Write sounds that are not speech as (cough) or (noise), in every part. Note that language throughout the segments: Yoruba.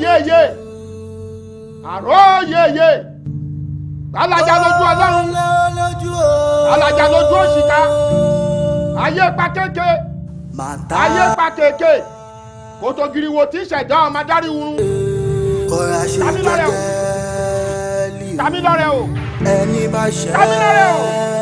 yeye àró yeye gbalaja lójú ọlọ́run gbalaja lójú òṣìkà ayé pa kéke ayé pa kéke kòtò giriwo tí ìṣẹ̀dá ọmọ adarí wurun tàbí lọ́rẹ̀ o tàbí lọ́rẹ̀ o tàbí o.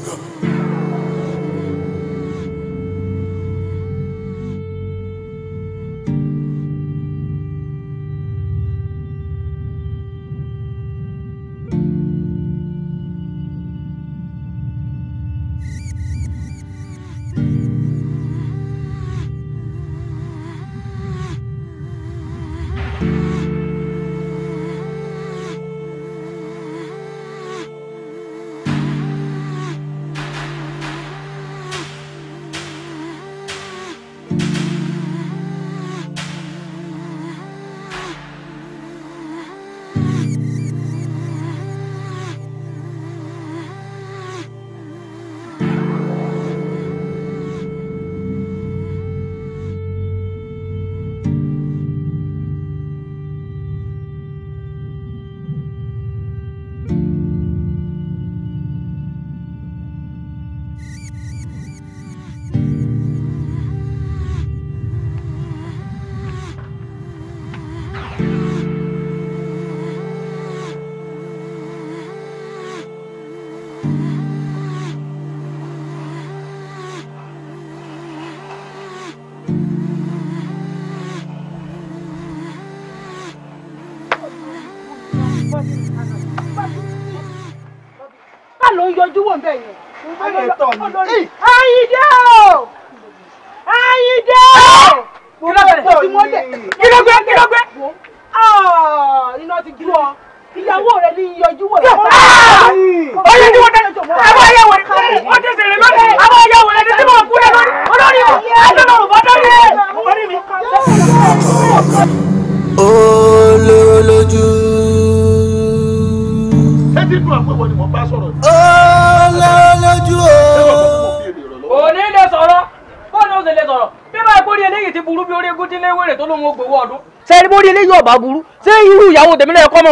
ọ̀nà.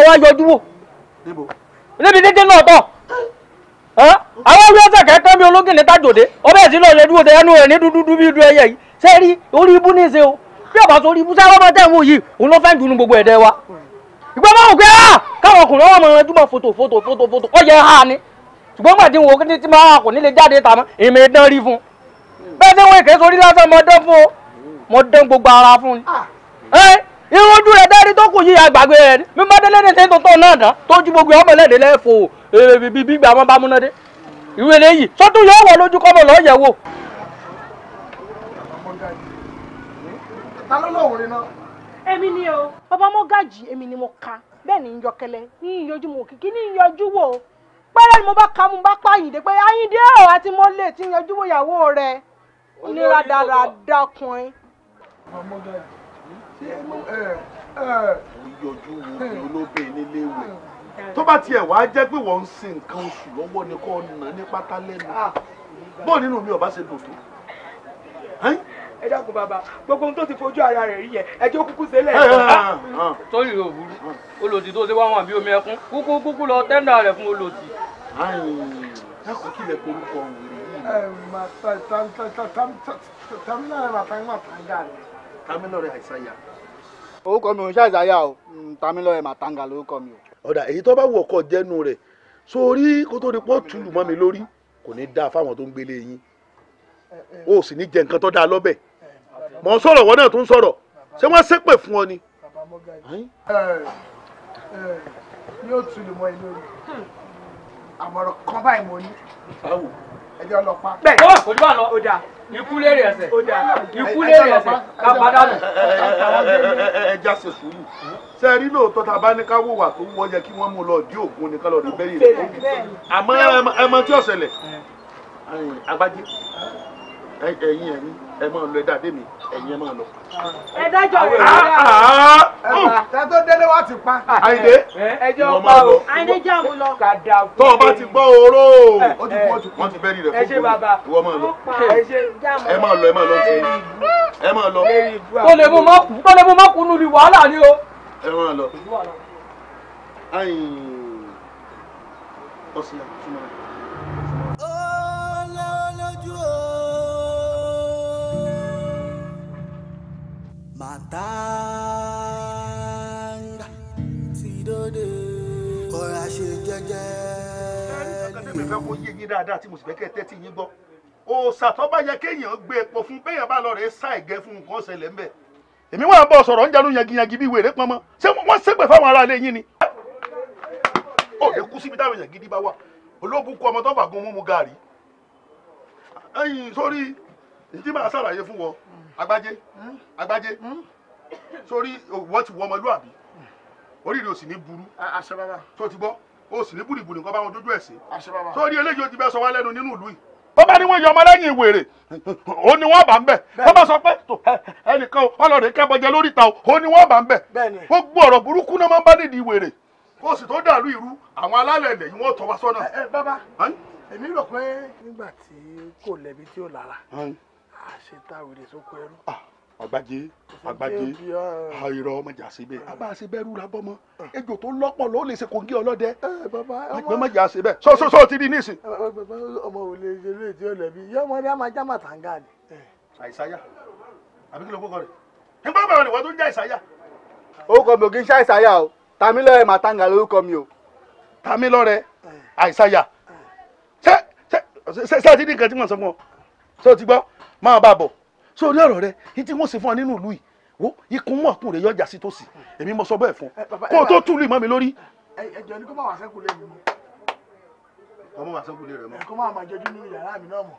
wá yọjú wò níbi dídí náà tọ̀ àwọn ọmọ ọsẹ kẹkẹ mi ológin ní tajòdè ọbẹ ìsìn náà lẹdúró tẹ ẹnu rẹ ní dúdú bí idu ẹyẹ yìí ṣé rí orí ibú ní ìṣe o bí ọba sórí ibú sẹ́wọ́n máa tẹ̀wọ̀n yìí òun ló fẹ́ dùnú gbogbo ẹ̀dẹ̀ wa ìgbẹ́ máa wò pé á ah! káwọn ọkùnrin ọmọ ọmọ ẹjú máa fòtò fòtò fòtò fòtò ó yẹ ha ni ṣùgbọ́n gbà tí wọn kí ni ti máa kò ní lè jáde tàmí èmi dán rí fún bẹ́ẹ̀ tí wọn kì í sórí lásán mọ́ o mọ́ dán gbogbo irunjú rẹ dárí tó kù yíya gbàgbé rẹ ni bí mọdé lẹni tí ń tuntun náà dán gbogbo ọmọ lẹni lẹfọ eh, bíbí gbígbà wọn bá múná dé ìwé eléyìí sọtún yóò wọ lójú kọmọ o bàbá mo gàjì mo ka bẹ́ẹ̀ ni yọkẹlẹ ní ìyọjú mo kìkì ní ìyọjú wò pẹ́rẹ́ ni mo bá ka mo bá pa pé ọ̀ àti mo lè ti yọjú wò ọkùnrin. yọjú wo nílé ìwẹ̀ tó bá tiẹ̀ wá jẹ́ pé wọ́n ń sin nǹkan oṣù lọ́wọ́ ni kò nà ní pátá lẹ́nu bó nínú mi ọba ṣe dòdò. ẹ dákun bàbá gbogbo ohun tó ti fojú ara rẹ̀ rí yẹ ẹjọ́ kúkú sílẹ̀. sọ́yìn yóò burú olòdì tó ṣe wá wọn àbí omi ẹkún kúkú kúkú lọ tẹ́ńdà rẹ̀ fún olòdì. dákun kí lè korúkọ òun tàmínà rẹ̀ àìsàn yà orúkọ mi ò ń ṣàìsàyà o mm, Tàmílọ́rẹ̀ Màtáńgà lórúkọ mi o. ọ̀dà èyí tó bá wù ọkọ̀ jẹ́nu rẹ̀ sórí kó tó di pọ́ tùlù mọ́ mi lórí kò ní dáa fáwọn tó ń gbélé yín o sì ní jẹ nǹkan tó dáa lọ́bẹ̀ mọ̀ sọ̀rọ̀ wọn náà tó ń sọ̀rọ̀ ṣé wọ́n ṣépè fún ọ ni. yóò tùlù mọ́ ẹ lórí àmọ̀ràn kan báyìí mo ní ẹjọ́ lọ pa. bẹ́ẹ̀ ọ kò dúpọ̀ lọ ó dà ikú léèrè ẹsẹ̀ ikú léèrè ẹsẹ̀ ká padànù. ẹja ṣe sùúrù ṣe rí lóòótọ́ tá a bá ní ká wò wà tó wọ́ yẹ kí wọ́n mú lọ dí òògùn ní ká lọ dé bẹ́yìn rẹ̀ àmọ́ ẹ mọ tí ọ̀sẹ̀ lẹ̀ agbájé ẹ̀yin ẹ̀yin ẹ máa lọ ẹ̀dá dé mi ẹ̀yin ẹ máa lọ. ẹ dájọ́ rẹ̀ ẹ̀dá ta tó délé wá ti pa. Ah, àyìndé ẹjọ́ pa o àyìndé já mu lọ. tó o bá ti gbọ́ oró o ti kú ọtí wọ́n ti bẹ́ẹ̀ rí rẹ̀ fún mi ìwọ máa lọ ẹ máa lọ ẹ máa lọ sí i ẹ máa lọ. kò lè mú mọ́kù kò lè mú mọ́kù nù ní wàhálà ni o. ẹ máa lọ. ọ̀sìn àti súnmọ́ rẹ̀. tàǹgà ti dòde kọ́ra ṣe jẹ́jẹ́. ẹni fẹ́ kó yé yín dáadáa tí mo sì fẹ́ kẹ́ tẹ́tí yín gbọ́ bá yẹ kéèyàn gbé epo fún bá lọ rẹ̀ ẹ̀gẹ́ fún nǹkan ṣẹlẹ̀ èmi ń yangiyangi wèrè ṣé ṣègbè fáwọn aráalé yín ni. ó lè kú síbi táwọn agbájé hmm? agbájé hmm? sórí wọ́n ti wọ ọmọlúwàbí oríire ò sì ní burú tó ti gbọ́ o sì ní búrìbùrì nǹkan bá wọn dójú ẹ̀ sí sórí eléyìí ó ti bẹ́ sọ wá lẹ́nu nínú ìlú yìí bó bá ní wọ́n yọ ọmọ lẹ́yìn ìwèrè ó ní wọ́n bá ń bẹ̀ bó bá sọ pé ẹnìkan ọlọ́rẹ̀ kẹ́bọjẹ lórí ìta ó ní wọ́n bá ń bẹ̀ gbogbo ọ̀rọ̀ burúkú náà máa ń bá nídìí ìwèrè kó sì tó dàlú ìrú àwọn alálẹ̀ ilẹ̀ yìí wọ́n tọ́ wa sọ́nà. ẹ bàbá èmi rò pé nígbà tí kò lẹ́bi tí ó lára àṣetàwìrì sóko ẹrú. àgbàjẹ àgbàjẹ àìrọ ọmọjà síbẹ̀ abáṣe ah. bẹ̀rù la bọ́mọ ah. ejò tó lọ́pọ̀ ló lè ṣe kòǹgì ọlọ́dẹ eh, àgbẹ̀ ọmọjà síbẹ̀ sọ́sọ́sọ́ ti di níìsín. Eh, ọmọ ò lè ṣe léèdì ọ̀lẹ́bí yọmọdé á máa já màtàǹgà ni. Eh, àìsáyà àbí kí ló kókọ rẹ̀ nígbà bàbá ni wọ́n tó ń já àìsáyà. orúkọ mi ò kí ń ṣá àìsáyà o Tàmílọ́rẹ̀ màtàǹgà lórúkọ mi o. Tàmílọ́rẹ̀ àìsáyà ṣé ṣé ṣé ṣé ti ní nǹkan tí mo sọ fún ọ ṣé o ti gbọ́ máa bá bọ̀ sórí ọ̀rọ̀ rẹ yìí tí wọ́n ṣe fún ọ nínú ìlú yìí wo ikun mú ọ̀kùn rẹ yọjà sí tòsí èmi mo sọ bẹ́ẹ̀ fún kó o tó tún lù mọ́ mi lórí. ẹjọ ni kó má wà sẹ́kù lé mi mọ́. ọmọ wà sẹ́kù lé rẹ mọ́. kó má má jọjú nínú yàrá mi náà mọ́.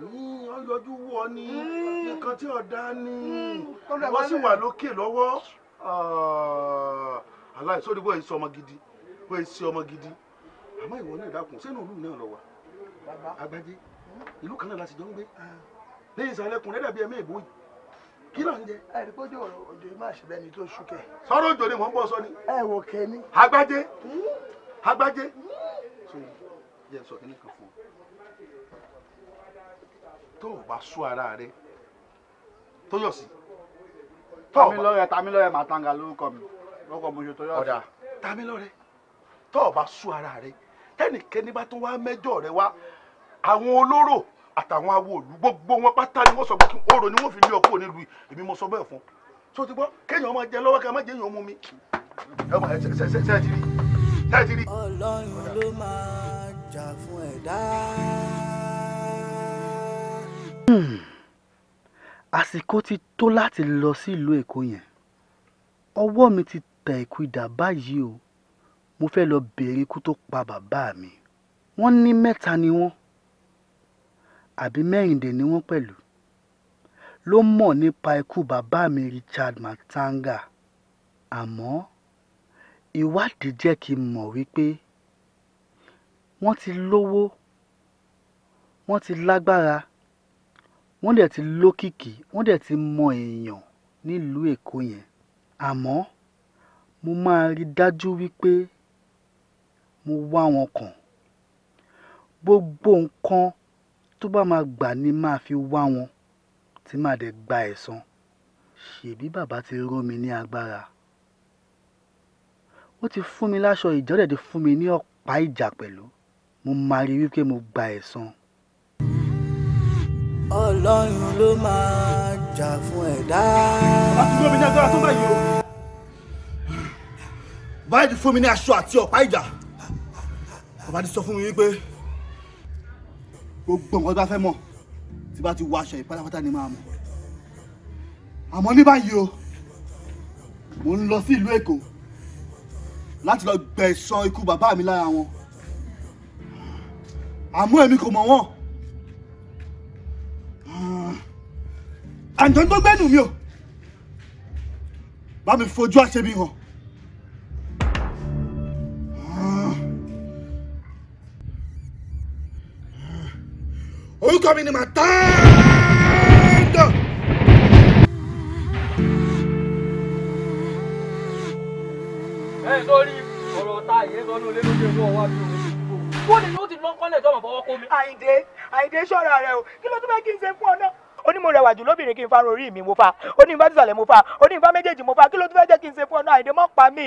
Hmm, ó yọjú wọ ni hmm. nǹkan tí ọ̀dà ni hmm. wọ́n sì wà lókè lọ́wọ́ ah, aláìsórí bóyá ìsọ ọmọ gidi bóyá ìsọ ọmọ gidi àmọ́ ìwọ náà dákun sínú ìlú náà lọ wà agbájé ìlú kan náà la sì jọ ń gbé ní ìsàlẹ̀ kùnrin dàbí ẹ̀mí ìbò yìí kí ló ń jẹ. ẹ rí pójú òjò yìí máa ṣe bẹ́ẹ̀ ni tó ṣúkẹ́. sọ̀rọ̀ òjò ni mò ń bọ̀ sọ ni. ẹ wò kẹ́ni. agbájé hmm? agbájé. jẹ́ hmm? sọ kí ni kan fún ọ. tó o bá sú ara rẹ tó yọ̀ sí. Tamilọ́rẹ́ Tamilọ́rẹ́ Màtanga lórúkọ mi lórúkọ mo ṣe tó yọ̀ sí. ọ̀dà Tamilọ́rẹ́ tó o bá sú ara rẹ tẹ́nìkẹ́ni bá tún wá mẹ́jọ rẹ wá àwọn olóró àtàwọn awo òlu gbogbo wọn pátá ni wọ́n sọ pé kí oòrò ni wọ́n fi lé ọkọ nílùú èmi mo sọ bẹ́ẹ̀ fún tó ti gbọ́ kéèyàn máa jẹ lọ́wọ́ ká jẹ èèyàn mú mi sẹ́ẹ̀tìrì. ọlọ́run ló máa jà fún ẹ̀dá. Hmm. àsìkò ti tó láti lọ sílùú èkó yẹn ọwọ́ mi ti tẹ̀ ikú idà báyìí o mo fẹ́ lọ bèèrè ikú tó pa bàbá mi wọ́n ní mẹ́ta ni wọ́n àbí mẹ́rìndínlẹ̀ ni wọ́n pẹ̀lú ló mọ̀ nípa ikú bàbá mi Richard Matanga àmọ́ ìwádìí jẹ́ kí n mọ̀ wípé wọ́n ti lówó wọ́n ti lágbára wọ́n dẹ̀ ti lókìkí wọ́n dẹ̀ ti mọ èèyàn nílùú Èkó yẹn àmọ́ mo máa rí dájú wípé mo wá wọn kàn gbogbo nǹkan tó bá máa gbà ni máa fi wá wọn tí màá dẹ̀ gba ẹ̀san ṣèbí bàbá ti ró mi ní agbára ó ti fún mi láṣọ ìjọ́dẹ̀ fún mi ní ọ̀pá ìjà pẹ̀lú mo máa rí wípé mo gba ẹ̀san. ọlọ́run ló máa jà fún ẹ̀dá. láti gbé mi ní agbára tó báyìí o. báyìí ti fún mi ní aṣọ àti ọ̀pá ìjà bàbá ti sọ fún mi wípé gbogbo nǹkan tó bá fẹ́ mọ̀ tí bá ti wọ aṣọ yìí pátápátá ni máa mọ̀ àmọ́ ní báyìí o mò ń lọ sí ìlú èkó láti lọ gbẹ̀san ikú bàbá mi lára wọn àmọ́ èmi kò mọ̀ wọ́n àjọ tó gbẹ́nu mi o bá mi fojú àṣẹ mi hàn. orúkọ mi ni Màtáńdọ̀. ẹ sọ́rí ọ̀rọ̀ ta ìyẹn sọ́nù olólùfẹ́ ló wà bí omi kó ni yóò ti lọ kọ́lẹ̀ tó ọmọ fọwọ́ kó mi. Àyìndé Àyìndé ṣọ́ra rẹ o kí ló tún fẹ́ kí n ṣe fún ọ náà ó ní mo rẹwà jù lóbìnrin kí n fa orí mi mo fa ó ní n bá tìsàlẹ̀ mo fa ó ní n bá méjèèjì mo fa kí ló tún fẹ́ jẹ́ kí n ṣe fún ọ náà àyìndé mọ́ pa mí.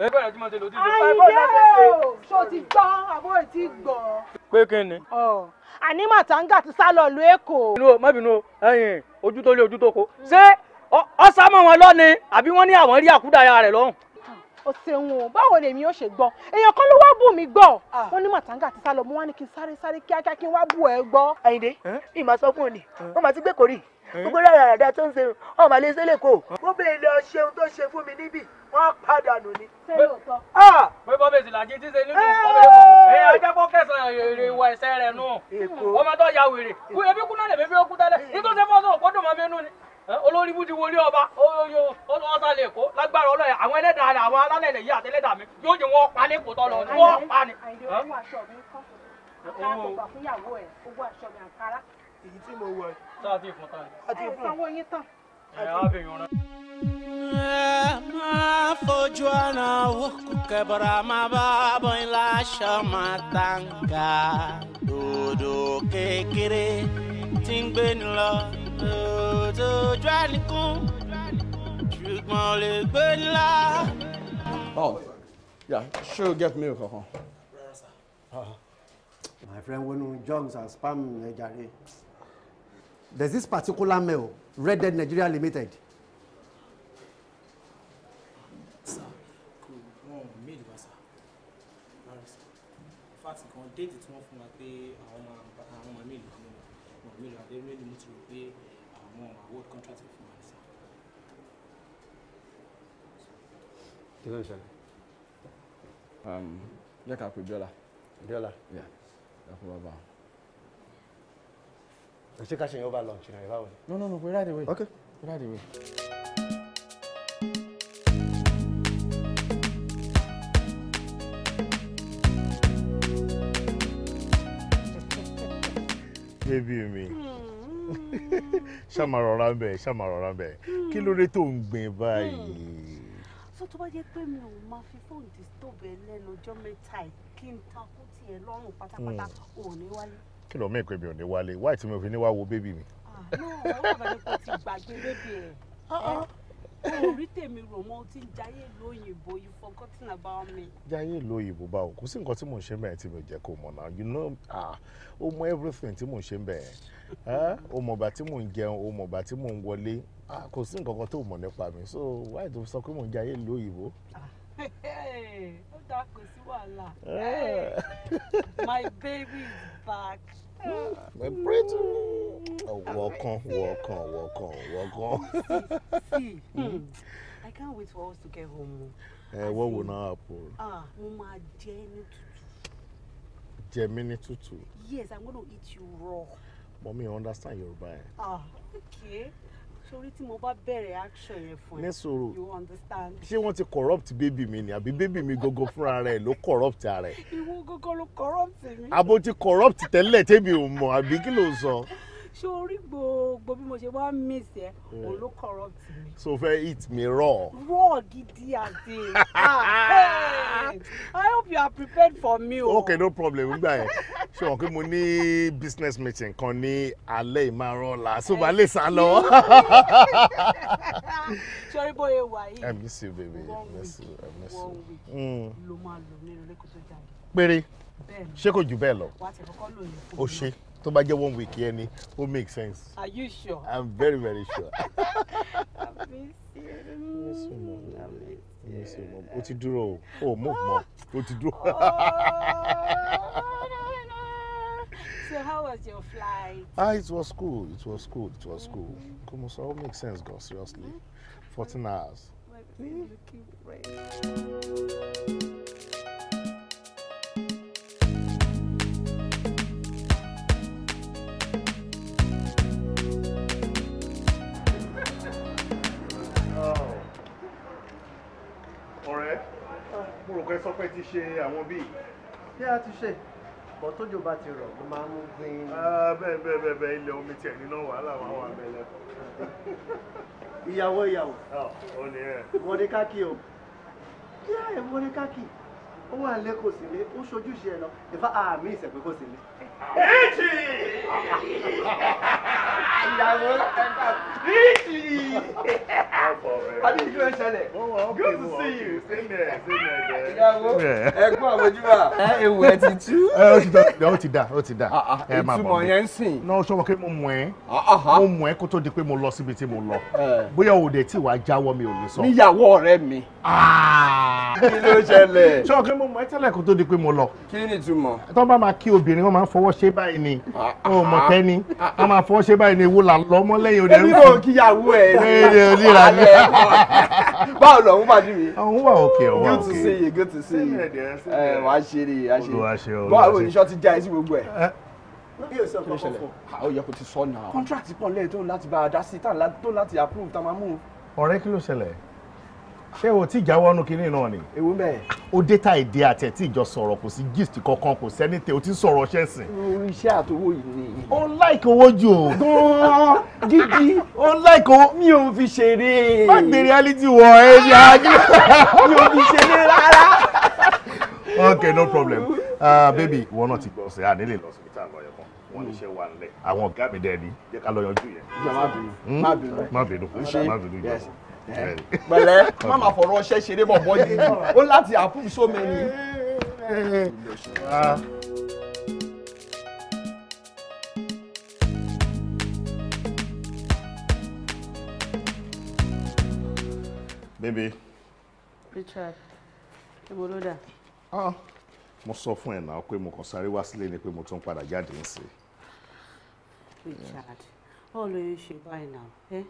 àyìndé o ṣó ti gbọ́ àbó ti gbọ́. pé kí ni. Anima màtáńgà ti sá lọ lu èkó. inú oju mọ́bìnú ẹyìn ojú tó lé ojú tó kó ṣé ọ̀sán mọ̀ wọn lọ́ni àbí wọ́n ní àwọn rí àkúdàáyà rẹ̀ lọ́hùn. o ṣeun o báwo lèmi ó ṣe gbọ́ èèyàn kan ló wá bù mí gbọ́ wọ́n ní màtáńgà ti sá lọ mo wá ní kí n sáré sáré kíákíá kí n wá bù ẹ gbọ́. Àyìndé ìmọ̀ sọ fún òní wọ́n máa ti gbé kórìí gbogbo rárá rárá tó ń ṣe ọmọ alẹ́ sẹ́lẹ̀ kò. ó bèèrè lọ ṣeun tó ṣe fún mi níbí wọ́n padà nù ni. pé bọ́ bèsì làjẹ́ tí ṣe nínú ọmọdé ẹ ajá bọ́ kẹsàn-án èrè ìwà ẹ̀sẹ̀ rẹ̀ nù. ọmọ tó ya wèrè kú ebi kú náà lè bẹ́ẹ̀ kú tẹ́lẹ̀ nítorí fọ́sọ̀ kó dùn mọ́ mi nù ni olórí bú ti wọlé ọba ọsà lè kó lágbára ọlọ́yà èyí tí mo wọ yìí. tá a ti fún tán. a ti fún. ẹ sanwó yín tán. ẹ á bẹ yọrọ. ẹ máa fojú ọ̀nà wò kẹbọ̀rọ̀ máa bá bọ́ ilá aṣọ máa tàǹgà dòdò kékeré tí ń gbé ni lọ dòdò ojú àníkún ṣùgbọ́n lè gbé ni lọ. Oh, yeah, sure, get milk, a coffee. My friend Wonu Jones and spam me, eh, Jare there's this particular mail, Red Dead Nigeria Limited. déètì tí wọ́n fún wa pé àwọn máa àwọn máa mélòó kan wọn mélòó adéwélé mo ti rò pé àwọn award contract fún wa nìsa. kí ló ń ṣẹlẹ̀. Um, jẹ́ ká pè Bíọ́lá. Bíọ́lá. ká fún bàbá wọn. You see, catching over lunch, you know, if I would. No, no, no, we're right away. Okay. We're right away. Baby mi. Ṣàmà rọra ń bẹ̀, ṣàmà rọra ń bẹ̀. Kí ló dé tó ń gbìn báyìí? Sọ tó bá jẹ́ pé mi ò máa fi fóònù disturb ẹ lẹ́nu ọjọ́ mẹ́ta yìí kí n takú tiẹ̀ lọ́rùn pátápátá hmm. òní wálé kí ló mẹ́ẹ̀kọ́ mi ò ní wálé wáì tí mo fi ní wá wo bébì mi. Ah, orí uh-uh. eh, tèmi rò mọ ti ń jayé lóyìnbó you forgotten about me. jayé lóyìnbó báwo kò sí nǹkan tí mò ń ṣe bẹ́ẹ̀ tí mi ò jẹ́ kó mọ̀ náà you know ó ah, mọ everything tí mò ń ṣe bẹ́ẹ̀ ó mọ̀ bá tí mò ń jẹun ó mọ̀ bá tí mò ń wọlé ah, kò sí nǹkan kan tó mọ̀ nípa mi so wáì tó sọ pé mò ń jayé lóyìnbó. (laughs) Eh. My baby is back. My brother, Welcome, welcome, welcome, welcome. See, hmm. I can't wait for us to get home. Oh. Eh, what will not happen? Ah, mo Jemini jẹ Jemini tútù. Yes, I'm going to eat you raw. Mommy, I understand your Yoruba. Ah, okay torí tí mo bá bẹ̀rẹ̀ action yẹn fún ẹ. ní sòrò you understand. ṣé wọ́n ti corrupt baby mi ni àbí baby mi gógó fúnra rẹ̀ ló corrupt ara ẹ̀. ìwọ gógó ló corrupt mi. àbó ti corrupt tẹ́lẹ̀ tẹ́bi ò mọ̀ àbí kí ló sọ ṣé orí gbogbo bí mo ṣe wá miss ẹ hmm. òun ló corrupt mi. so fẹ́ hit me raw. raw gidi àti ah i hope you are prepared for me o. Oh. okay no problem nígbà yẹn (laughs) ṣé wọn kí mo ní business meeting kan ní alẹ́ ìmárọ̀lá so máa lè sá lọ. sori (laughs) bóyá wà yìí. i miss you baby i miss you i miss you. Hmm. ló máa lò nínú lẹ́kọ̀ọ́ tó jáde. péré ṣé kò jù bẹ́ẹ̀ lọ. wà á ti kọ́kọ́ lò yẹn. o ṣe tó bá jẹ́ one week yẹn ni ó make sense. are you sure. i'm very very sure. o (laughs) ti dúró o o move mọ o ti dúró. (laughs) Oh, so how was your flight. ah it was cool it was cool it was cool Come on, so all makes sense girl. seriously mm-hmm. fourteen hours. Mm. mo rò pé ti ṣe àwọn bíi. bí a ti ṣe pọ̀ tójò bá ti rọ̀ ló máa ń mú gbin. Ah, bẹ́ẹ̀ bẹ́ẹ̀ bẹ́ẹ̀ bẹ́ẹ̀ ilẹ̀ omi tiẹ̀ nínú wàhálà wà wà bẹ̀lẹ̀. ìyàwó ìyàwó. Ah, ó ní ẹ. mọ̀dékákì o kí á ẹ̀ mọ̀dékákì ó wà lẹ́kọ̀ọ́ sílé ó ṣojúṣe ẹ̀ lọ ìfá àmì ìsẹ̀pẹ́ sílé èjì ìyàwó ẹ̀ka èjì àbí ìjọ ìṣẹ̀lẹ̀ good to see you ìyàwó ẹ̀gbọ́n àbójúbà ẹ ewu ẹ ti tú. ẹ ó ti da ó ti da ó ti da ah, ah, ẹ máa bọ̀ ìtumọ̀ yẹn ń sìn. náà sọ wọn pé mo mọ̀ ẹ́ ah, mo mọ̀ ẹ́ kó tó di pé mo lọ síbi tí mo lọ bóyá òde tí wàá jáwọ́ mi ò lè sọ. níyàwó ọ̀rẹ́ mi. kí ló ṣẹlẹ̀. sọ wọn pé mo mọ̀ ẹ́ tẹ́lẹ̀ kó tó di pé mo lọ. kí ni ìtumọ̀. tó ṣe báyìí ni o mọ̀ tẹ́ni a máa fọ́ báyìí ni ewu là lọ mọ́ lẹ́yìn òde. èmi ò kíyàwó ẹ̀ ní ìlera ni. báwo lọ òun pàdé mi. òun wà òkè òun wà òkè. good to see you good to see you. ẹ wàá ṣe rí i wàá ṣe rí i. báwo ni iṣọ́ ti já ẹ sí gbogbo ẹ̀ ó yẹ kó ti sọ náà. contract pọ̀ lẹ́yìn tó ń láti bá a dá sí tó ń láti approve tá a máa mú. ọ̀rẹ́ kí ṣé o ti jáwọ́ nu kinní náà ni. ewu bẹ́ẹ̀. o déta èdè àtẹ̀ tí ìjọ sọ̀rọ̀ kò sí gist kankan kò sẹ́ni tẹ o ti sọ̀rọ̀ ṣẹ́ sìn. iṣẹ́ àtowó yìí ni. o ń láìkì owó jù o. gan-an gidi. o ń láìkì owó. mi ò fi ṣeré. má gbé reality wọ ẹ ní àájú. mi ò fi ṣeré rárá. okay no problem uh, baby ìwọ náà ti gbọ́ ọ̀sẹ̀ ànílè lọ sí ìta àgbọ̀yọ̀ kan wọ́n ní iṣẹ́ wa nílẹ̀ àwọn ọ̀gá mi dẹ̀ ni jẹ́ ká lọ yanjú yẹn. Hmm? má bínú má bínú má bínú yẹn pẹ̀lẹ́ má máa fọ̀rọ̀ ọṣẹ ṣeré bọ̀ bọ́ yìí ó láti approve so many. bébé. Richard ebo ló dà. Ah, mo sọ fún ẹ náà pé mo kàn sáré wá sílé ni pé mo tún padà jáde ń sè. Richard báwo ló ń ṣe báyìí náà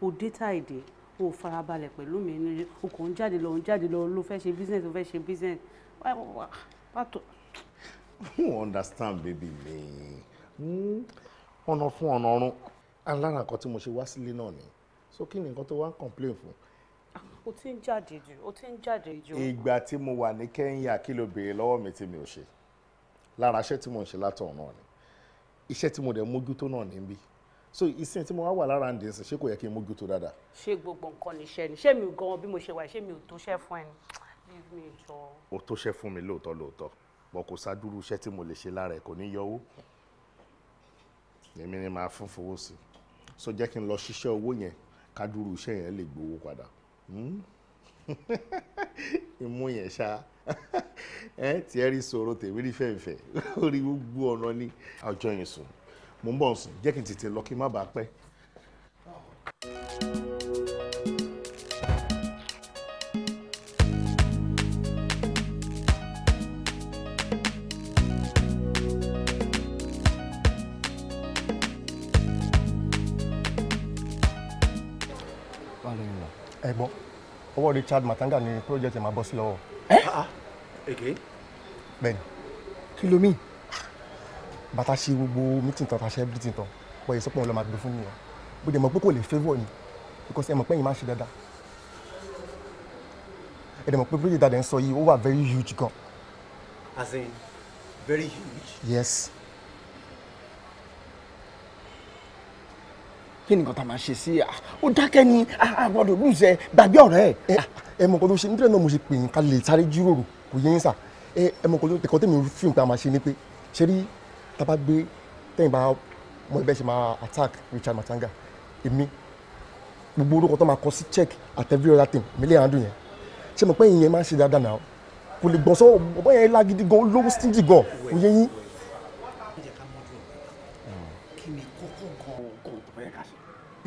òde eh? tá ìdè o farabalẹ̀ pẹ̀lú mi ní o kò ń jáde lọ ń jáde lọ ló fẹ́ ṣe business ló fẹ́ ṣe business pàtó. you understand baby mi hmm, ọ̀nà fún ọ̀nà ọ̀run alára nǹkan tí mo ṣe wá sílé náà ni so kí ni nǹkan tó wá ń complain fún. o ti ń jáde jù o ti ń jáde jù. ìgbà tí mo wà ní Kẹ́ńyà kí ló béèrè lọ́wọ́ mi tí mi ò ṣe lára iṣẹ́ tí mo ń ṣe látọ̀ náà ni iṣẹ́ tí mo dẹ̀ mójútó náà níbí so ìsìn tí mo wá wà lára ǹdẹ̀ ṣe ṣé kò yẹ kí n mójútó dáadáa. ṣé gbogbo nǹkan ní ni ṣé mi gan bí mo ṣe wà ṣé mi ò tó ṣẹ́ fún ẹ ni bí mi jọ. o tó ṣẹ́ fún mi lóòótọ́ lóòótọ́ bọ́ kò sádúró iṣẹ́ tí mo lè ṣe lára ẹ̀ kò ní yọwó èmi ni màá fún fowó sí so jẹ́ kí n lọ ṣiṣẹ́ owó yẹn kádúró iṣẹ́ yẹn lè gbowó padà hmm? (laughs) ìmú yẹn ṣá (laughs) ẹ tiẹ́ rí sọ̀rọ̀ tèmi rí fẹ́ǹfẹ́ lórí (laughs) gbogbo ọ̀nà ni ọjọ́ yẹn sùn mo ń bọ̀ ń sìn jẹ́ kí n tètè lọ kí n má bàa pẹ́. ẹ gbọ́ ọwọ́ Richard Matanga ni project ẹ̀ máa bọ́ sí lọ́wọ́. ẹ ẹ ké. bẹ́ẹ̀ni kí ló mìíràn bàtà ṣe gbogbo meeting tán tàṣẹ everything tán wọ́n yìí sọ máa gbé fún nìyẹn bó dẹ̀ mọ̀ pé kò lè favour ni because ẹ mọ̀ pé yìí máa ṣe dáadáa ẹ dẹ̀ mọ̀ pé project dáadáa ń sọ yìí ó wà very huge gan. as in very huge. yes. kí ni nǹkan tá a máa ṣe sí à ah, ó dákẹ́ ni àgbọ̀dọ̀ ah, lùsẹ̀ gbàgbé ọ̀rẹ́ ẹ̀. ẹ mọ̀ nǹkan ṣe nítorí náà mo ṣe pè yín ká lè sáré jíròrò kò yé yín sà ẹ mọ̀ nǹkan tẹ̀kọ́ tẹ̀mí fíìmù pé a máa ṣe ni pé ṣe rí tábà gbé tẹ́yìn bá mọ ẹgbẹ́ ṣe máa attack Richard Matanga èmi gbogbo orúkọ tó máa kọ sí check at every other thing mi lè handle yẹn ṣe mọ̀ pé ìyẹn máa ń ṣe dáadáa náà kò lè gbọ̀n sọ́wọ́ bọ́ yẹn lágídí gan lówó stingy gan kò yẹ yín.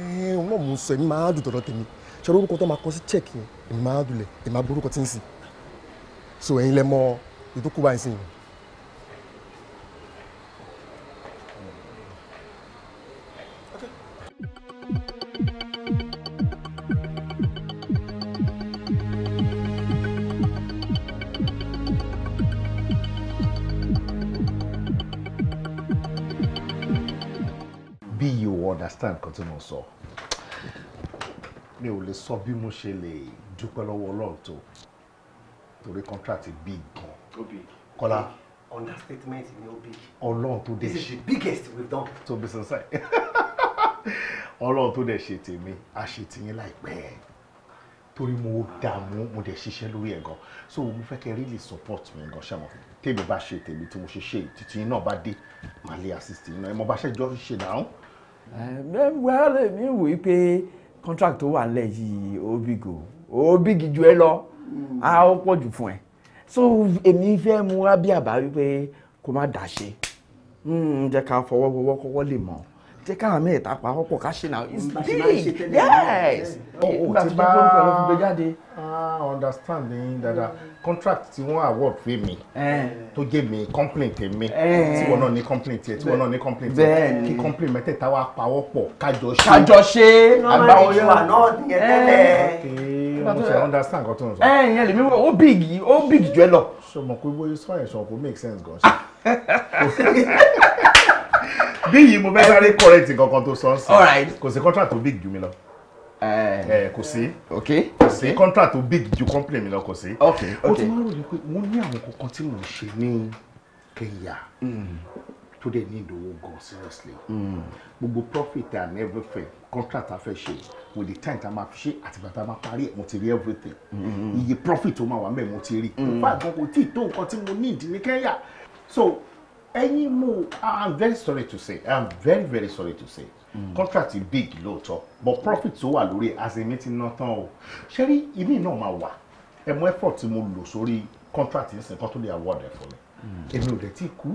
ẹ ẹ náà mo sọ èmi máa dùn tọ̀dọ̀ tèmi ṣe orúkọ tó máa kọ sí check yẹn èmi máa dùn lẹ̀ èmi máa borúkọ tí ń sìn so ẹ̀yin lẹ mọ ìdókòwò àìsàn yìí. o understand nǹkan tí mo sọ mi ò lè sọ bí mo ṣe lè dúpẹ́ lọ́wọ́ ọlọ́run tó torí contract big gan kọ́lá understatement ni ó big ọlọ́run tó dẹ̀ ṣe this is the biggest we've done to be sincere (laughs) ọlọ́run tó dẹ̀ ṣe tèmi a ṣe tìyín láìpẹ́ torí mo dààmú mo dẹ̀ ṣiṣẹ́ lórí ẹ̀ gan so mo fẹ́ kẹ́ really support mi gan ṣàmọ̀ tèmi bá ṣe tèmi tí mo ṣe ṣe títí náà bá dé màá lè assist yín náà ẹ mọ bá ṣe jọ ṣe dáhùn well èmi wò ó pé contract tó wà nílẹ̀ yìí ó big o ó big ju ẹ lọ á hmm. ó pọ̀ jù fún ẹ so èmi fẹ́ mú wá bí àbá wípé kó má dà ṣe hmm, jẹ́ ká fọwọ́fọwọ́ kọ́kọ́ lè mọ̀ jẹ́ káwọn mẹ́ta pa ọ̀pọ̀ ká ṣe náà it's big yes. ìgbà tó jẹ́ pẹ̀lú fún gbé jáde ah understand yín dáadáa mm. contract tí wọ́n award fún mi eh. tó jẹ́ mi complaint tèmi eh. tí wọ́n náà ní complaint e, tiẹ̀ tí wọ́n náà ní complaint tiẹ̀ e. kí complaint mẹ́tẹ̀ẹ̀ta wá pawọ́ pọ̀ kájọ ṣe kájọ ṣe agbáwo yẹn wà náà yẹn tẹ́lẹ̀ mo ṣe understand nǹkan tó ń sọ. ẹ eh, ẹ yẹn lèmi wọ ó big ó big jù ẹ lọ. sọ ma pé bóyá sọ àìsàn make sense gan ṣe ah. (laughs) bí yìí mo fẹ́ sáré correct nǹkan kan tó sọ All right, kò sí contract tó big jù mí lọ ẹ eh. eh, kò sí ok kò sí contract tó big ju company mi lọ kò sí. ok ok mo ti máa ń ròyìn pé mo ní àwọn kankan tí mo ń ṣe ní Kenya hmm. tó dẹ̀ ní ìdòwò gan seriously hmm. gbogbo profit and everything contract a fẹ́ ṣe with the time ta ma fi ṣe àtìgbà ta ma parí ẹ̀ mo ti rí everything hmm. iye profit tó máa wà mẹ́ẹ̀ mo ti rí nípa àgbọn kò tí ì tó nǹkan tí mo need ní Kenya so ẹyin mo I am very sorry to say I am very very sorry to say contract big lóòótọ́ but profit tó wà lórí àṣemí ti ná tán o ṣé rí ìmí náà máa wà ẹ mọ effort tí mo lò sórí contract yìí sìn kan tó lè award ẹ fún mi èmi ò dẹ̀ tí kú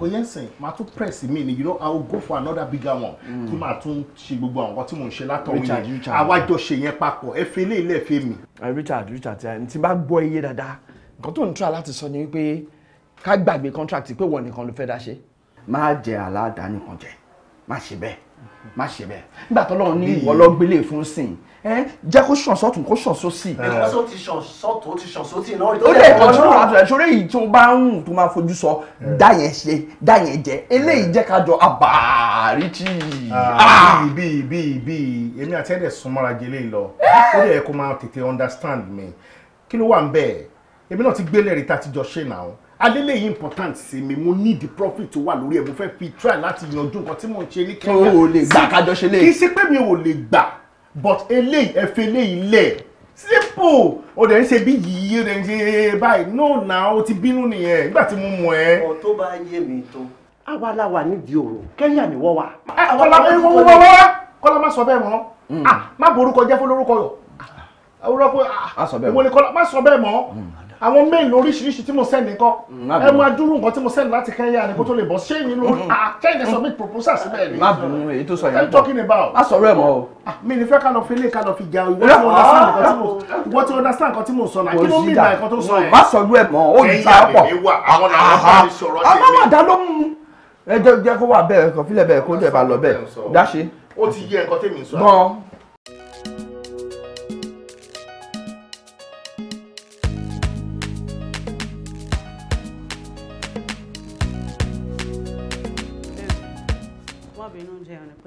kò yẹn sìn máa tún press mi ni you know i will go for another bigger one tí máa tún ṣe gbogbo àwọn nǹkan tí mò ń ṣe látọ̀hún yẹn àwájọ ṣe yẹn papọ̀ ẹ fi ilé ilé ẹ fi mi. richard richard tí bá gbọ́ iye dáadáa nǹkan tó ń tura láti sọ ni wípé ká gbàgbé contract pé wọ́n nìkan ló fẹ́ dá ṣe. má jẹ aládàá nìkan jẹ má ṣe bẹ́ẹ̀ má ṣe bẹ́ẹ̀ nígbà tó lọ́run ní ìwọ lọ gbélé e fún sìn ẹ jẹ́ kó ṣàn sọ́tún kó ṣàn sósì. ẹ̀kọ́ sọ ti ṣàn sọ́tún ó ti ṣàn sósì náà. ó lè tọ́jú náà àtúnṣe ṣoré yìí tó bá ń hùn tó máa fojú sọ dá yẹn ṣe dá yẹn jẹ eléyìí jẹ́ ká jọ àbárí tí. bíi bíi bíi èmi àti ẹ̀dẹ̀ súnmọ́ra jẹ eléyìí lọ ó yẹ kó máa tètè understand mi kí ló wà ń bẹ́ẹ̀ èmi náà ti gbélé rí tá a ti jọ ṣe náà alele yìí important sí mi mo need the profit to wa lori. ẹ̀ mo fẹ́ fi try láti yanjú nǹkan tí mò ń ṣe ní kẹ́kẹ́. o ò lè gbà kájọ mi ò lè gbà but eléyìí ẹ fi eléyìí simple o dẹ̀ ń ṣe bí yìí o dẹ̀ ń ṣe báyìí no na o ti bínú nìyẹn nígbà tí mo mọ̀ ẹ́. ọ̀ tó bá yé mi tó. àwa la wa nídìí ọ̀rọ̀ Kenya ni wọ́n wà. Ah, kọ́lá wọ́n wọ́n wá kọ́lá má sọ bẹ́ẹ̀ mọ́ hmm. ah, má borúkọ jẹ́ fún lórúkọ yọ. Hmm. Ah, a sọ bẹ́ẹ̀ mọ́ hmm àwọn mail oríṣiríṣi tí mo send nǹkan mm, ẹ máa dúró nǹkan tí mo send láti Kenya ni kó tó lè bọ̀ ṣé yín ló à Kenya ah, submit proposal síbẹ̀ ni. má bínú èyí tó sọ yẹn pọ̀ má sọ̀rọ̀ ẹ̀ mọ́ o. Ah, mi ní fẹ́ ká lọ fi ilé ká lọ fi jà ìwọ tí ah. understand nǹkan tí mo ìwọ tí understand nǹkan tí mo sọ náà kí ló mí ìgbà nǹkan tó sọ yẹn. má sọ̀rọ̀ ẹ̀ mọ́ ó yí ta pọ̀ àwọn àdá ló mú ẹ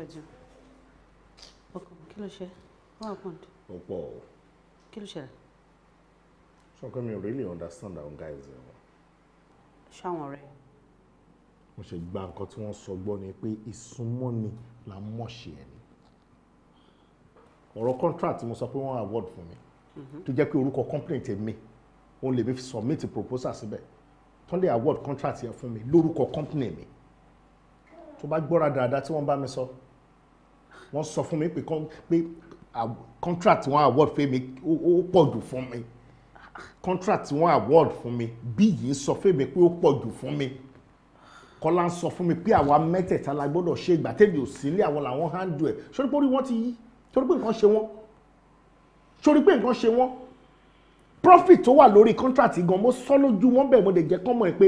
fẹ́ jẹun ọkọ kí ló ṣe wọn àpọ̀n. ó pọ̀ o. kí ló ṣẹlẹ̀. sọ̀kẹ́ mi ò really understand àwọn guys ẹ̀ wọ́n. ṣáwọn ọ̀rẹ́. mo ṣe gba nǹkan tí wọ́n sọ gbọ́ ni pé ìsúnmọ́ni la mọ̀ṣẹ́ ẹ̀ ni ọ̀rọ̀ contract mo sọ pé wọ́n award fún mi mm-hmm. tó jẹ́ pé orúkọ company tèmi òun lè mi fi submit proposal síbẹ̀ tó ń award contract yẹn fún mi lórúkọ company mi tó bá gbọ́ra dáadáa tí wọ́n bá mi sọ. So wọ́n sọ fún mi pé pé contract wọn award fún mi ó pọ̀ jù fún mi contract wọn award fún mi bí yìí sọ fún mi pé ó pọ̀ jù fún mi kọ́lá ń sọ fún mi pé àwa mẹ́tẹ̀ẹ̀ta la gbọ́dọ̀ ṣe ìgbà tẹ́lẹ̀ ò sílé àwọn làwọn handle ẹ̀ sórí pé orí wọn ti yí sórí pé nǹkan ṣe wọ́n sórí pé nǹkan ṣe wọ́n profit tó wà lórí contract gan mo sọ lójú wọn bẹ́ẹ̀ mo lè jẹ́ kọ́mọ̀ ẹ̀ pé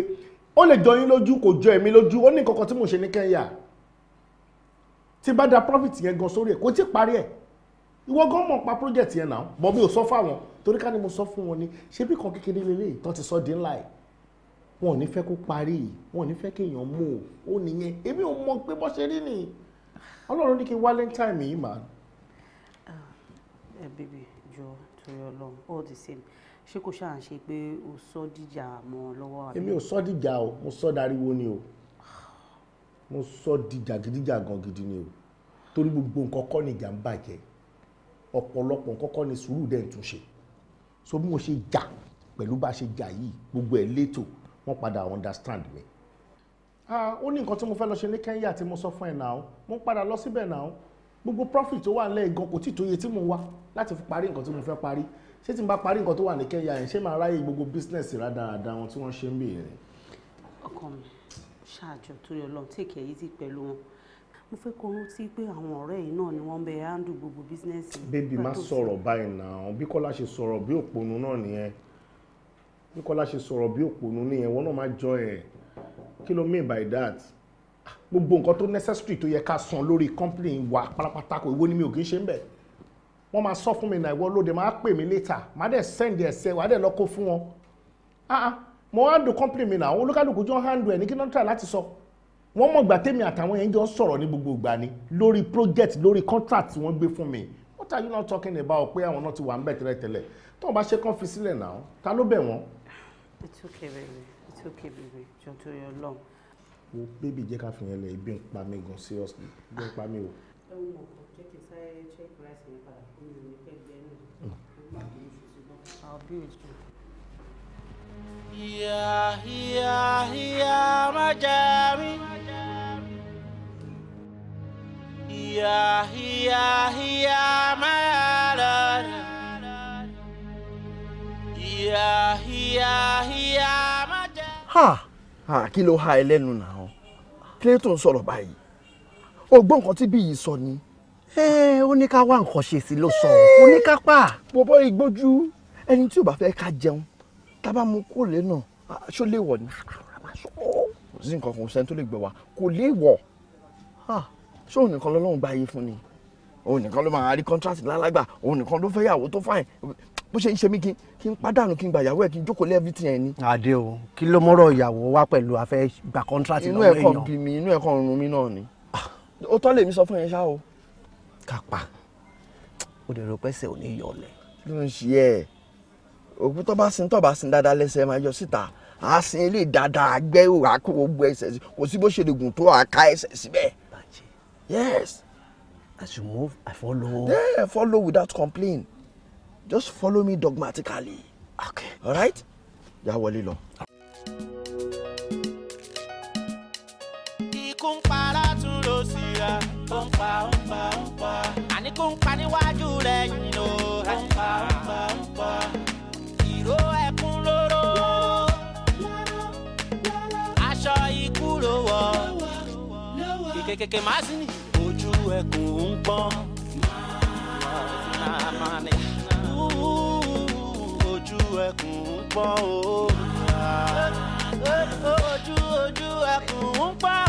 ó lè jọ yín lójú kò jọ èmi lójú ó ní nǹkan kan tí mo ṣe ní kẹ́ńyà tí bá da profit yẹn gan sórí ẹ̀ kò tí ì parí ẹ̀ ìwọ gan mọ̀ pa project yẹn náà bọ́ mi ò sọ fáwọn torí ká ní mo sọ fún wọn ni ṣé bí kan kékeré lélẹ̀ ìtàn ti sọ di ńlá ẹ̀ wọn ò ní fẹ́ kó parí wọn ò ní fẹ́ o ó nìyẹn èmi ò mọ pé bó ṣe rí nìyí ọlọ́run ní kí valentine yìí mà. ẹ bèbè jọ torí ọlọ́run all the same ṣé kò ṣáà ń ṣe pé o sọ dìjà mọ́ lọ́wọ́ àbí. èmi ò sọ dìjà o mo sọ dariwo ni o mo sọ di jàgídíjàgan gidi ni o torí gbogbo nǹkan kọ́ ni ìjà ń bàjẹ́ ọ̀pọ̀lọpọ̀ nǹkan kọ́ ni sùúrù dẹ̀ ń túnṣe so bí mo ṣe jà pẹ̀lú bá ṣe jà yìí gbogbo ẹ̀ létò wọ́n padà understand mi. ó ní nǹkan tí mo fẹ́ lọ ṣe ní Kenya tí mo sọ fún ẹ náà mo ń padà lọ síbẹ̀ náà gbogbo profit tó wà nílẹ̀ gan kò tí tó iye tí mo wá láti fi parí nǹkan tí mo fẹ́ parí ṣé tí n bá parí nǹkan tó wà ní Kenya yẹn ṣé màá ráyè gbogbo business rádaràda wọn tí wọ́n ṣe ń bèèrè. ọkọ mi ṣáàjọ torí ọlọ́run take it easy pẹ̀lú wọn mo fẹ́ kó rántí pé àwọn ọ̀rẹ́ yìí náà ni wọ́n bẹ handle gbogbo bísínẹ́sì. bébì má sọ̀rọ̀ báyìí náà bí kọ́lá ṣe sọ̀rọ̀ bí òpònú náà nìyẹn bí kọ́lá ṣe sọ̀rọ̀ bí òpònú nìyẹn wọ́n náà má jọ ẹ̀ kí ló mean by that ah, gbogbo nǹkan tó necessary tó yẹ ká san lórí company wa pátápátá kò ìwọ ni mi ò kí ń ṣe ń bẹ̀ wọ́n máa sọ fún mi náà ìwọ lóde máa pè mí later máa dẹ̀ send ẹ̀ sẹ́ wàá dẹ̀ lọ kó fún wọn ah, ah mo wá dùn company mi náà olúkálùkù jọ handle ẹ̀ ní kí n try láti sọ wọ́n mọ̀ gbà tèmi àtàwọn yẹn jọ sọ̀rọ̀ ní gbogbo ìgbà ni lórí project lórí contract tí wọ́n gbé fún mi what are you not talking about pé àwọn náà ti wà ń bẹ̀ tẹ́lẹ̀tẹ́lẹ̀ tó o bá ṣe kán fi sílẹ̀ náà ta ló bẹ̀ wọ́n. it's okay baby it's okay baby jọ tó yọ lọ. wo bébì jẹ́ ká fi yẹn lẹ̀ ibi ń pa mí gan seriously ibi ń pa mí o. ẹ ń mọ̀ be with Ha! Ha! Kí ló ha ẹ lẹ́nu náà? Kí sọ̀rọ̀ báyìí? O gbọ́ nǹkan tí bí yìí sọ ni. Ẹ ó ní ká wá nǹkan ṣe sí ló sọ. Oníkápá. Bọ̀bọ̀ ìgbójú ẹni tí ò bá fẹ́ ká jẹun tábà mú kó lé náà ṣó lè wọ̀ ní kò sí nǹkan kan sẹ́ni tó lè gbẹ̀ wá kò lè wọ̀ ṣó òun nìkan lọ́lọ́run gba ayé fún ni òun nìkan ló máa rí contract lálágbà òun nìkan ló fẹ́ yàwó tó fàìn bó ṣe ń ṣe mí kí kí n pàdánù kí n gba ìyàwó ẹ kí n jókòó lé everything ẹ ni. àdé o kí ló mọ́rọ̀ ìyàwó wá pẹ̀lú afẹ́ gba contract lọ́wọ́ èèyàn. inú ẹ̀kọ́ bí mi inú ẹ̀kọ́ run mi náà ni. ó tọ́ lèmi sọ fún yẹn ṣá o. kápá o lè rò pẹ́sẹ̀ ò ní ló ń ṣe ẹ́ òkú tó bá sin tó bá sin dáadáa lẹ́sẹ̀ máa yọ síta á sin ilé dáadáa gbẹ́ òrà kó gbogbo ẹsẹ̀ sí kò sí bó ṣe lè gùn tó àká ẹsẹ̀ síbẹ̀. yes. as you move i follow. yeah follow without complain just follow me dogmatically. okay alright. yà wọlé lọ. ikú tún lọ sí ra ó ń pa ó ń níwájú rẹ̀ yìí ló ń pa. Ojo é com um ojú na ń Ojo é com um pọ́n Ojo ojú ojú ẹkùn ń pọ́n.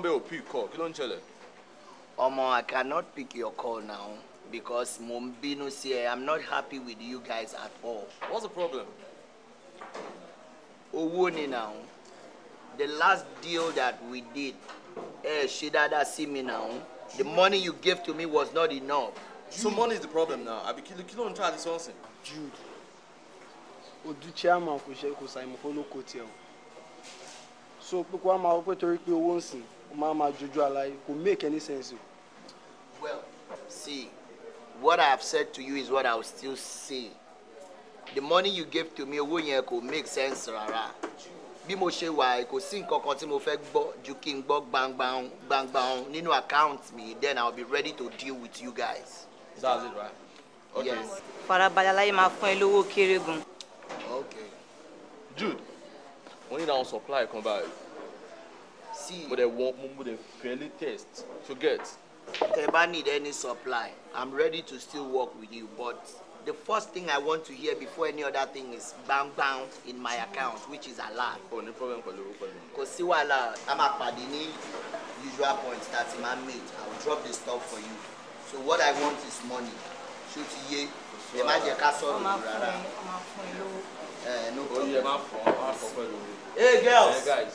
number ò pick call kí ló ń ṣẹlẹ̀. ọmọ i cannot pick your call now because mo ń bínú sí ẹ i'm not happy with you guys at all. what's the problem. owó ni now the last deal that we did ẹ ṣe dáadáa sí mi now the money you gave to me was not enough. Jude. so money is the problem now àbí kí ló ń try this one thing. Jude ojú chairman kò ṣe kò ṣàìmọ̀ fọlọ́kọ tiẹ̀ o so pé kó wá máa wọ pé torí pé owó ń sìn máa ma jojú àlàyé kò make any sense well see what i have said to you is what i will still say the money you gave to me owó yẹn kò make sense rárá bí mo ṣe wà kò sí nǹkan kan tí mo fẹ́ gbọ́ ju kí n gbọ́ gbangban gbangban nínú account mi then i will be ready to deal with you guys. that's it right. okay. yes. farabalẹ̀ aláyé máa fún ẹ lówó kéré gan. okay. jude wọ́n ní àwọn supply kan báyìí mo dẹ̀ wọ́n mo dẹ̀ fairly test to get. tẹ bá need any supply i'm ready to still work with you but the first thing i want to hear before any other thing is bang bang in my account which is alert. o oh, ní problem pẹ̀lú owó pẹ̀lú. kò sí wàhálà a máa pàdé ní usual point that i man made i will drop the stuff for you so what i want is money ṣó ti yé ẹ má jẹ ká sọ̀rọ̀ ìlú rárá. ọmọ fún ẹ lówó. ẹ ní kò fọ ọ fọ pẹ̀lú hey girls. Hey guys.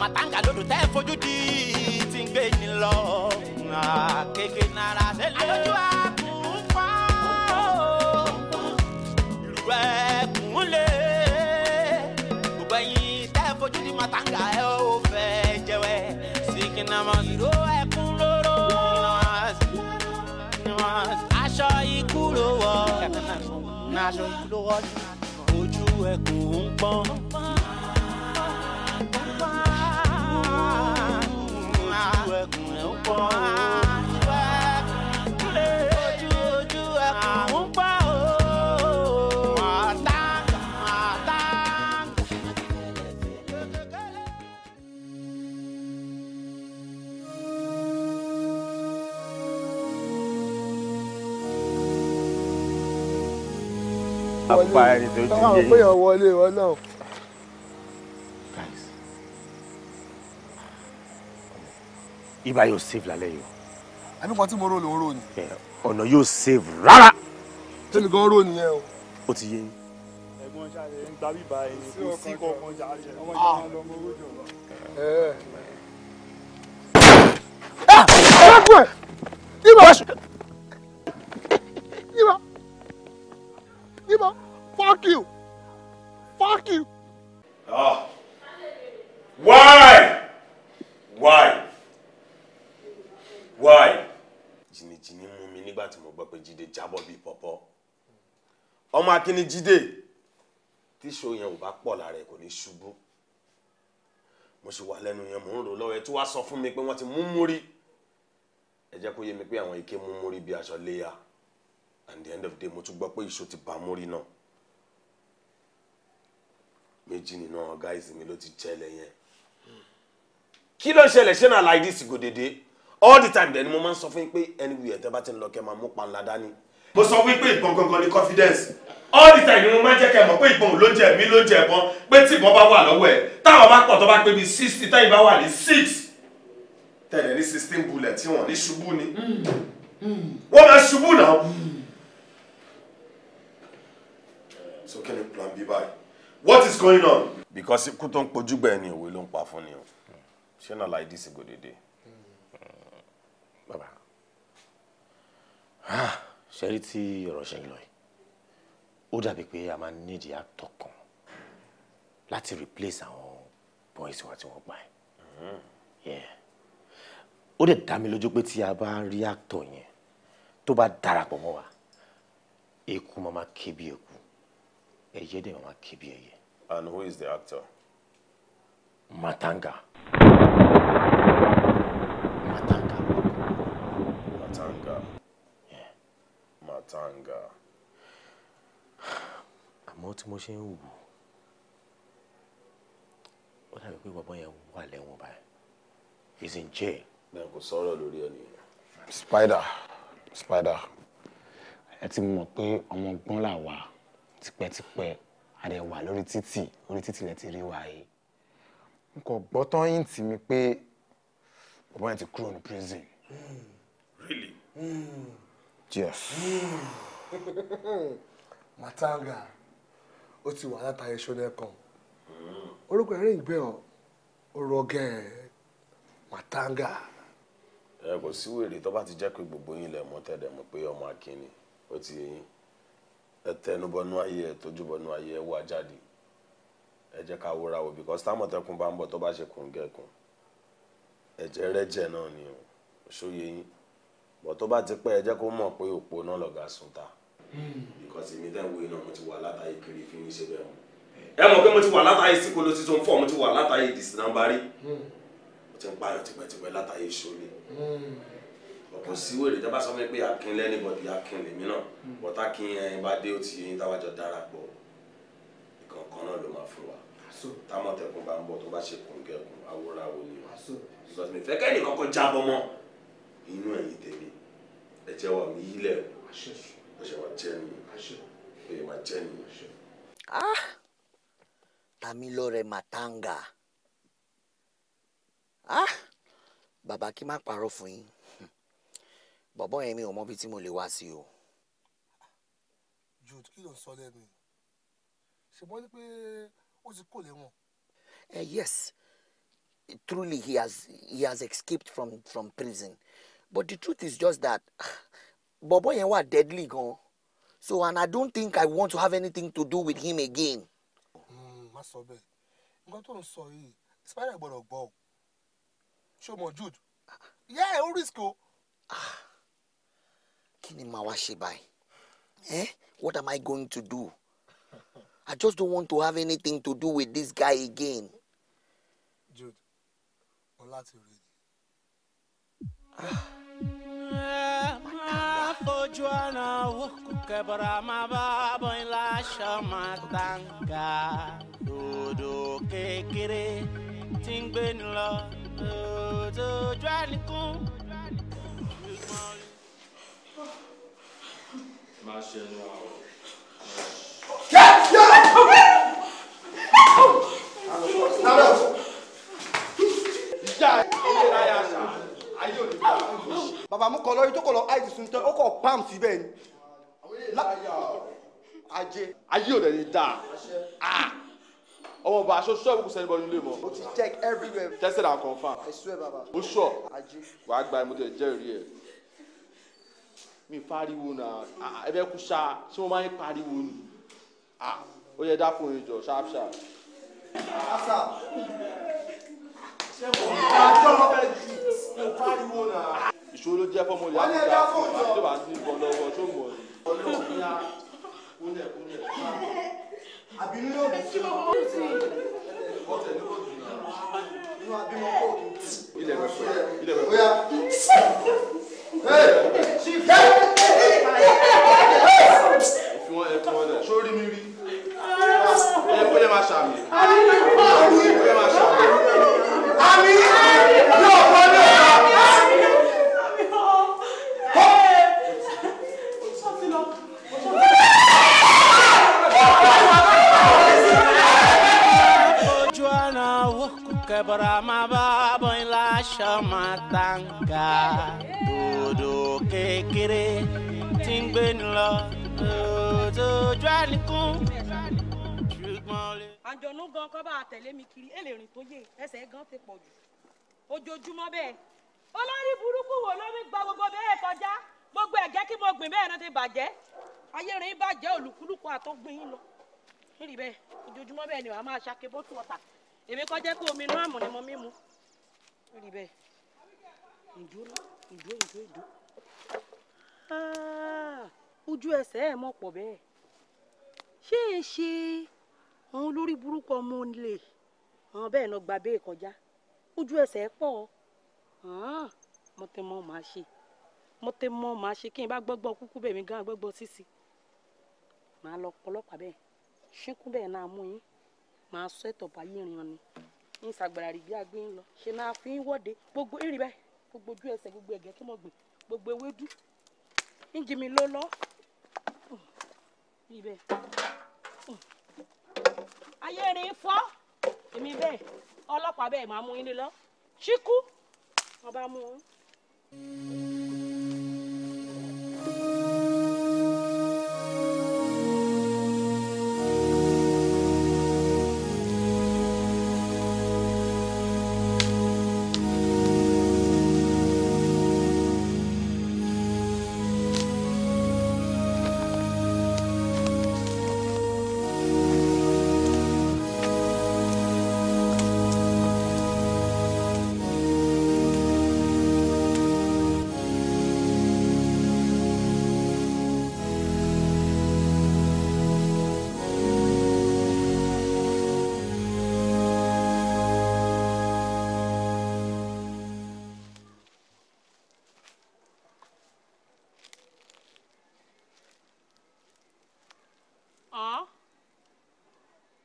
màtáǹgà lódò tẹ́ ẹ fojú di ti ń gbé ni lọ. kéèké nara sẹ́lẹ̀. àlójú àkùn fọ́ ìlú ẹ̀kún lé gbogbo ẹ̀yin tẹ́ fojú di matanga ẹ ò fẹ́ jẹ́wẹ́ sí kí n mọ ìró ẹ̀kún lóró. aṣọ ikú ló wọ̀ aṣọ ikú ló ojú ẹ̀kún ń pọ́n. ẹkùn ẹ̀ ń pọ̀ ọ̀wọ́lé wọn náà. ibà yóò save lálẹ́ yìí o. àbí kan tí mo rò ló ń rò ni. ọ̀nà yóò save rárá. tẹ́lẹ̀ gan rò nìyẹn o. ó ti yé yín. ẹ̀gbọ́n ṣáàṣì ń gba bíbá ẹni kò sí kọ̀ọ̀kan ṣáàṣì ọmọ ah. ìjọba lọ́mọ owó jọba. ẹ ah! ẹ ibà ibà ibà fuck you fuck you. Ah. Why? Why? why jìnnìjìnnì mú mi nígbà tí mo gbọ́ pé jíde jábọ́ bíi pọ̀pọ́ ọmọ akíní jíde tíṣó yẹn ò bá pọ̀ lára ẹ̀ kò ní ṣubú mo sì wà lẹ́nu yẹn mò ń rò lọ́wọ́ ẹ tí wàá sọ fún mi pé wọ́n ti mú múrí ẹ jẹ́ kó yé mi pé àwọn ike mú múrí bíi aṣọ léya at the end of the day mo tún gbọ́ pé ìṣó ti bá múrí náà méjì nínú ọ̀gá ìsinmi ló ti jẹ́lẹ̀ yẹn kí ló ṣẹlẹ̀ ṣé náà láìdí sí gòdèdè all the time dẹ̀ ni mo máa ń sọ fún yín pé anywhere tẹ́ bá ti ń lọ kẹ́ máa mú panla dání. mo sọ wípé ìbọn gangan ni confidence all the time ni mo máa ń jẹ́ kẹ́ mọ̀ pé ìbọn ló jẹ́ mi ló jẹ́ ẹ̀bọn pé tí ìbọn bá wà lọ́wọ́ ẹ̀ táwọn bá pọ̀ tó bá pé bíi sixty táyì bá wà ní six tẹ̀lé ní sixteen bullet tí wọ́n ní ṣubú ni wọ́n máa ṣubú náà. so kí ni plan b báyìí what is going on. because ikú tó ń pojú gbẹ̀ẹ́ ni òwe ló ń pa fún ni o ṣé náà láì dísìgò dédé bàbá ah, ṣe rí tí ọ̀rọ̀ ṣe lọ yìí ó dàbí pé a máa nídìí àtọ̀ kan láti replace àwọn boys wa tí wọ́n gbà ẹ̀ ó dẹ̀ dá mi lójú pé tí a bá rí àtọ̀ yẹn tó bá darapọ̀ mọ́ wa eku mama kébi eku ẹyẹ dẹ̀ mama kébi ẹyẹ. and who is the actor? Matanga. Tanga. Àmọ́ tí mo ṣe ń wò ó dàbí pé bàbá yẹn wà lẹ́wọ̀n báyìí. He's in jail. Náà kò sọ̀rọ̀ lórí ẹ̀ Spider Spider ẹ ti mọ̀ pé ọmọ ọgbọ́n là wà tipẹ́tipẹ́ a dẹ̀ wà lórí títì lórí títì lẹ ti rí wa yìí. N kò gbọ́ tán yín tì mí pé bàbá yẹn ti kúrò ní prison. Hmm. Really? Mm. Jeff. (laughs) Matanga, ó ti wà látàrí Ṣónẹ́kan. Orúkọ ẹ̀rín ìgbẹ́ ọ̀, ọ̀rọ̀ gẹ̀ Matanga. Ẹ kò sí wèrè tó bá ti jẹ́ pé gbogbo yín lẹ̀ mọ́ tẹ́lẹ̀ mọ́ pé ọmọ akínni ó ti ẹ tẹnubọnú ayé ẹ tójúbọnú ayé ẹ wá jáde ẹ jẹ́ ká wúra wò because támọ̀tẹ́kùn bá ń bọ̀ tó bá ṣe kùn gẹ̀kùn ẹ̀jẹ̀ rẹ̀ jẹ̀ náà ni ó ṣóye yín bọ̀ tó bá ti pẹ́ ẹ jẹ́ kó mọ̀ pé òpó náà lọ́gà sùn hmm. because èmi tẹ́ ń wo iná mo ti wà látàyè kiri fi ń ṣe bẹ́ẹ̀ mọ́ ẹ mọ̀ pé mo ti wà látàyè síkolo tí tó ń fọ̀ mo ti wà látàyè ìdìsínàbárí hmm. mo ti ń pààyàn tipẹ́tipẹ́ látàyè ìṣòlè hmm. ọ̀pọ̀ sí wèrè tẹ́ bá sọ fún mi pé akin lẹ́nìbọ̀dì akin lèmi náà bọ́tà kí ẹyin bá dé ó ti yẹn táwájọ darapọ̀ ìkọ̀ọ̀kan náà ló máa fún wa támọ̀tẹ̀kùn bá ń bọ̀ tó bá ṣe kùn gẹ̀kùn awúráwo because mi fẹ́ kẹ́ni kọ́kọ́ jábọ́ inú ẹ̀yìn tèmi ẹ̀jẹ̀ wà mí yílẹ̀ o ṣe wà jẹ́ mi o yẹ jẹ́ mi. Ah! Tamilore Matanga ah bàbá kí má parọ́ fún yín bọ̀bọ́ yẹn mi ò mọ tí mo lè wá sí o. Jude kí ló ń sọ lẹ́nu yìí ṣùgbọ́n ní pé ó ti kò lẹ́wọ̀n. Eh, yes truly he has he has escaped from from prison but the truth is just that bọ̀bọ̀ yẹn wà deadly gan so and i don't think i want to have anything to do with him again. má sọ bẹ́ẹ̀ nǹkan tó ń sọ yìí spider gbọ́dọ̀ gbọ́ ọ ṣó mọ jude yẹ ẹ ó risk o. kí ni màá wá ṣe báyìí eh? what am i going to do i just don't want to have anything to do with this guy again. jude mo láti rí i ma fojú ọ̀nà òkú kẹbọ̀rọ̀ má bá bọ̀ ń láṣọ máa tàǹkà dòdò kékeré tí ń gbé ni lọ dòdò ojú àníkún. máa ṣe ẹnu àwọn. kẹ́kẹ́ ọ̀rẹ́. ìjà ìlera yà sá bàbá mú kọ lórí tó kọ lọ àìsí sun tán ó kọ pam síbẹ̀ ni. ajé ayé ò dẹ̀ ní dáa ah! ọmọ bá aṣọ ṣọ́ọ̀bù kò sẹ́ni bọ́ nílé mọ́. mo ti check everywhere. tested and confirmed. I swear baba. o sọ wàá gba ìmọ̀tò ìjẹ́rìí ẹ̀ mi pariwo náà ah, ẹbẹ kú ṣá ṣé mo máa ń pariwo ni ah, ó yẹ dá fún ìjọ ṣáfṣáf ìṣòro ló jẹ́ fọ́mọ ìyá àbúrò àti ìwà tó bá ní ìbọn lọ́wọ́ tó ń bọ̀ yìí. àbínú yóò dùn sí ọ̀tẹ̀ ní kò dùn inú abínú kò dùn. ilẹ̀ bẹ̀ fún ilẹ̀ bẹ̀ fún. ẹ̀fọn ẹ̀fọn ẹ̀ sórí mi rí ẹ̀ kó lè máa ṣàmì ẹ̀ kó lè máa ṣàmì àmì yóò pọ̀ ní ọ̀la. Brahma babo en la shamatanga Dodo kékeré tí ń gbé ni lọ Dodo jwa nikun àjọ̀nú gan kọ́ bá tẹ̀lé mi kiri èlè tó yé ẹsẹ̀ gan ti pọ̀ jù ojoojúmọ́ bẹ́ẹ̀ olórí burúkú wo ló ń gba gbogbo bẹ́ẹ̀ kọjá gbogbo ẹ̀gẹ́ kí mo gbìn bẹ́ẹ̀ náà ti bàjẹ́ ayérìn bàjẹ́ olùkúlùkù àtọ́gbìn yín lọ níbi bẹ́ẹ̀ ojoojúmọ́ bẹ́ẹ̀ ni wàá máa ṣàké bọ́tù ọ̀tà èmi kọ́ jẹ́ pé omi inú àmù ni mo mímu níbi bẹ́ẹ̀ ìdúró ìdúró ìdúró ojú ẹsẹ̀ ẹ̀ mọ̀ pọ̀ bẹ́ẹ̀ ṣé é ṣe àwọn olórí burúkú ọmọ onílé àwọn bẹ́ẹ̀ náà gba bẹ́ẹ̀ kọjá ojú ẹsẹ̀ pọ̀ mo tẹ mọ́ màá ṣe mo tẹ mọ́ màá ṣe kí n bá gbọ́gbọ́ kúkú bẹ́ẹ̀ mi gan gbọ́gbọ́ sísì màá lọ pọlọ́pàá bẹ́ẹ̀ ṣínkú bẹ́ẹ̀ náà mú yín màá sọ ẹ̀tọ́ báyé ìrìn ọ̀nì ń sàgbàrà rí bí agbé ń lọ ṣe náà fi ń wọ́de gbogbo ìrì bẹ́ẹ̀ gbogbo ojú ẹsẹ̀ gbogbo ẹ̀gẹ́ kí mo gbìn gbogbo ewédú ń jí mi ló lọ́ rí bẹ́ẹ̀ ayé rí fọ́ èmi bẹ́ẹ̀ ọlọ́pàá bẹ́ẹ̀ máa mú yín lọ ṣíkú wọn bá mú un.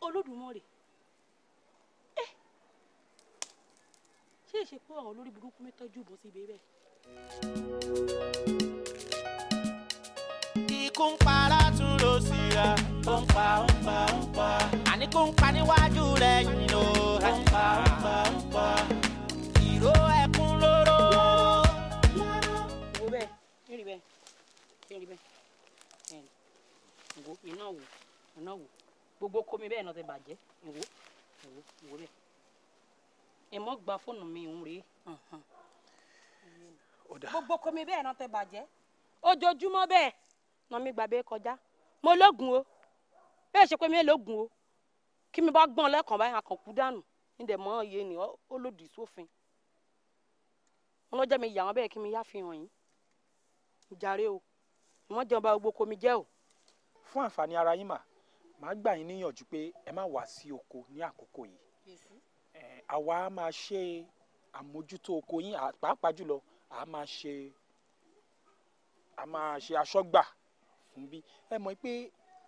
olódùmarè ẹ eh. ṣé èṣe pé àwọn olórí burúkú mi tọ́jú ìbọn síbi bẹ́ẹ̀. ikú ń para tún lọ sí ra ó ń pa ó ń pa ó ń pa àní kó ń pa níwájú rẹ̀ yìí lọ ó ń pa ó ń pa ó ń pa ìró ẹkún lóró. wo bẹ́ẹ̀ ní rí bẹ́ẹ̀ ní rí bẹ́ẹ̀ wo iná wo iná wo gbogbo komi bẹ́ẹ̀ náà ti bàjẹ́ ìwò ìwò ìwò bẹ́ẹ̀ ìmọ̀ gba fóònù mi ń rèé gbogbo komi bẹ́ẹ̀ náà ti bàjẹ́ ojoojúmọ́ bẹ́ẹ̀ náà mi gbàgbé kọjá mo lógun o bẹ́ẹ̀ ṣe pé mi lógun o kí mi bá gbọ́n lẹ́kàn báyìí àkànkú dànù ní dẹ̀ mọ́ iye ni ó lòdì sófin wọn lọ́jọ́ mi yà wọ́n bẹ́ẹ̀ kí mi yá fi hàn yín ìjàre o ìwọ́n jẹun bá gbogbo komi jẹ́ o. fún àǹfààní ara yín mà màá gbà yín níyànjú pé ẹ má wá sí oko ní àkókò yìí àwa máa ṣe àmójútó oko yín pàápàá jùlọ a máa ṣe a máa ṣe aṣọ́gbà fún bí ẹ mọ̀ pé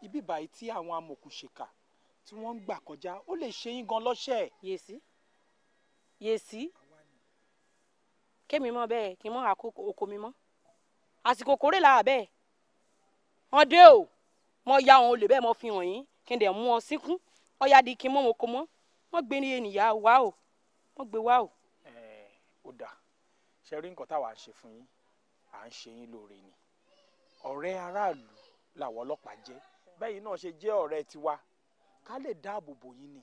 ibi báyìí tí àwọn amòkùnṣèkà tí wọ́n ń gbà kọjá ó lè ṣe yín gan lọ́ṣẹ̀. yèsí yèsí kémi mọ bẹ́ẹ̀ kí n mọ àkókò oko mi mọ àsìkò kórè là bẹ́ẹ̀ wọn dé o mọ ya àwọn olè bẹ́ẹ̀ mọ fi hàn yín kí n dẹ̀ mú ọ síkún ọ̀yá di kí n mọ́ wọn kó mọ́ wọ́n gbé ní ènìyàn wá o wọ́n gbé wá o. ẹ ẹ ó dà ṣe rí nǹkan táwa ń ṣe fún yín à ń ṣe yín lóore ni ọ̀rẹ́ aráàlú làwọn ọlọ́pàá jẹ́ bẹ́yìn náà ṣe jẹ́ ọ̀rẹ́ tiwa ká lè dáàbò bò yín ni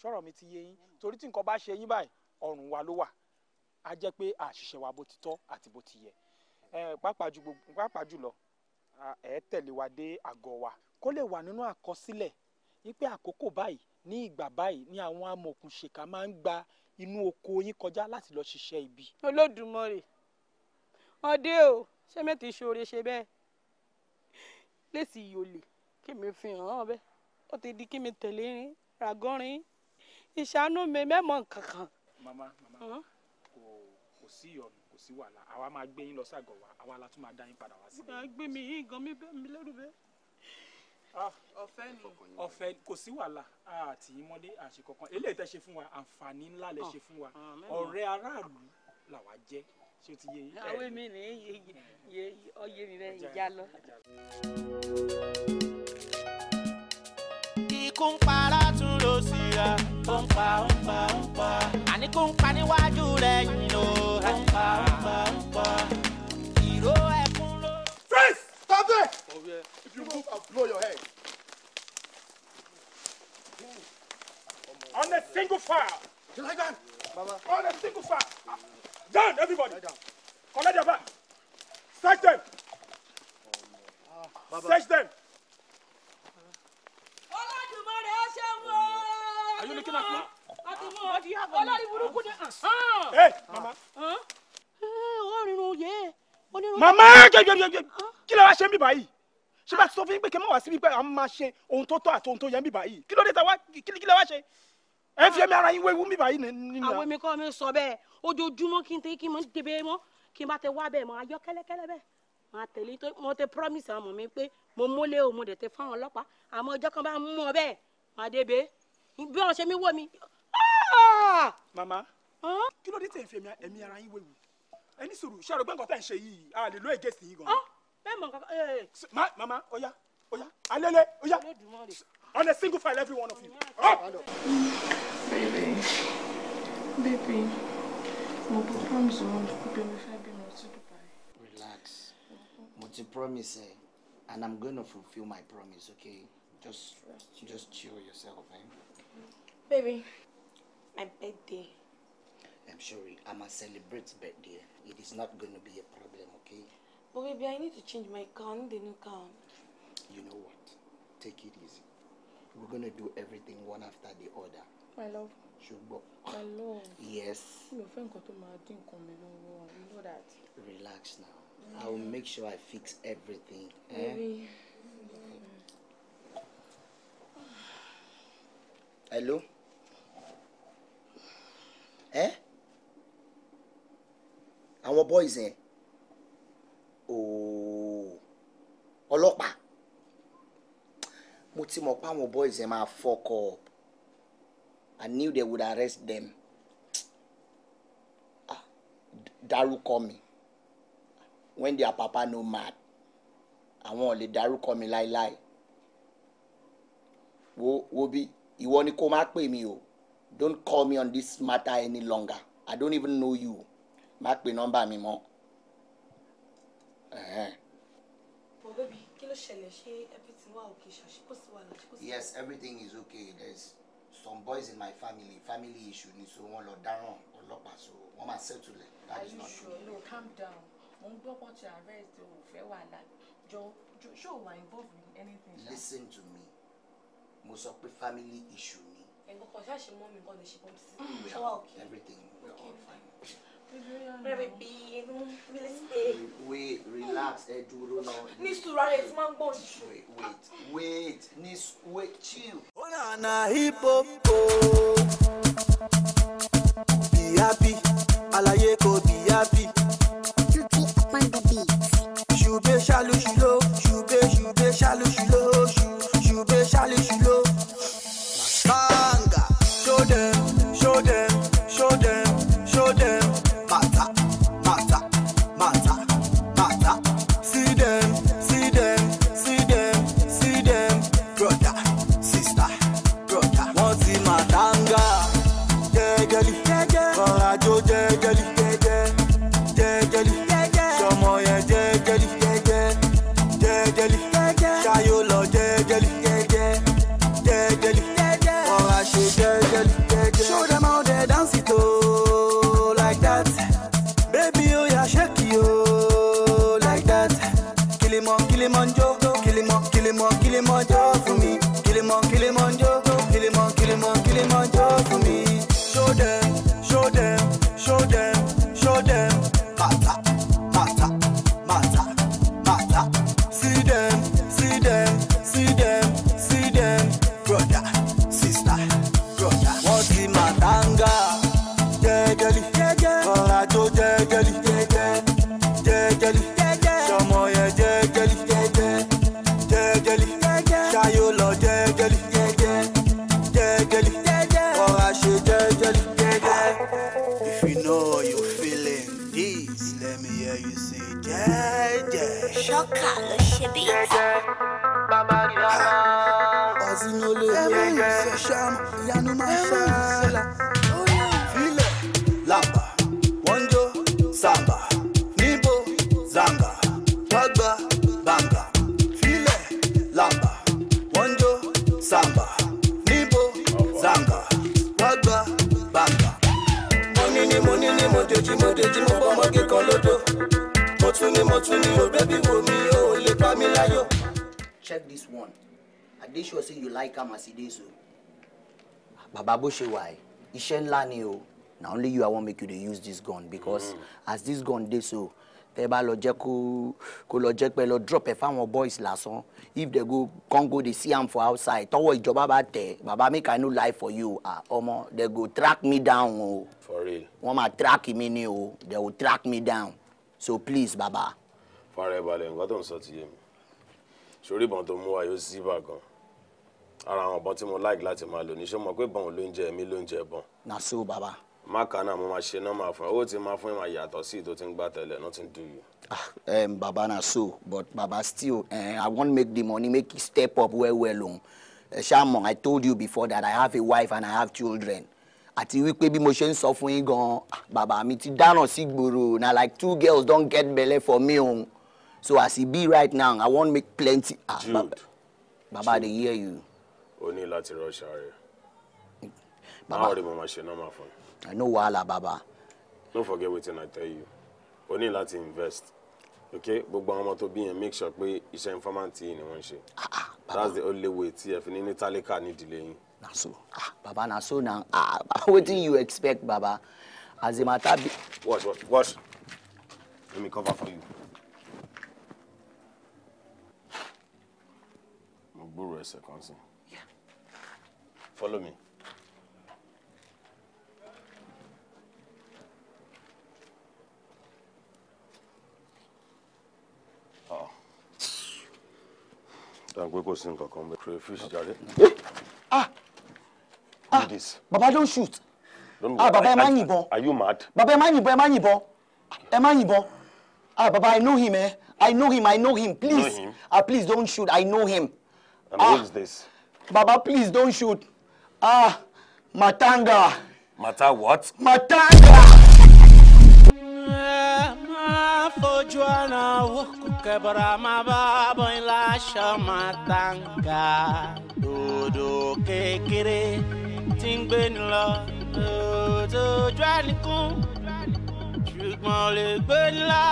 sọ̀rọ̀ mi ti yé yín torí tí nǹkan bá ṣe yín báyìí ọrùn wa ló wà á jẹ́ pé àṣìṣe wa bó ti tọ́ àti bó ti yẹ pàápàá jùlọ ẹ tẹ̀lé wa dé àgọ́ wa kó lè wà nínú àkọsílẹ̀ wípé àkókò báyìí ní ìgbà báyìí ni àwọn amòòkùnṣèkà máa ń gba inú oko yín kọjá láti lọ ṣiṣẹ́ ibi. olódùmarè ọdẹ o ṣé mẹ́tì ṣoore ṣe bẹ́ẹ̀ lèsì yòlè kí mi fi hàn án bẹ́ẹ̀ ó ti di kí mi tẹ̀lé rin ràgọ́rin ìṣàánú mi mẹ́mọ̀ kankan. mama mama kò sí ìyọnu sí wàhálà àwa máa gbé yín lọ ságọ̀ wa àwa la tún máa dá yín padà wá sí. gbé mi yín gan mi bẹ́ mi lẹ́rù bẹ́ẹ̀. ọ̀fẹ́ ni ọ̀fẹ́ kò sí wàhálà àti ìmọ̀lé àṣẹ kankan eléyìí tẹ́ ṣe fún wa àǹfààní ńlá lẹ ṣe fún wa ọ̀rẹ́ aráàlú làwa jẹ́ ṣé o ti yé yín. àwọn èmi nìyẹn yé ọyẹ mi rẹ ìjà lọ àníkú ń parọ́ tún ló sì ra. ó ń pa ó ń pa ó ń pa. àníkú ń pa níwájú rẹ̀ yìí lò. ó ń pa ó ń pa ó ń pa. ìró ẹkún ló. freeze stop there. Oh, yeah. if you move I blow your head. on a single file. you like that. on a single file. down everybody. Down. collect your bag. search them. Oh, no. ah, Baba. them. Are you looking at me? What do you have on me? Ah. Hey, mama. Mama, eh, ah. kí mama, wá ṣe ń bí báyìí? Ṣé bá ti sọ fún yín pé kí n má wá síbi pé àwọn máa ṣe ohun tó tọ́ àti ohun tó yẹ ń bí báyìí? Kí ló dé ta wá kí ló wá ṣe? Ẹ fi ẹ̀mí ara yín wéwu ń bí báyìí nínú. Àwọn èmi kọ́ mi sọ bẹ́ẹ̀, ojoojúmọ́ kí n tẹ́ kí n mọ̀ ń débẹ̀ mọ́, kí n bá tẹ wá bẹ́ẹ̀ mọ́, ayọ́ kẹ́lẹ́kẹ́lẹ́ bẹ́ẹ̀ máa tẹ̀lé tó mo ti promise àwọn ọmọ mi pé mo mólé o mo dẹ̀ tẹ fáwọn ọlọ́pàá àmọ́ ọjọ́ kan bá mú ọ bẹ́ẹ̀ máa débè bí wọn ṣe mí wò mí. Ah! màmá kí ló dé tẹ̀ ń fi ẹ̀mí ara yín wéwu ẹni sùúrù ṣé àrògbé nǹkan tá à ń ṣe yìí a lè lo ègé sí i gan. bẹ́ẹ̀ mọ̀ kankan. Eh, eh. màmá ọ̀ya ọ̀ya alẹ́lẹ́ ọ̀ya on a single file every one of you. bébè bébè mo bọ promise wọn pé mo fẹ́ bímọ sí Dubai. relax mo ti promise ẹ and i'm gonna fulfil my promise okay just just chill yourself. Eh? Baby, my birthday. I'm sorry, I'm a celebrate birthday. It is not going to be a problem, okay? But baby, I need to change my car. the new car. You know what? Take it easy. We're gonna do everything one after the other. My love. Ṣùgbọ́n. My love. Yes. Mi ò fẹ́ nǹkan tó máa You know that. Relax now. Yeah. I will make sure I fix everything. Eh? Baby. Eh? Hello? ẹ́ eh? àwọn boys yẹn ooo ọlọ́pàá mo ti mọ̀ pé àwọn boys yẹn máa fuck up I knew they would arrest them ah dárúkọ mi when their papa no mad àwọn ò lè dárúkọ mi láéláé wo wo bí ìwọ ni kó má pè mí o don't call me on this matter any longer i don't even know you má pe nọ́mbà mi mọ́. yes everything is okay there's some boys in my family family issue ni so wọ́n lọ dáràn ọlọ́pàá so wọ́n máa settle it that is not true. are you sure no calm down mo ń gbọ́ pọ́n ti arrest o fẹ́ wàhálà jọ ṣé o wà involved in anything. listen to me mo sọ pé family issue ẹ̀gbọ́n kan ṣáà ṣe we are all fine. Rẹ̀rẹ̀ bí inú relax ẹ dúró náà. Wait wait ní wait chill. Be happy, àlàyé kò be happy. You keep on beat. Ṣùgbọ́n ṣálú ṣùgbọ́n. bàbá bó ṣe wà ẹ iṣẹ́ ńlá ni o na only you i wan make you dey use this gun because mm. as this gun dey so tẹ bá lọ jẹ kó kó lọ jẹ pé lọ drop ẹ fáwọn boys lásán if they go come go dey see am for outside tọwọ́ ìjọba bá tẹ baba make i no lie for you ah ọmọ they go track me down o for real wọn máa track me ni o they go track me down so please baba. fara ẹ balẹ̀ nǹkan tó ń sọ ti yé mi sórí ìbọn tó mú wa yóò sí ibà gan-an ara àwọn ọ̀bọ̀n tí mo like láti máa lò ní ṣé mo pé bọ̀n ló ń jẹ mí ló ń jẹ na so baba. má kà náà mo máa ṣe náà máa fún ẹ owó tí máa fún ẹ máa yàtọ̀ sí ìtò tí ń gbà tẹ́lẹ̀ nothing do you. ah um, baba na so but baba still uh, i wan make the money make e step up well well o oh. eh, ṣáàmù i told you before that i have a wife and i have children àti wípé bí mo ṣe ń sọ fún yín gan ah, bàbá mi ti dáràn sí gbòòrò na like two girls don get belle for me o oh. so as e be right now i wan make plenty. ah Jude. baba Jude. i dey hear you o ní láti rọṣà rẹ báwo ni mo máa ṣe normal fún ẹ. no wahala baba. no forget wetin i tell you o ní láti invest okay gbogbo àwọn ọmọ tó bí yẹn make sure pé iṣẹ́ informant yìí ni wọ́n ń ṣe ah, ah, that's the only way tí ẹ fi ní ní tálíkà nídìílé yín. na so ah baba na so na ah (laughs) wetin you expect baba as a matter be. watch watch watch let me cover for you. mo gbúrò ẹsẹ̀ kan sí i. Follow me. Ah. Dàgbé kò sí nǹkan kan bẹ́ẹ̀. Crayfish jàre. Ah! Ah! Baba don't shoot. Don't ah, Baba ẹ má yìnbọn. Are you mad? Baba ẹ má yìnbọn, ẹ má yìnbọn. Ah, Baba, I know him, eh? I know him, I know him. Please. You know him? Ah, please don't shoot. I know him. And ah. who is this? Baba, please don't shoot. Ah, Matanga. Mata what? Matanga! Má fojú ọ̀nà òkú kẹbọ̀rọ̀ máa bá Matanga. Dòdò kékeré tí ń gbé ni lọ. Dòdò ojú àníkún ṣùgbọ́n ò lè gbé ni lọ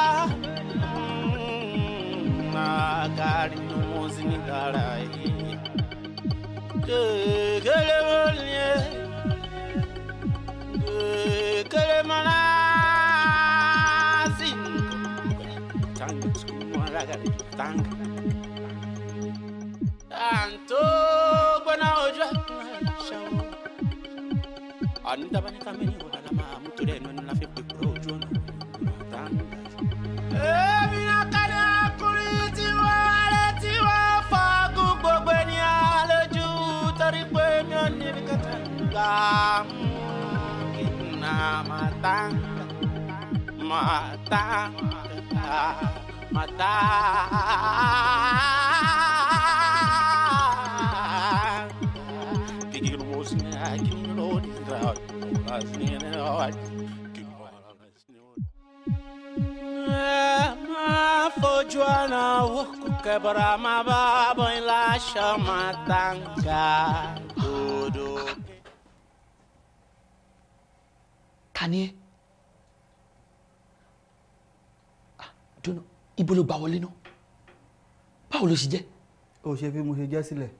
kekele wolie kekele mana tam kinh ma tang ma tang ma tang kikir bos kaníẹ́ ah, dúnà ibo ló gbà wọlé náà báwo ló ṣe jẹ́. o ṣe bí mo ṣe jẹ́ sílẹ̀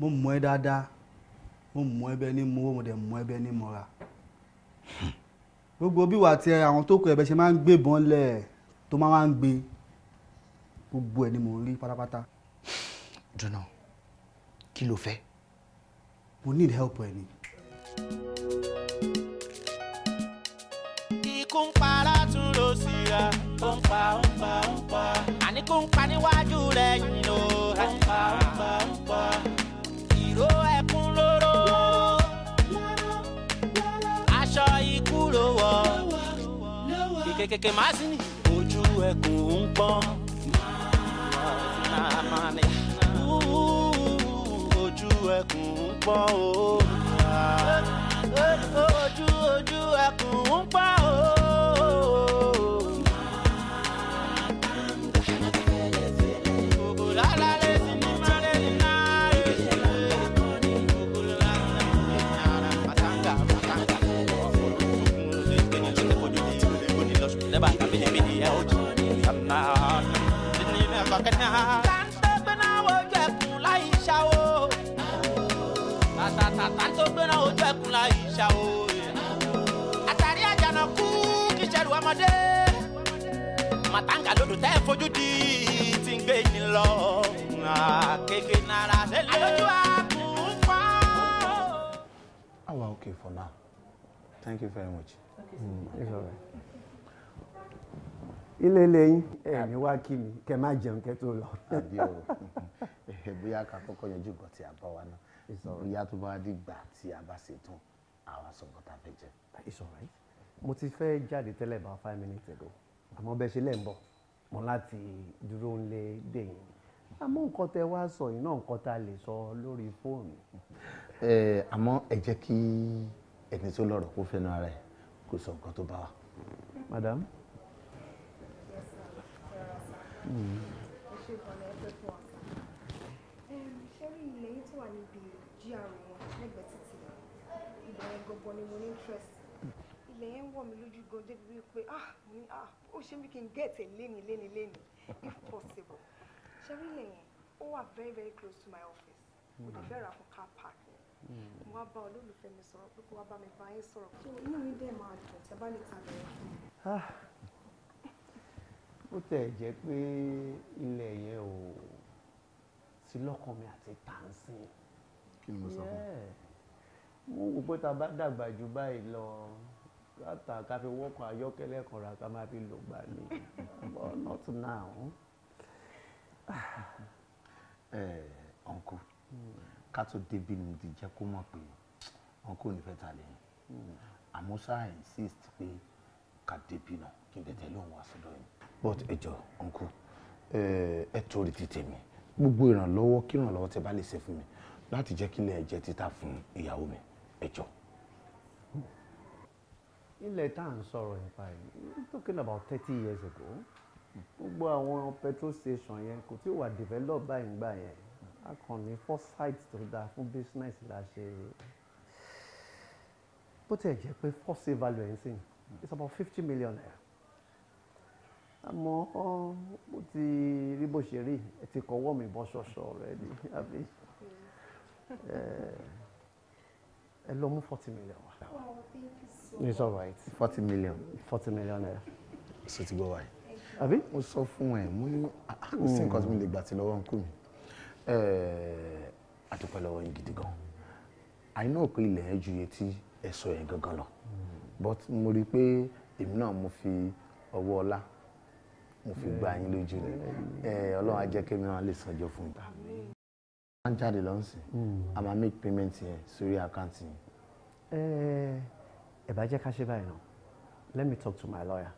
mo mọ̀ ẹ́ dáadáa mo mọ̀ ẹ́ bẹ́ẹ̀ ni mo wọ́ mo dẹ̀ mọ̀ ẹ́ bẹ́ẹ̀ ni mo rà gbogbo bí wàá tiẹ̀ àwọn tó kọ ẹ̀bẹ̀ ṣe máa ń gbé ìbọn lẹ̀ tó máa ń gbé gbogbo ẹ̀ ni mo rí pátápátá. dúnà kí ló fẹ́. mo need help ẹ ni. kún pa lọ́tún ló sì ra. ó ń pa ó ń pa ó ń pa. àní kún pa níwájú rẹ̀ yìí o. ó ń pa ó ń pa ó ń pa. ìró ẹkún lóró. aṣọ ikú ló wọ. kékeré máa sí ni. ojú ẹkún ń pọ́n. ojú ẹkún ń pọ́n o. ojú ojú ẹkún ń pọ́n o. ṣá o. àtàrí àjànàkú kì í ṣẹrù ọmọdé màtáǹgà lodò tẹ́ fojú di ti ń gbé ni lọ. kéèké nara délé. àlọ́jú àkùn fọ́. àwa okay for now thank you very much. Mm. ilé ilé yín ẹ̀mí wá kí mi kẹ má jẹun kẹ tó lọ. àbí o (laughs) eh, bóyá ká kọ́kọ́ yanjú ìgbà tí a bá wa náà bóyá tó bá dìgbà tí a bá ṣe tán àwa sọ nǹkan jẹ. it's alright mo ti fẹ́ jáde tẹ́lẹ̀ bá five minutes ago àmọ́ bẹ́ẹ̀ ṣe lẹ́ ń bọ̀ mo láti dúró ńlé dèyìn àmọ́ nǹkan tẹ wá sọ yìí náà nǹkan tá a lè sọ lórí fóònù. ẹ àmọ́ ẹ jẹ́ kí ẹni tó lọ́rọ̀ kó fẹ́nu ara ẹ̀ kó sọ nǹkan tó bá wa. madam. Mm. ni mo ní interest ilẹ̀ yẹn wọ̀ mí lójú gan débi wípé ah mo ah ó ṣe bí kí n get it léni léni léni if possible ṣe rí ilẹ̀ yẹn ó wà very very close to my office kò dẹ̀ fẹ́ ra fún car park mo wá bá olólùfẹ́ mi sọ̀rọ̀ pé kó wá bá mi bá yín sọ̀rọ̀ so inú mi dẹ̀ máa dùn tí a bá lè ta bẹ̀rẹ̀ fún mi. ó tẹ̀ jẹ́ pé ilẹ̀ yẹn ò sí lọ́kàn mi àti tàǹsì. kí ni mo sọ fún un mo pé tá bá dàgbà jù báyìí lọ látà ká fi wọ́kọ̀ ayọ́kẹ́lẹ́ kan ká máa fi lò gbà ní but not now. ẹ (sighs) ọ̀nkú eh, ká tó débi ni mo ti kó mọ̀ pé ọ̀nkú ò ní fẹ́ ta lẹ́yìn àmọ́ sáà insist pé ká débi náà kí n tẹ̀tẹ̀ lóun wá sọ́dọ̀ yìí. but ẹ jọ̀ọ́ ọ̀nkú eh, ẹ torí ti tèmi gbogbo ìrànlọ́wọ́ kí ìrànlọ́wọ́ tẹ bá lè ṣe fún mi láti jẹ́ kí ẹ̀jẹ̀ títà fún ìyàwó mi ẹjọ́. ilẹ̀ tá à ń sọ̀rọ̀ nípa yìí talking about thirty years ago gbogbo àwọn petrol station yẹn kò tí ì wà develop báyìí gbà yẹn a kàn ní foresight tó dáa fún business la ṣe bó tẹ̀ jẹ́ pé force value ẹ̀ ń sìn it's about fifty million naira àmọ́ mo ti rí bó ṣe rí ẹ ti kọ́wọ́ mi bọ́ ṣọ̀ṣọ̀ rẹ ni àbí. Eh, ẹ lọ mú forty million wá. it's all right. forty million. forty million naira. ṣe ti gbọ́ wáyé. àbí. mo sọ fún ẹ mo ní ah, ah, kò sí nǹkan tí mo lè gbà tí lọ́wọ́ ń kú mi àdúpẹ́ eh, lọ́wọ́ yín gidi gan àìná òpin ilẹ̀ ẹ ju iye tí ẹ sọ yẹn gangan lọ hmm. but mo rí i pé èmi náà mo fi ọwọ́ ọlá mo fi gba yín lójú ni hmm. eh, ọlọ́run á jẹ́ kémi náà lè sanjọ́ fún ìgbà ń jáde lọ́nsìn hmm. a máa make payment yẹn sórí àkáǹtì yẹn. Eh, ẹ bá jẹ́ ká ṣe báyìí náà let me talk to my lawyer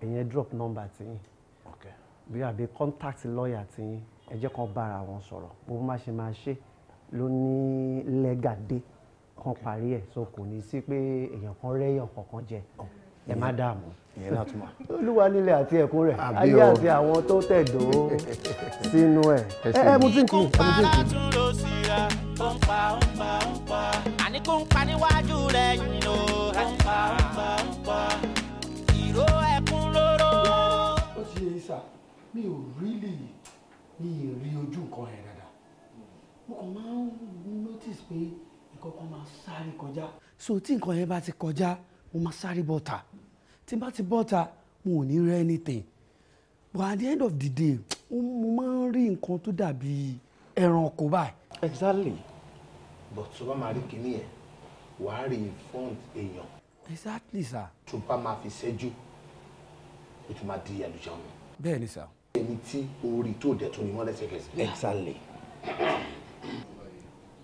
ìyẹn drop number ti yín bí àbí contact lawyer ti yín ẹ jẹ́ kó bára wọn sọ̀rọ̀ bó má ṣe máa ṣe ló ní lẹ́gàdé kan parí ẹ̀ so kò ní sí pé èèyàn kan rẹ́yàn kankan jẹ. Okay ẹ má dààmú ìyẹn náà tún wà. olúwa nílẹ̀ àti ẹ̀kún rẹ̀ ayé àti àwọn tó tẹ̀dó sínú ẹ̀. ẹ ẹ mú tíǹkì ẹ mú tíǹkì. àní kò ń pa níwájú rẹ̀ yìí ló ń pa ń pa ń pa ìró ẹkún lóró. ó ti yẹ isa mi ò rí lè ní ìrí ojú nǹkan ẹ̀ dáadáa mo kàn máa ń notice pé nǹkan kan máa sáré kọjá. so tí nǹkan yẹn bá ti kọjá. So, mo máa sáré bọ́ta tí n bá ti bọ́ta mo ò ní rẹ́ anything but at the end of the day mo máa ń rí nǹkan tó dàbí ẹranko báyìí. exactly but tó bá máa rí kinní yẹn wàá rí in front èèyàn. exactly sir. tó bá máa fi ṣẹ́jú o tún máa di àlùjáwọ̀. bẹ́ẹ̀ ni sir. ẹni tí orí tó dẹ̀ tó ni wọ́n lẹ́sẹ̀kẹsẹ̀. exactly.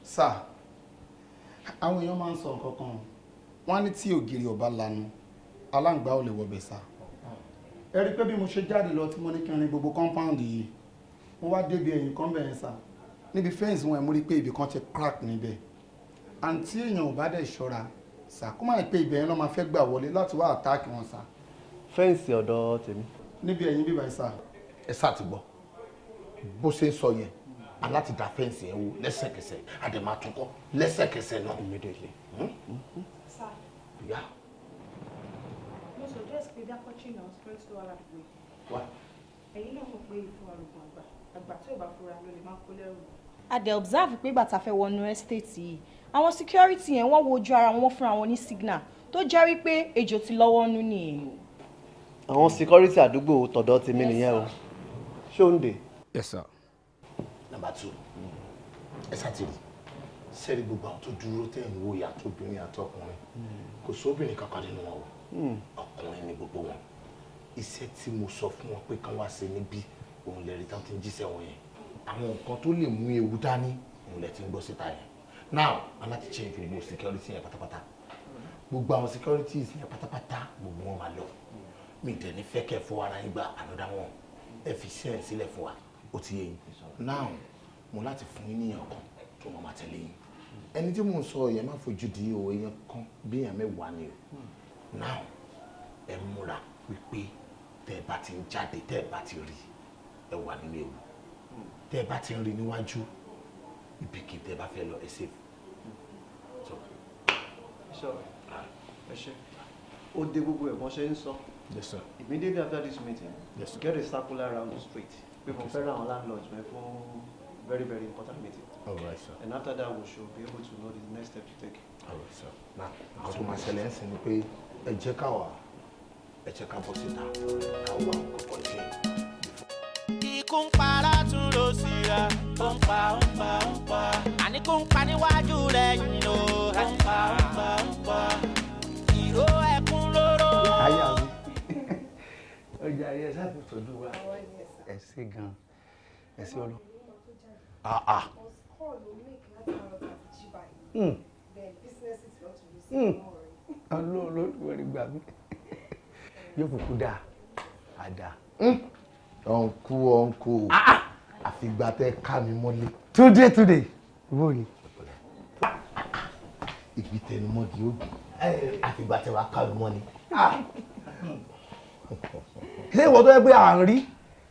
sir àwọn èèyàn máa ń sọ nǹkan kan o wọ́n ní tí ògiri ò bá lanu aláǹgbá ò lè wọ̀bẹ̀ sá ẹ rí i pé bí mo ṣe jáde lọ tí mo ní kí n rin gbogbo compound yìí mo wá débi ẹ̀yìn kan bẹ̀rẹ̀ sá níbi fẹ́ǹsì wọn ẹ̀ mú rí i pé ibì kan ti crack níbẹ̀ àǹtí èèyàn ò bá dẹ̀ ṣọ́ra sá kó má pé ibẹ̀ yẹn lọ́ máa fẹ́ gbà wọlé láti wá àtáàkì wọn sá. fẹ́ǹsì ọ̀dọ̀ tèmi. níbi ẹ̀yìn bíbá ẹ̀ ẹ sá ti gbọ́ bó ṣe ń sọ yẹn aláti da fẹ́ǹsì ẹ̀ wò lẹ́sẹ̀kẹsẹ̀ àdèmàtúkọ́ lẹ́sẹ̀kẹsẹ̀ náà. Yeah. No, so just be that coaching now, spread to all that way. What? Ẹ̀yin náà mọ̀ pé ìfọ̀ àrùn àgbà àgbà tí ò bá fura ló lè máa kó lẹ́rù. A dẹ̀ observe pé gbàtà fẹ́ wọnú security yẹn wọ́n wo ojú ara wọn fúnra wọn ní signal tó jẹ́ wípé ejò ti lọ́wọ́ nú nìyẹn. Àwọn security àdúgbò tọ̀dọ̀ ti mí nìyẹn o. Ṣóńdè. Yes sir. Number two, Yes, sir. ti rí. Sẹ́ẹ̀rì gbogbo àwọn tó dúró tẹ̀ ń wo ìyàtọ̀ obìnrin àtọkùnrin. Hmm kò sóbìnrin kankan nínú wọn o hmm. ọkùnrin ni gbogbo wọn iṣẹ́ tí mo sọ fún wọn pé kán wá ṣe níbí òun lè rí tán ti ń jíṣẹ́ wọn yẹn àwọn nǹkan tó lè mú ewu dání òun lè ti ń gbọ́ síta yẹn now aláti change gbogbo security yẹn pátápátá gbogbo àwọn securities yẹn pátápátá gbogbo wọn máa lọ mi dẹ̀ ní fẹ́ kẹ́ fún ara yín gba ànádá wọn ẹ fi ṣẹ́ sílẹ̀ fún wa ó ti yé yín now mo láti fún yín níyàn kan tó máa máa tẹ̀lé yín ẹni tí mò ń sọ yẹn má fojú di o èèyàn kan bí èèyàn mẹ́wàá ni o hmm. now ẹ múra wípé tẹ́ ẹ bá ti ń jáde tẹ́ ẹ bá ti rí ẹ wà nínú ewu hmm. tẹ́ ẹ bá ti ń rí níwájú ibìkí tẹ́ bá fẹ́ lọ ẹ save. Hmm. Ah. ó dé gbogbo ẹ̀gbọ́n ṣe ń sọ immediately after this meeting yes, get a circular around straight. street pé mo fẹ́ ra àwọn landlords mi fún very very important meeting. All right, sir. And after that, we should be able to know the next step to take. All right, sir. Now, àwọn tó máa ṣẹlẹ̀ ẹ̀sìn ni pé ẹ jẹ́ ká wà ẹ jẹ́ ká bọ́ síta ká wà kọ̀kọ̀ díẹ̀. Ikú ń para tún ló sí ra. Ó ń pa, ó ń pa, ó ń pa. ọjà ayé ẹ sábà tọ́jú wa. Ẹ ṣé gan ẹ ṣé ọlọ́ call ló make láti àárọ̀ tàbí jí báyìí. then business is not to lose mm. more. àlọ́ olóògbé rẹ̀ gbà yóò kúkú dáa àdá. ọ̀nkú ọ̀nkú àfìgbà tẹ ká mi mọ́lé. today today wo ni. ìgbì tẹnumọ́gi ó gbé àfìgbà tẹ wàá ká mi mọ́lé. (laughs) Ah. ṣé ìwọ tó yẹ pé à ń rí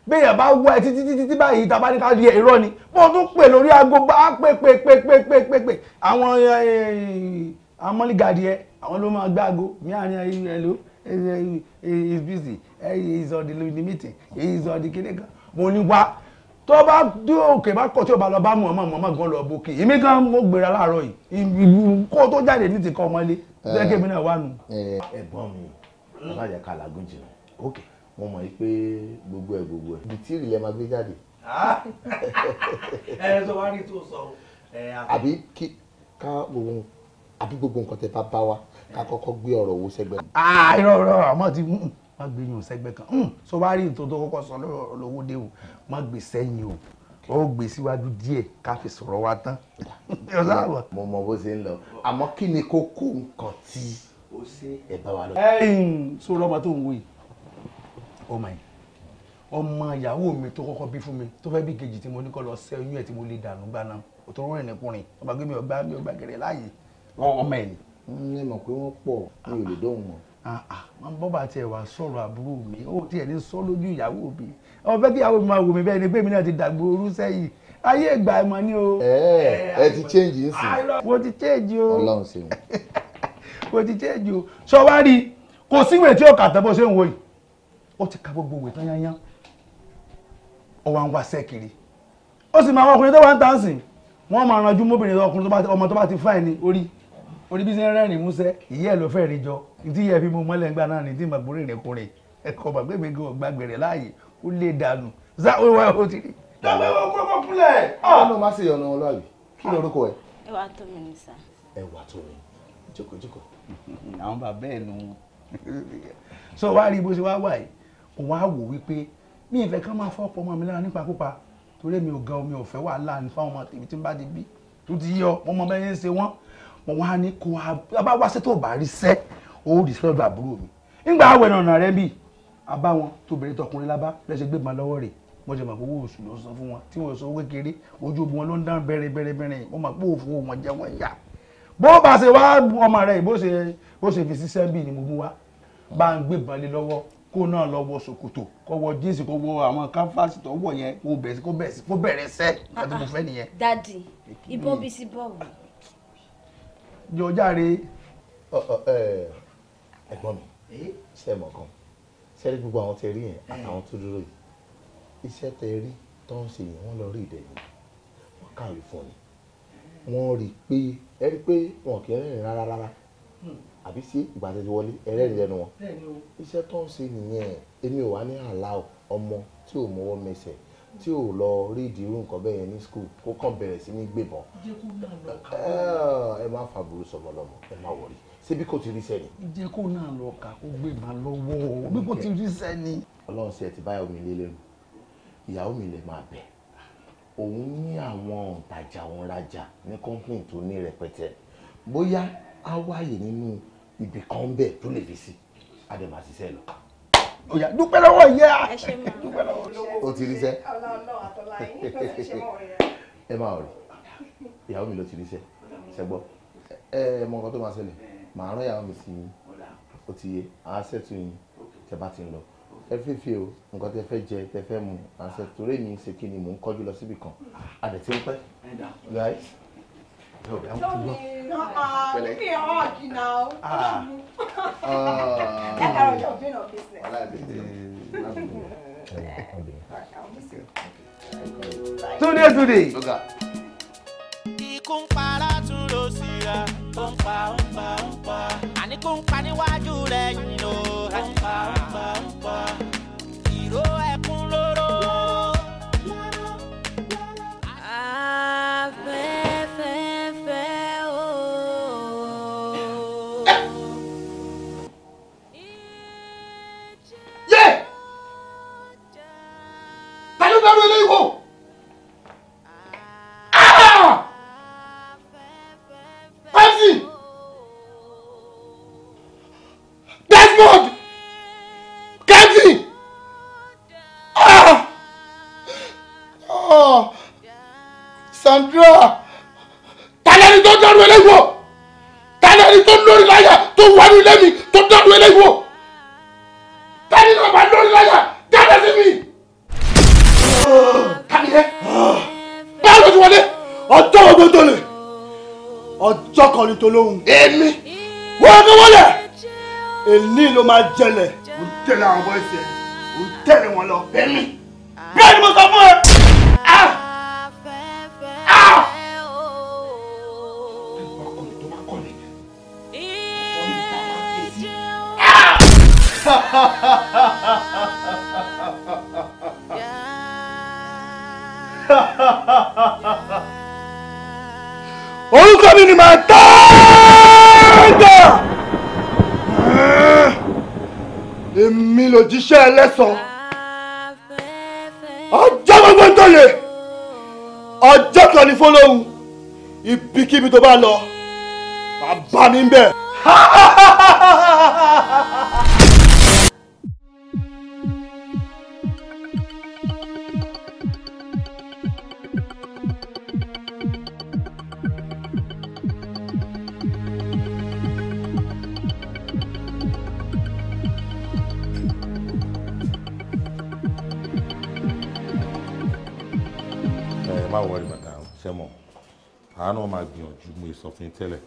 béèyàn bá wọ ẹ títí títí tí báyìí tá a bá ní ká di irọ́ ni mo tún pè lórí aago bá pè pè pè pè pè pè pè àwọn amọ́lígàdì ẹ àwọn ló máa gbá aago mi àárín ẹ ló he is busy he is on the meeting he is on the kíní kan mo ní wá tó bá dé òkè bá kọ̀ tí o bá lọ bá mọ̀ ọmọ mọ̀ gan lọ bókè èmi gan mo gbéra láàárọ̀ yìí kó tó jáde ní ti kọ́ ọmọlé bẹ́ẹ̀ kébì wà nù. ẹ̀gbọ́n mi alájẹká làgùn jìnnà mo mọ̀ pé gbogbo ẹ̀ gbogbo ẹ̀ bìtìrì lẹ́ẹ̀ máa gbé jáde. ẹ ah! (laughs) ẹ sọ wá rí tó sọ o. àbí kí ká gbogbo àbí gbogbo nǹkan tẹ bá bá wa ká kọ́kọ́ gbé ọ̀rọ̀ owó sẹ́gbẹ́. Ah, irọ́ irọ́ àmọ́ ti má gbé yín sẹ́gbẹ́ kan sọ wá rí tó tó kọ́kọ́ sọ lówó dé o má gbé sẹ́yìn o ó gbé síwájú díẹ̀ ká fi sọ̀rọ̀ wa tán. (laughs) mo mọ bó ṣe ń lọ àmọ́ kí ni kókó nǹkan tí ẹ bá wa lọ. ẹ ẹ sọ̀rọ̀ ọmọ tó ń wò yìí ọmọ oh yìí ọmọ ìyàwó mi tó kọ́kọ́ bí fún mi tó fẹ́ bí kejì tí mo ní kọ́ lọ sẹ́ oyún ẹ̀ tí mo lè dànù gbaná òtò rìn nìkùnrin ọba gbé mi ọgbà mi ọgbà gẹ̀rẹ́ láàyè ọmọ ẹ̀ ni. ẹ mọ̀ pé wọ́n pọ̀ mi ò lè dóhùn wọn. máa ah, ń ah, bọ́ bá tiẹ̀ wá sọ̀rọ̀ àbúrò mi ó tiẹ̀ ní sọ lójú ìyàwó mi ọmọ fẹ́ kí ìyàwó mi máa wò mí bẹ́ẹ̀ ni pé mi náà ti dàgbò orú sẹ́yìn ayé ìgbà ẹ̀ mọ̀ ni o. ẹ ẹ ti change yín sí. mo ti change o. ọlọ́run ṣeun. (laughs) mo ti o. sọ wá ó ti ka gbogbo ìwé tán yányán ó wá ń wá sẹ́kiri ó sì máa wọ ọkùnrin tó wá ń tà ń sìn wọ́n máa ranjú mọ́bìnrin ọkùnrin ọmọ tó bá ti fáìn ní orí orí bí sẹ́ rẹ́rìn músẹ́ ìyá ẹ̀ ló fẹ́ rí jọ tí ìyá ẹ̀ fi mú mọ́lẹ̀ ńgbà náà ní tí màgbó rìn rẹ̀kùn rẹ̀ ẹ̀kọ́ gbàgbé mi kò gbàgbé rẹ̀ láàyè ó lè dànù záwé wá ó ti rí. dàgbé wọn kúrò kó kúlẹ̀. Ah! ọlọ́run má sì yọnu ọlọ́àbí kí ló rúkọ ẹ. ẹwà tó mi ní sá. (laughs) (laughs) wá wò wípé mi ìfẹ́ kán máa fọ́ ọ̀pọ̀ ọmọ mi lára nípakúpa torí mi ò ga omi ò fẹ́ wàhálà ní fáwọn ọmọ tèmi tí ń bá di bí tó ti yọ wọn mọ bẹ́ẹ̀ ń ṣe wọ́n mo wá ní kó a bá wáṣẹ́ tó bá rí sẹ́ ó rí sẹ́ lọ́dọ̀ àbúrò mi nígbà àwẹ̀ nànà rẹ bí abá wọn tó bèrè tọkùnrin lábá lẹ́sẹ̀ gbé ma lọ́wọ́ rẹ̀ mo jẹ́ mọ̀ pé owó oṣù ló san fún wọn tí wọ́n sọ kékeré ojú wọn ló ń dán bẹ́rẹ̀ bẹ́rẹ̀ bẹ́rẹ̀ mo mọ̀ pé òfò wọn jẹ́ wọn yá bó bá ṣe wá ọmọ rẹ̀ bó ṣe fi ṣiṣẹ́ bí ni mo mú wá bá ń gbé balẹ̀ lọ́wọ́ kó náà lọ wọ ṣòkòtò kó wọ jíìsì kó wọ àwọn káfáàsì tó wọ yẹn kó bẹ̀rẹ̀ kó bẹ̀rẹ̀ kó bẹ̀rẹ̀ sẹ́ àti mo fẹ́ nìyẹn. dadi ìbọn bíi sí bọ́ọ̀lù. jọ jàre. ẹ̀gbọ́n mi ṣe mọ̀ kan ṣe rí gbogbo àwọn tẹ rí yẹn àtàwọn tó dúró yìí iṣẹ́ tẹ rí tó ń ṣe yẹn wọ́n lọ rí ìdẹ̀yìn wọ́n kàwé fún ni wọ́n rí i pé ẹ rí i pé wọn kì í rìn rárá rárá àbí sí ìgbà tẹ̀sí wọlé ẹlẹ́rìí lẹ́nu wọn iṣẹ́ tó ń ṣe nìyẹn èmi ò wá ní àláò ọmọ tí ò mọwọ́ mẹsẹ̀ tí ò lọ rí ìdírú nǹkan bẹ́ẹ̀ yẹn ní skul kó kàn bẹ̀rẹ̀ sí ní gbébọn ẹ má fa burú sọmọlọmọ ẹ má wọrí ṣebí kò ti rí sẹ́ni. jẹ́ kó náà lọ kà kó gbé ma lọ́wọ́ bí kò ti rí sẹ́ni. ọlọ́run ṣe ti báyọ̀ mi lé lẹ́nu ìyàwó mi lè máa bẹ̀ òun ní àwọn òǹtajà òǹrajà ní kọ́ńpìn tó ní rẹpẹtẹ bóyá á wáyè nínú ibì kan ń bẹ tó lè fi sí àdèmà ṣiṣẹ́ lọ. òyà dúpẹ́ lọ́wọ́ ìyá dúpẹ́ lọ́wọ́ o ti rí sẹ́. ẹ máa rí ìyàwó mi ló ti rí sẹ́ ṣẹ́gbọ́ ẹ ẹ mọ nǹkan tó máa ṣẹlẹ̀ màá rán ìyàwó mi sí yín o ti yé àáṣẹ́ tún yín tẹ bá ti ń lọ ẹ fífi o nǹkan tẹ fẹ́ jẹ tẹ fẹ́ mu àṣẹ torí mi ṣe kí ni mò ń kọjú lọ síbì kan àdẹ ń pẹ́. Túndé Túndé. Ikú ń pa látún ló sì ra, ó ń pa ó ń pa ó ń pa. Àníkú ń pa níwájú rẹ̀ yìí ló. Ó ń pa ó ń pa ó ń pa. lọ́kàn ní tolóhùn. èmi wọ́n mú wọlé èmi ló máa jẹlẹ̀ ò ń tẹ̀lé àwọn bọ́ìsì ẹ̀ ò ń tẹ̀lé wọn lọ èmi bẹ́ẹ̀ ni mo sọ fún ẹ. Ah! mi ni màá tẹ́ẹ̀dà. èmi lòjíṣẹ́ ẹlẹ́sàn ọjọ́ gbogbo ń tọ̀lé ọjọ́ kan ní fọlọ́hún ibikíbi tó bá lọ bàbá mi ń bẹ̀. ha ha ha. má wọrí bàtà ṣẹ́mọ̀ àánú máa gbìyànjú mo sọ fún yín tẹ́lẹ̀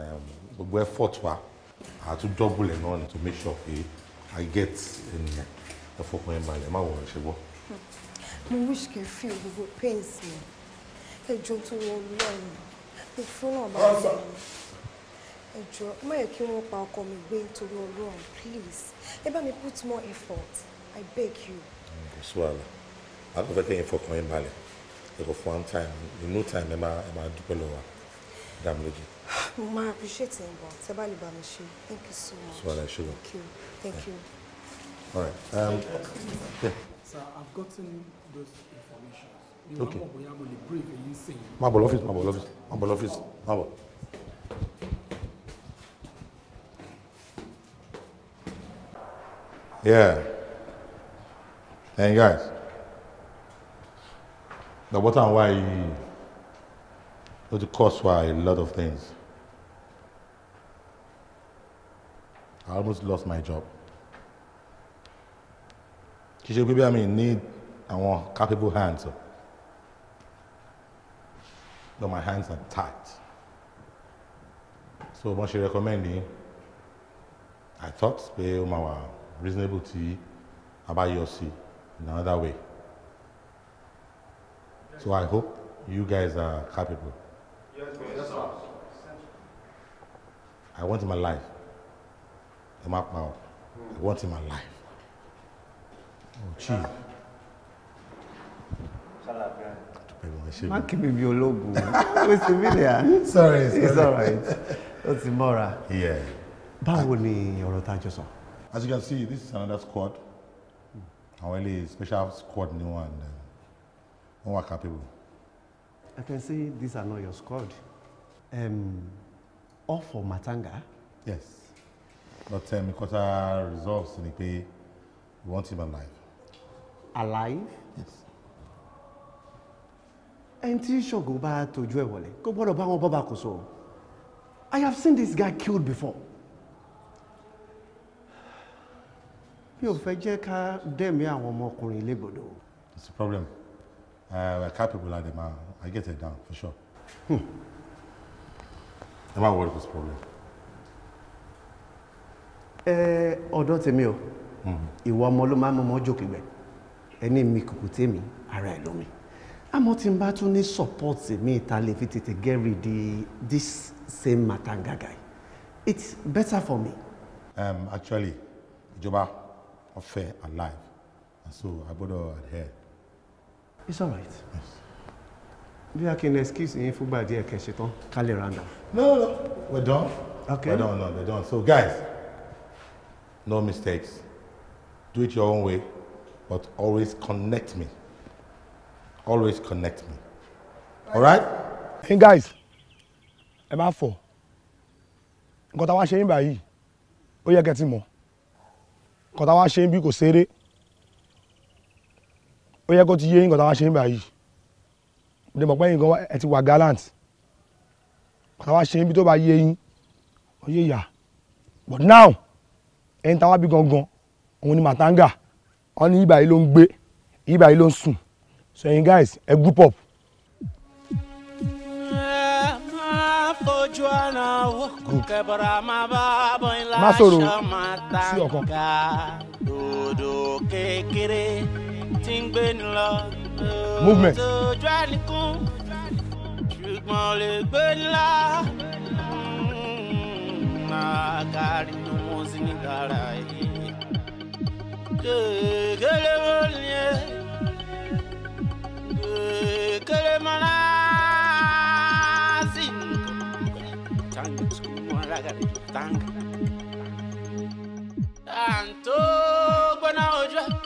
ehm, gbogbo effort wa àtúndọ́gbùlẹ̀ náà ni to make sure pé I get ènìyàn ẹ fọkàn ẹ balẹ̀ má wọrí ṣe gbọ́. mo wish kí n fi gbogbo pains mi ẹjọ́ tó wọ lọ́rùn mo fún náà bá mi ẹjọ́ má yẹ kí wọ́n pa ọkọ mi gbé nítorí Ọlọ́run please ẹ bá mi put more effort I beg you. kò sí wàhálà a kò fẹ́ kí n fọkàn ẹ balẹ̀ for one time in no time ẹ máa ẹ máa Damn lady. Ma, appreciate ẹ̀ bọ̀ tẹ́ bá lè bá thank you so much. sọ́ra ẹ I should. thank you thank you. all right. Um, yeah. sir i've gotten those information. informations. okay má bọ̀ lọ́fíìsì má bọ̀ office. má bọ̀ lọ́fíìsì má bọ̀. yeah. Hey guys lọ́gbọ́n tá and why, wá yìí ó cause wa a lot of things I almost lost my job kì í ṣe pé bí àmì need àwọn capable hands o but my hands are tight so when she recommended, yìí I thought pé my reasonable tí a your yọ in another way. So I hope you guys are capable. Yes, sir. I want my life. The map now. I want my life. Oh, chief. Má kí mi bí ológun, ó sì mí Sorry, sorry. It's all right. Ó ti mọ́ra. Yeah. Báwo ni ọ̀rọ̀ tá jọ sọ? As you can see, this is another squad. Our eléyìí special squad new one wọ́n wà capable. I can say these are not your squad. Um, all for Matanga? Yes. But um, because our resolves ni pé we want him alive. Alive? Yes. ẹni tí ṣògo bá tọ́jú ẹ̀ wọlé kó gbọ́dọ̀ bá wọn bọ́ba kò so I have seen this guy killed before. mi ò fẹ́ jẹ́ ká dẹ̀mí àwọn ọmọkùnrin légbodò. It's a problem. Uh, we're capable at the man. I get it down for sure. Hmm. Am I worried with this problem? Eh, ọ̀dọ̀ tèmi o. Hmm. Ìwọ ọmọ ló máa ń mọmọ jókè gbẹ. Ẹni mi kùkù tèmi, ara ẹ̀ lómi. Àmọ́ tí n bá tún ní support mi ta lè fi tètè get rid this same matanga guy. It's better for me. Um, actually, ìjọba ọ̀fẹ́ alive and so I gbọ́dọ̀ adhere. It's all right. Yes. Bí a kì excuse yín fúgbà díẹ̀ kẹ̀ ṣe tán ká randa. No, no, we're done. Okay. We're done, no, we're done. So guys, no mistakes. Do it your own way, but always connect me. Always connect me. All right? Hey guys, ẹ má for? Nǹkan I want wá ṣe you. báyìí, ó yẹ kẹ́ ti mọ̀. Nǹkan tá a wá ṣe yín bí kò ó yẹ kó ti yé nǹkan táwa ṣe ń báyìí mo dẹ̀ mọ̀ pé nǹkan ẹ ti wà gallant táwa ṣe ibi tó bá yé yín ó yé yà but now ẹni táwa bí gangan òun ni màtáńgà wọn ní ibà yìí ló ń gbé ibà yìí ló ń sùn so ẹ̀yin guys ẹ group up. má sọ̀rọ̀ sí ọ̀kan tí ń gbé ni lọ. movement. ojú àníkún ṣùgbọ́n lè gbé ni lọ. máa ni wọ́n sì ní kára yìí. kékeré wo ni ẹ kékeré mọ́lá sí i. tanga sukuu mọ́ alágàdé tanga. tàǹtó gbóná ojú ẹ̀.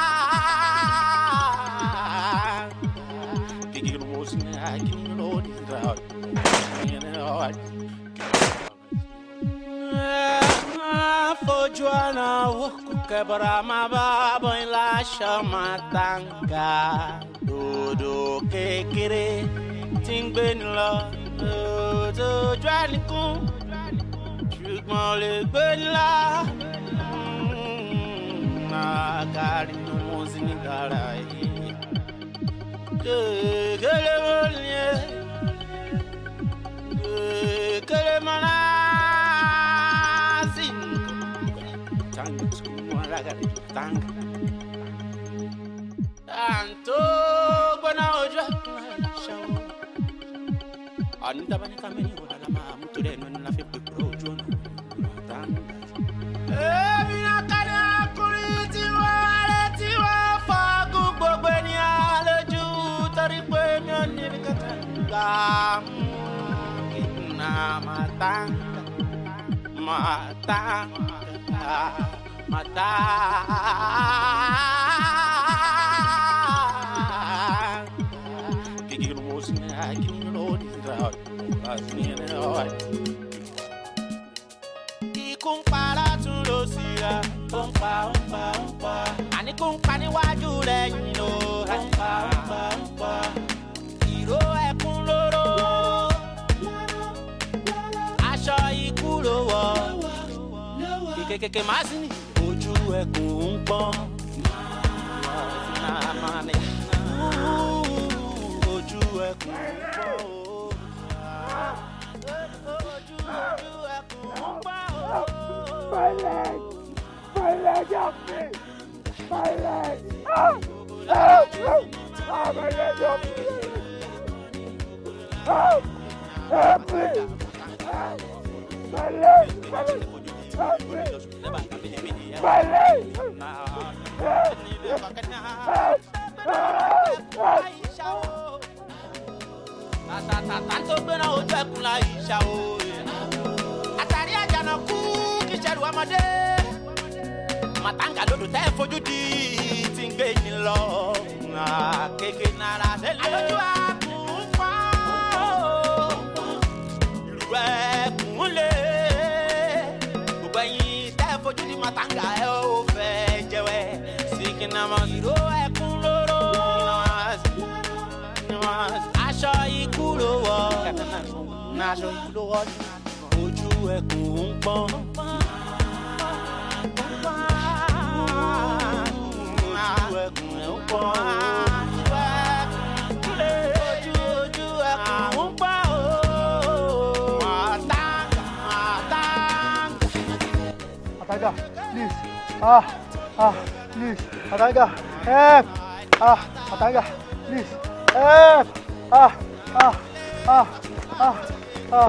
right. fojú ọ̀nà òkú kẹbọ̀rọ̀ máa bá bọ́ ilá aṣọ máa tàǹgà dòdò kékeré tí ń gbé ni lọ tanga anto bona ojo shaw anita ah, bani kameni wala ma mutule no na fe pro ojo no tanga eh mina kana kuriti wale ti wa fa gu gbogbo ni aloju torí pé mi ò ní katanga kidna matanga matanga matar. Que quiero música, que quiero entrar, así en el hoy. Y compara tu losira, compa, compa, Ìró ẹkún lóró, aṣọ ikú ló wọ̀, kékeré màá sí ni ẹkùn ń pọ́n. ojú ẹkùn ń pọ́n o. ojú ojú ẹkùn ń pọ́n o. My leg! My leg help me! My leg! Ah! Ah! Ah! My leg help me! Help! Help me! Ah! My leg! My leg! tàtàtà tó gbéra fojú di ti ń gbé yín lọ. kékeré nara sẹ́lẹ̀. àlọ́jú wa. ojú ẹkùn ń pọ́n. ojú ẹkùn ń pọ́n. Ataga, please. Ah, ah, please. Ataga, help. Ah, Ataga, please. Help. Ah, ah, ah, ah. 아,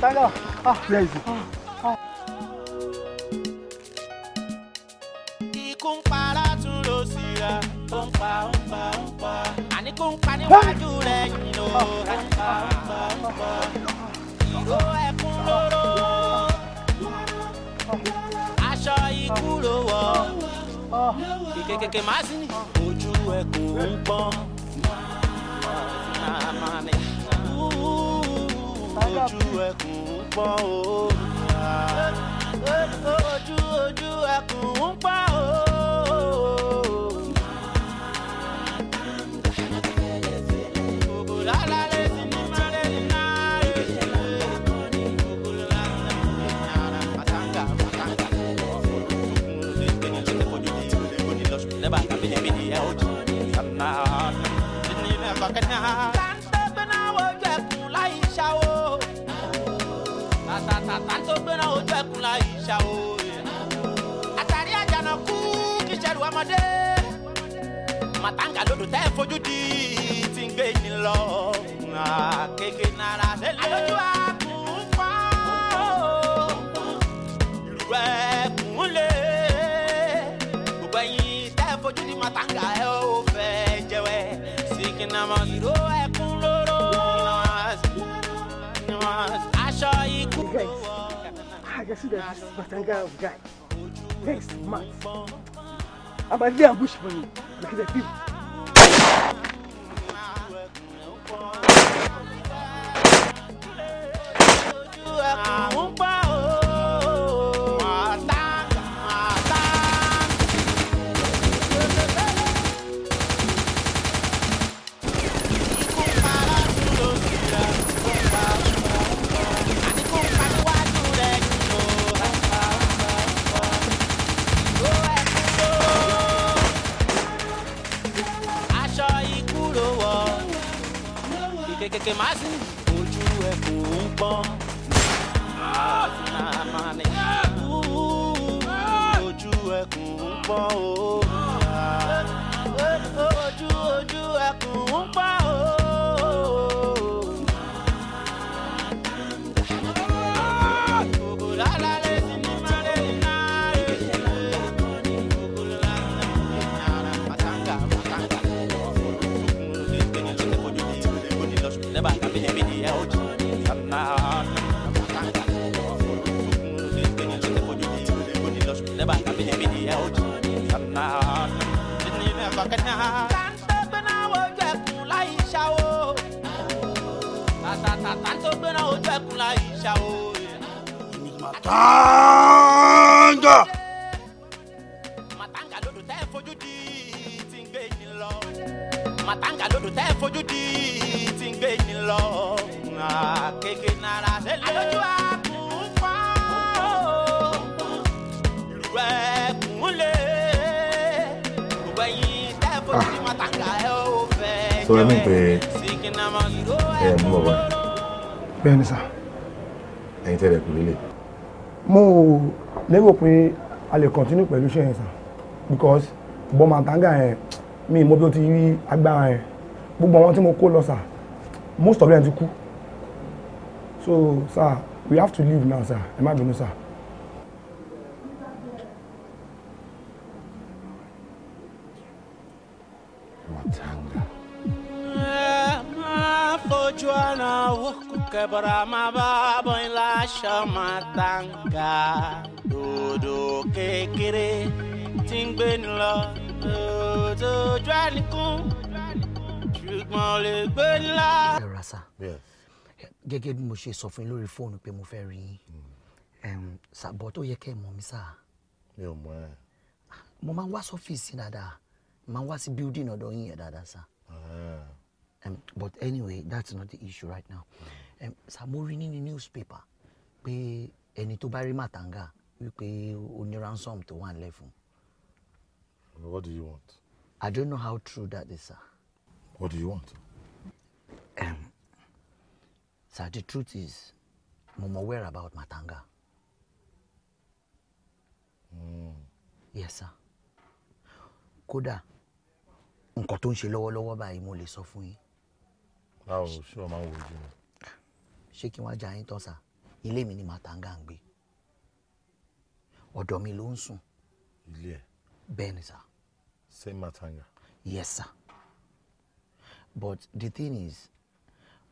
아 아, 나이스. 아, 아. aṣọ ojú ẹkùn ń pọ́n o. ojú ojú ẹkùn ń pọ́n o. ṣá o. àtàrí àjànàkú kì í ṣẹrù ọmọdé màtáǹgà lódò tẹ́ fojú di ti ń gbé ni lọ kéèké nara. àlójú wa. can see that this Batanga of guy thanks much. I'm a little ambush for you because I feel. I'm kékèké máa sì ojú ẹkùn ń pọ́n. ojú ẹkùn ń pọ́n pão. Ojo ojú ẹkùn ń pão. matanga. matanga lodò tẹ́ fojú di ti ń gbé ni lọ. matanga lodò tẹ́ fojú di ti ń gbé ni lọ. kéke nara sẹ́lẹ̀. alójú àkùn fọ́. ìlú ẹ̀kún lé. ìgbẹ̀yìn tẹ́ fojú di ah. matanga ẹ̀ ò fẹ́. sọ ẹ́ mi pé ẹ̀ mú bàbá. bẹ́ẹ̀ ni sá ẹ̀yin tẹ́lẹ̀ kù lélẹ̀. mo lérò pé a lè continue pẹ̀lú iṣẹ́ yẹn sàn because bọ́mọ̀tàǹgà yẹn mi ì bí ó ti rí agbára yẹn gbogbo àwọn tí mo kó lọ sà most of them ti kú so sir we have to leave now sir ẹ má bínú sir. What time? kojuana wuku kebrama babo in la shamatanga dodo kékeré tingbe ni lọ dodo juanikun ṣùgbọ́n lè gbé ńlá. ẹ rasa gẹ́gẹ́ bí mo ṣe sọ fún yín lórí fóònù pé mo fẹ́ rí yín ṣàbọ̀ hmm. tó yẹ kẹ́ ẹ mọ̀ mí sáà. mi ò mọ ẹ. mo máa ń wá sọ́fíìsì dáadáa máa ń wá sí bíúdìnì ọ̀dọ̀ yín yẹn dáadáa sáà. Ah. Um, but anyway, that's not the issue right now. Hmm. Um, Samori nínú newspaper pe ẹni tó bá rí Màtáńgà wípé ó ní ransom tó wà nílẹ̀ What do you want? I don't know how true that is, sir. What do you want? Um, sir, the truth is, mo aware about matanga. Mm. Yes, sir. Kódà, nǹkan tó ń ṣe lọ́wọ́lọ́wọ́ báyìí mo lè sọ fún yín báwo ṣé o máa ń wo ojú mi. ṣé kí wọ́n ajá yín tọ́sà ilé mi ni màtáńgà ń gbé ọ̀dọ̀ mi ló ń sùn. ilé ẹ̀. bẹ́ẹ̀ ni sà. same màtáńgà. yes sir but the thing is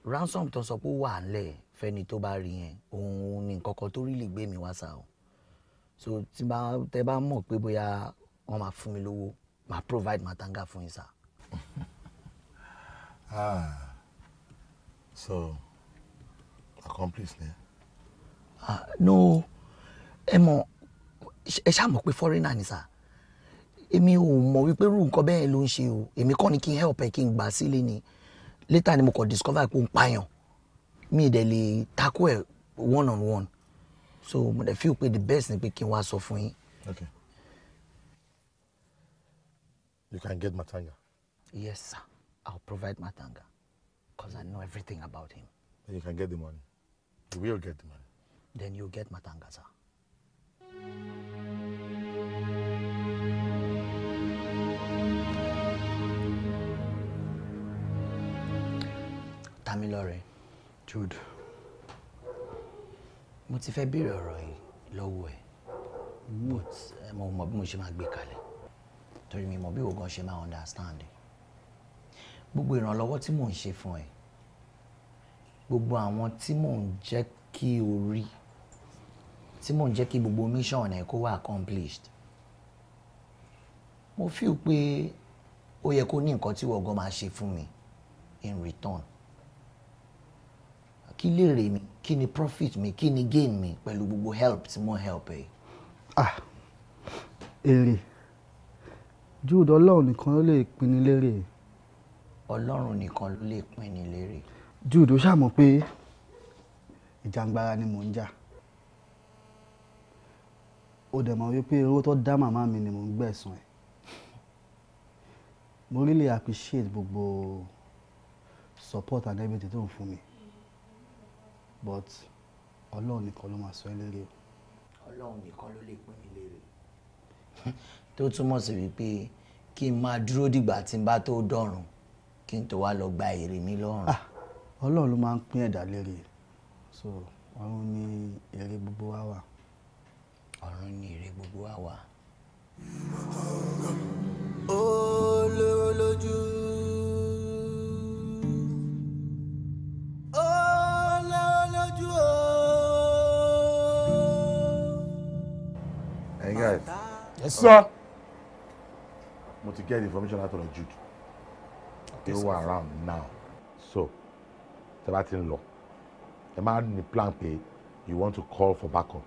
ransom tó sọ pé ó wà ńlẹ̀ fẹ́ni tó bá rí yẹn òun ni nǹkan tó rí lè gbé mi wá sá o so tí bá tẹ bá mọ̀ pé bóyá wọ́n máa fún mi lówó máa provide màtáńgà fún yín sá. (laughs) ah. So, accomplice ni. Ah, no, ẹ mọ̀ ẹ ṣáà mọ̀ pé foreigner ni sà. Èmi ò mọ̀ wípé irú nǹkan bẹ́ẹ̀ ló ń ṣe o. Èmi kọ́ ni kí n help ẹ kí n gbà sílé ni. Later ni mo kàn discover pé ó ń pààyàn. Mi dẹ̀ lè tackle ẹ̀ one on one. So mo dẹ̀ feel pé the best ni pé kí n wá sọ fún yín. Okay. You can get Matanga. Yes, sir. I'll provide Matanga because I know everything about him. Then you can get the money. You will get the money. Then you get Matangaza. Tamilore. Jude. Mo ti fẹ́ béèrè ọ̀rọ̀ yìí lọ́wọ́ ẹ̀. But mo mọ bí mo ṣe máa gbé kalẹ̀. Torí mi mọ bí ògán ṣe máa understand. Gbogbo ìrànlọ́wọ́ tí mò ń ṣe fún ẹ gbogbo àwọn tí mò ń jẹ́ kí o rí tí mò ń jẹ́ kí gbogbo mission ẹ̀ kó wà accomplished mo feel pé ó yẹ kó ní nǹkan tí wọ́n gan máa ṣe fún mi in return kí lèrè mi kí ni profit mi kí ni gain mi pẹ̀lú gbogbo help tí mo help ẹ. ah èrè jude ọlọ́run nìkan ló lè pinni lérè. ọlọ́run nìkan ló lè pinni lérè jude ó ṣàmọ̀ pé ìjàngbara ni mò ń jà ó dẹ̀ mọ̀ wípé owó tó dá màmá mi ni mò ń gbẹ̀sùn ẹ̀ mo really appreciate gbogbo support and everything tó ń fún mi but ọlọ́run nìkan ló máa sọ ẹ́ lérè o. ọlọ́run nìkan ló lè pín mi lérè. (laughs) tó túmọ̀ sí wípé kí n máa dúró dìgbà tí n bá tó dọ̀run kí n tó wá lọ gba èrè mi lọ́rùn. ah Ọlọ́run ló máa ń pín ẹ̀dá lérè so ọ̀run ni èrè gbogbo wa wà. ọ̀run ni èrè gbogbo wa wà. olóró lójú. Hey guys. Yes sir. Mo ti get information látọ̀rọ̀ Jude. He okay, wà around now tẹ́ bá ti ń lọ ẹ máa plan pé you want to call for backup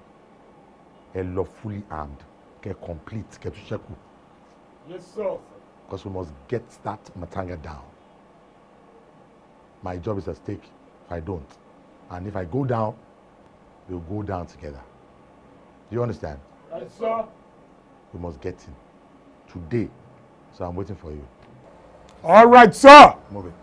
A law fully armed kẹ complete to check ṣẹ́kù. yes sir. because we must get that matanga down my job is at stake if I don't and if I go down we will go down together do you understand. yes sir. we must get him today so I'm waiting for you. all right sir. move it.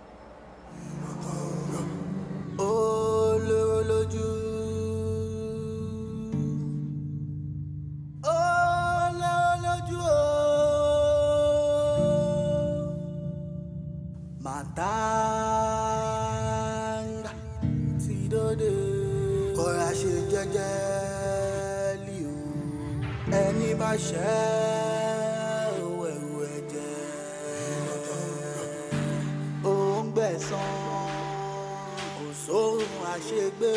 oh, ẹ̀wù ẹ̀jẹ̀ òun gbẹ̀san kò sóhun àṣegbé.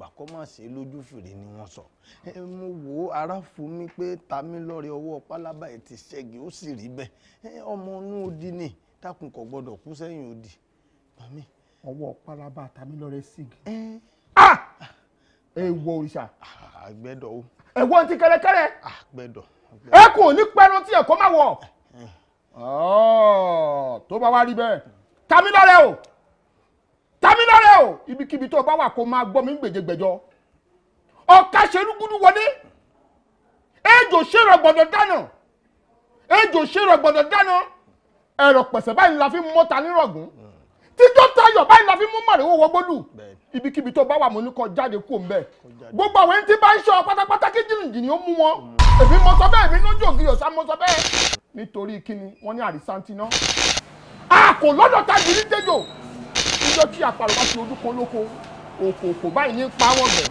gbà kọ́ máa ṣe lójú fèrè ni wọ́n sọ mo wò ara fún mi pé Tamilọ́rẹ̀ ọwọ́ pálábá ẹ̀ ti ṣẹ́gi ó sì rí bẹ́ẹ̀ ọmọ inú odi ni dákun kò gbọ́dọ̀ kú sẹ́yìn odi mami. ọwọ́ pálábá Tamilọ́rẹ̀ sìgì. Ah! ẹ wọ òrìṣà. àgbẹ̀dọ̀ ah, o. ẹ wọ́n ti kẹ́rẹ́kẹ́rẹ́. àgbẹ̀dọ̀. Ah, ẹ kò ní pẹ́ẹ́rọ tí ẹ̀kọ́ máa wọ̀. tó bá wá rí bẹ́ẹ̀ Tamilọ́rẹ̀ o tàmí lọ́rẹ́ o ibikíbi tó o bá wà kó máa gbọ́ mi gbèjègbèjọ ọ̀ka ṣerúgúdú wọlé ejò ṣèrò gbọ̀dọ̀ dáná ejò ṣèrò gbọ̀dọ̀ dáná ẹ̀rọ pẹ̀sẹ̀ báyìí la fi mọ́ta nírọ̀gùn títọ́ tayọ̀ báyìí la fi mú màrìwò wọgbọ́dù ibikíbi tó o bá wà mo ní kó jáde kú òun bẹ́ẹ̀ gbogbo àwọn ẹni tí bá ń ṣọ pátápátá kí jìnnìjìnnì ó mú wọn èmi mo sọ bẹ́ẹ̀ èmi lójú ògiri ọ̀sá mo sọ bẹ́ẹ̀ nítorí kíni wọ́n ní àrísántí náà a kò lọ́dọ̀ tajù ní tẹ́jọ́ níjọ́ tí àparò bá ṣe ojú kan lóko òkòòkò báyìí ní pa wọ́n bẹ̀.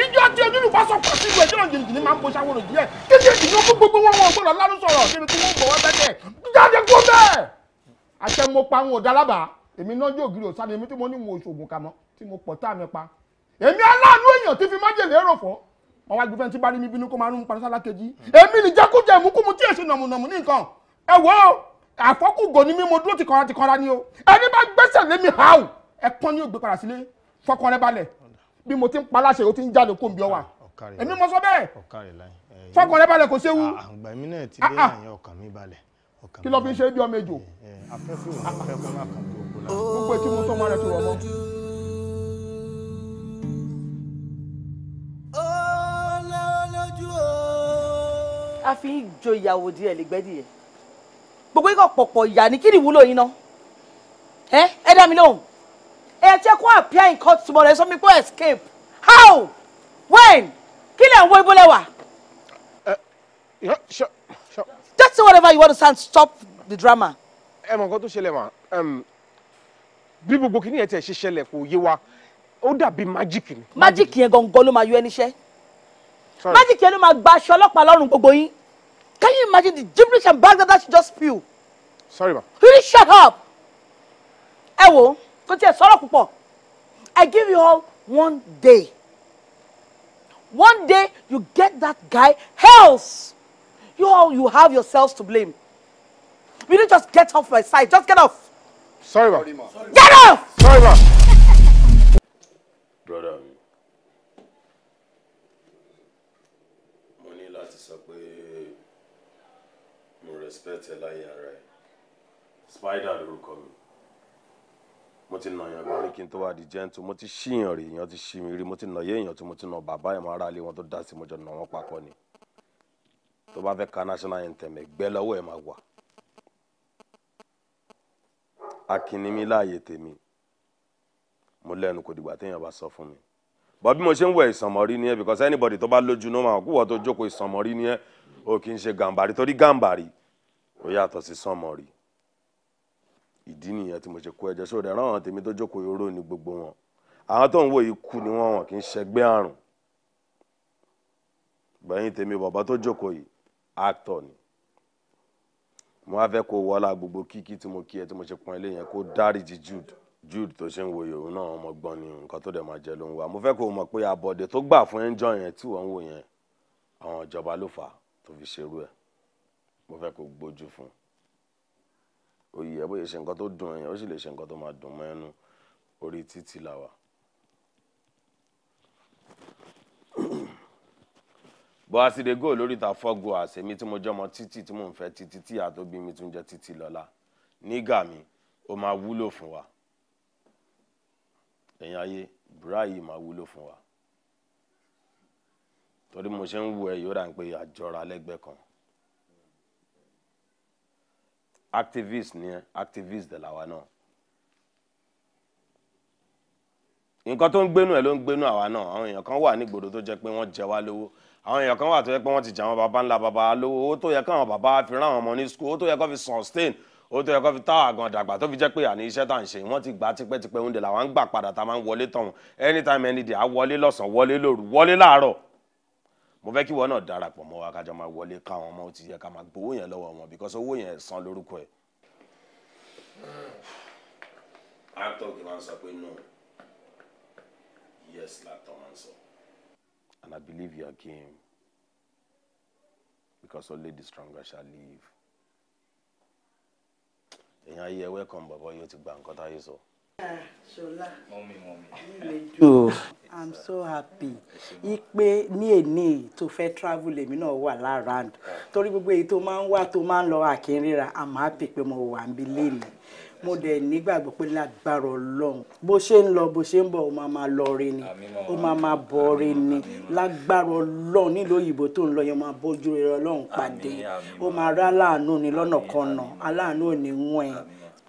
ìjọ tí ojúlù sọ pé sílùú ẹjọ́ jìnnìjì ni máa ń poṣá wọ̀rọ̀ díẹ̀ kéjèèjì ni ó kó gbogbo wọn wọn gbọ́dọ̀ lánú sọ̀rọ̀ débi tí wọ́n bọ̀wọ́ bẹ́ẹ̀ jáde kó bẹ́ẹ̀. àṣẹ mo pa àwọn ọ̀dàlábà èmi náà yóò gírí òsán èmi tí mo ní mo ṣoògùn kà mọ́ tí mo pọ̀ tá mi pa. èmi aláàánú èèyàn ti fi májèlé rò fọ́ ẹ̀kan ni yóò gbé padà sílé fọkàn rẹ balẹ̀ bí mo ti ń paláṣẹ o ti ń jáde kó n bí ọ wà ah, èmi mo sọ bẹ́ẹ̀ fọkàn rẹ balẹ̀ kò séwu. Ah, àgbà mi náà ti ah, dé àyàn ọkàn mi balẹ̀. kí ló fi ń ṣe é bí ọmọ ejò. Eh, eh, afẹ́fẹ́ òun fẹ́ kó má kàn tó kó la. gbogbo etí mo tó mọ́ rẹ ti wọ̀ mọ́. a fi ń jo ìyàwó díẹ̀ lè gbẹ́dì yẹn gbogbo ikọ̀ pọ̀pọ̀ ìyá ni kí ni ìwúlò yín ná ẹ ẹ dá mi lóhùn ẹ kó appear in court tomorrow ẹ sọ mi kó escape how when kí lẹ̀ ń wo ibo lẹ́wà. just say whatever you want to say and stop the drama. ẹ mọ̀ nǹkan tó ṣẹlẹ̀ mà bí gbogbo kìnìyàn tẹ̀ ṣe ṣẹlẹ̀ kò yé wa ó dàbí májíkì ni. májíkì yẹn gangan ló máa yọ ẹni iṣẹ́ májíkì yẹn ló máa gba aṣọ ọlọ́pàá lọ́rùn gbogbo yín can you imagine the gibberish and bag that she just spew. sorry ma. really shut up. ẹ wo kò tiẹ̀ sọ̀rọ̀ púpọ̀ I give you all one day one day you get that guy health. you all you have yourselves to blame will you just get off my side just get off. sorry ma get off. sorry ma. brother mi mo ní láti sọ pé mo respect ẹ láyé ara ẹ spider lórúkọ mi mo ti nà yàn lórí kí n tó wá di gentle mo ti ṣìyàn rè èèyàn ti ṣì mí rí mo ti nà yé èèyàn tí mo ti nà bàbá ẹ̀ mọ́ ara lé wọn tó dá sí mo jọ nà wọ́n papọ̀ ni tó bá fẹ́ ka national anthem ẹgbẹ́ lọ́wọ́ ẹ̀ máa wà akínnímí láàyè tèmi mo lẹ́nu kò dìgbà téèyàn bá sọ fún mi bọ́ bí mo ṣe ń wẹ̀ ìsànmọ́rí ni ẹ because anybody tó bá lójú ló máa kúwọ́ tó jókòó ìsànmọ́rí ni ẹ o kì í ṣe gàǹbàrí torí gàǹbàrí ó yàtọ̀ sí sànmọ́rí ìdí nìyẹn tí mo ṣe kó ẹ̀jẹ̀ sóde ẹ̀rọ àwọn tèmi tó jókòó oró ni gbogbo wọn àwọn tó ń wò yìí kú ni wọn wọn kì í ṣẹgbẹ́ àrùn bẹ́yìn tèmi bàbá tó jókòó yìí actor ni mo wá fẹ́ kó wọlá gbogbo kíkí tí mo kí ẹ tí mo ṣe pọn ilé yẹn kó dáríjì Jude Jude tó ṣe ń wo yòówù náà ọmọ gbọ́n ni nǹkan tó dẹ̀ máa jẹ ló ń wá mo fẹ́ kó mọ̀ pé àbọ̀dé tó gbà fún ẹnjọ́ yẹn tí wọ́n ń wò yẹn àwọn ìjọba ló fà á tó fi ṣerú ẹ̀ mo fẹ́ kó gbójú fún un oyè ẹ bóyá ṣe nǹkan tó dùn ẹyìn ó sì lè ṣe nǹkan tó máa dùn mọ́ ẹnu orí títì làwà. bó a sì lè gò lórí ìta fọ́gù àṣemí tí mo jọmọ títì tí mò ń fẹ́ títí tí àtòbí mi tún jẹ́ títì lọ́la nígà mi ó máa wúlò fún wa ẹ̀yin ayé bùrá máa wúlò fún wa torí mo ṣe ń wo ẹ̀ yóò rà ń pé àjọra lẹ́gbẹ̀ẹ́ kan activist ni ẹ activist la làwa náà nǹkan tó ń gbénu ẹ̀ ló ń gbénu àwa náà àwọn èèyàn kan wà nígboro tó jẹ́ pé wọ́n jẹ wá lówó àwọn èèyàn kan wà tó yẹ pé wọ́n ti jẹ àwọn baba ńlá baba lówó owó tó yẹ káwọn baba fi rán àwọn ọmọ ní skul owó tó yẹ kó fi sustain owó tó yẹ kó fi tá àgàn dàgbà tó fi jẹ́ pé àní iṣẹ́ tá à ń ṣe wọ́n ti gbà tipẹ́tipẹ́ oúnjẹ làwọn ń gbà padà tá a máa ń wọlé tọ̀hún anytime any day à wọlé lọ́sàn-án wọlé lóru wọlé láàárọ̀ mo fẹ́ kí ìwọ náà darapọ̀ mọ́ wa kájọ máa wọlé káwọn ọmọ ó ti yẹ ká máa gbowó yẹn lọ́wọ́ wọn because owó yẹn san lórúkọ ẹ̀. actor kì máa ń sọ pé no yes l'actor máa ń sọ. and I believe you are game because only the stronger shall live. èèyàn ayé ẹ welcome bàbá yóò ti gba nǹkan táyé sọ. So. I'm so happy. Ipe ní èní to fe travel èmi náà wà lárànd. Torí gbogbo èyí tó máa ń wá tó máa ń lọ I'm happy pe mo wà ń bí Mo de nígbàgbọ́ pé lágbára Ọlọ́run. Bó ṣe ń lọ bó ṣe ń bọ̀ ó máa máa lọ rí ni. Ó máa máa bọ̀ rí ni. Lágbára Ọlọ́run nílùú òyìnbó tó ń lọ yẹn máa bójú rere Ọlọ́run pàdé. Ó máa rá ni lọ́nà kan náà. Aláàánú ò ní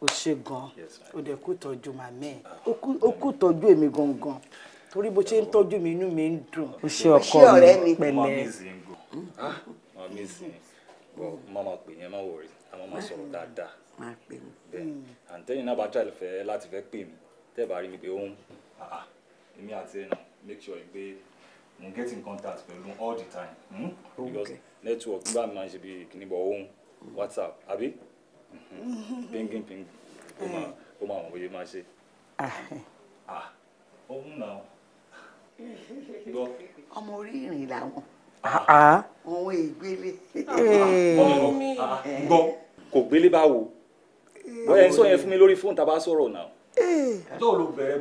o ṣe gan o dẹ̀ kú tọ́jú màmí ẹ̀ o ah. kú tọ́jú èmi gangan torí bó ṣe ń tọ́jú mi inú mi ń dùn o ṣe ọkọ mi pẹ̀lẹ́. mama hmm? ah, pè yẹn má wọrí àwọn ma sọ̀rọ̀ hmm. dáadáa bẹ́ẹ̀ àǹtẹ́yìn hmm. náà bá jáde fẹ́ láti fẹ́ pè mí tẹ́ bá rí mi pé ó ń ah, èmi àti ẹ̀ náà make sure pé mo get in contact pẹ̀lú all the time because network gbà máa ń ṣe bí kìnnìbọ̀ ohun WhatsApp àbí pingin pingin ó máa ó máa wọ̀nyí máa ṣe. òun ah. ah, náà gbọ́. ọmọ orí ìrìn làwọn òun ah. ìgbélé. gbọ́ kò gbélé báwo bóyá ń sọ yẹn fún mi lórí fóònù tá a bá sọ̀rọ̀ náà tó ló bẹ̀rẹ̀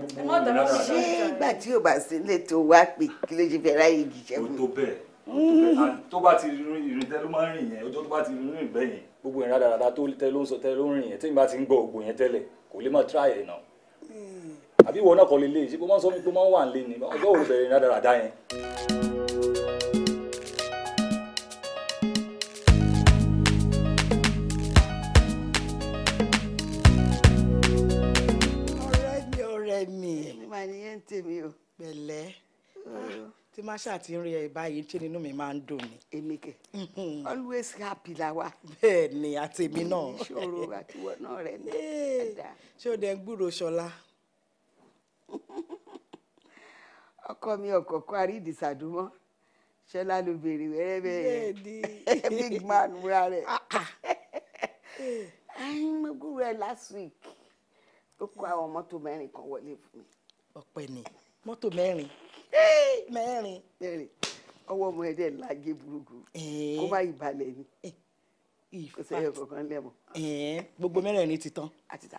gbogbo ìran dáadáa tó tẹ ló ń sọ tẹ ló ń rìn yẹn tí n bá ti ń gbọ́ ògùn yẹn tẹ́lẹ̀ kò lè má try ẹ̀ àbí ìwọ náà kọ́ lè lè kó má sọ mi pé má wà lé ni ọjọ́ òru bẹ̀rẹ̀ ìran dáadáa yẹn. ọ̀rẹ́ mi ọ̀rẹ́ mi. èmi màá ní yẹn ń tèmi o. pẹ̀lẹ́ tí má ṣàti rí ẹ báyìí tí inú mi máa ń dùn ni. èmi kẹ hmm. always happy la wa. bẹ́ẹ̀ ni àti èmi náà. ìṣòro àtiwọ́ náà rẹ̀ ní ẹ̀dá. ṣé o dẹ̀ ń gbúrò ṣọlá. ọkọ mi ọ̀kọ̀ọ̀kan àrídìsàdúmọ́ ṣọlá ló béèrè wẹ́rẹ́ (laughs) big man múra rẹ̀. Ah, ah. gbogbo rẹ̀ last week ó kó àwọn mọ́tò mẹ́rin kan wọlé fún mi. ọ̀pẹ ni mọ́tò mẹ́rin. (laughs) mẹ́rin. mẹ́rin ọwọ́ ọmọ ẹ̀ dẹ̀ lágé burúkú eh. kó má ìbalẹ̀ ni eh. kò sẹ́yìn kankan lẹ́mọ̀. Eh, gbogbo mẹ́rẹ̀ẹ̀rin ti tán. àti ta.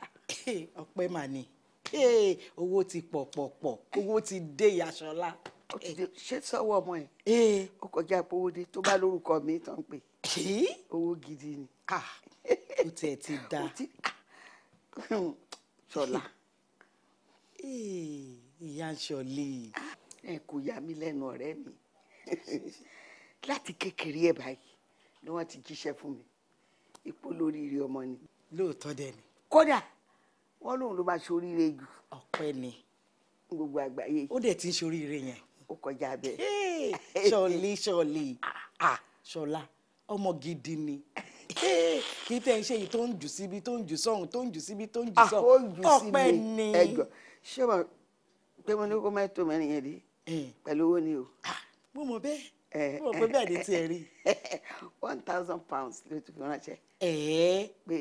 ọpẹ́ mà ni owó ti pọ̀ pọ̀ pọ̀ owó ti dé ìyàsọ́lá. ṣé sọ́wọ́ ọmọ ẹ̀ ó kọjá owó dé tó bá lórúkọ mi tán pé owó gidi ni. ó tiẹ̀ ti da. sọlá. ìyá ń ṣọlé ẹ kò yà mí lẹ́nu ọ̀rẹ́ mi (laughs) láti kékeré ẹ̀ báyìí ni wọ́n ti jíṣẹ́ fún mi ipò lóríire ọmọ ni. lóòótọ́ dẹ̀ ni. kódà wọ́n lóun ló máa ṣoríire jù. ọpẹ́ ni. gbogbo àgbáyé. ó dẹ̀ ti ń ṣoríire yẹn. ó kọjá bẹ́ẹ̀. ṣọlí ṣọlí ṣọlá ọmọ gidi ni kí tẹ́ ń ṣe yìí tó ń jù síbi tó ń jù sọ́hún tó ń jù síbi tó ń jù sọ́hún ọpẹ́ ni. ẹgbọ́n ṣé wọn pé wọn ní kó má tó mẹ́rin yẹn rí. Eh. pẹ̀lú owó ni o. Ah, mo mọ bẹ́ẹ̀ eh, mo mọ pé bẹ́ẹ̀ ni eh, tiẹ̀ rí. (laughs) one thousand pounds ló ti fi ránṣẹ́. pé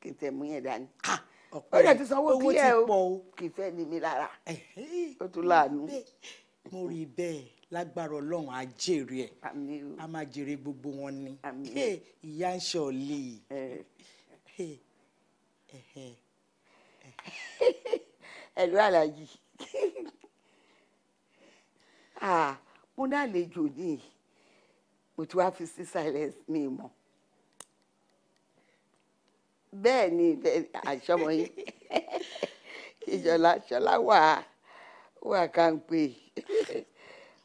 kì í tẹ̀ mú yẹn dání. Ah, ó yẹ ti sanwó bí ẹ o kì í fẹ́ ni mi lára ó tún láàánú. mo rí bẹ́ẹ̀ lágbára ọlọ́run á jèrè ẹ̀ á máa jèrè gbogbo wọn ni ìyá ń ṣe ọ̀lẹ yìí. (laughs) ẹ̀lú aláàjì. (laughs) mo dálejò ní mo ti wá fi sí silence mi mọ́ bẹ́ẹ̀ ni àṣọmọ yín ìṣọ̀lá ṣọlá wà wà kàǹpé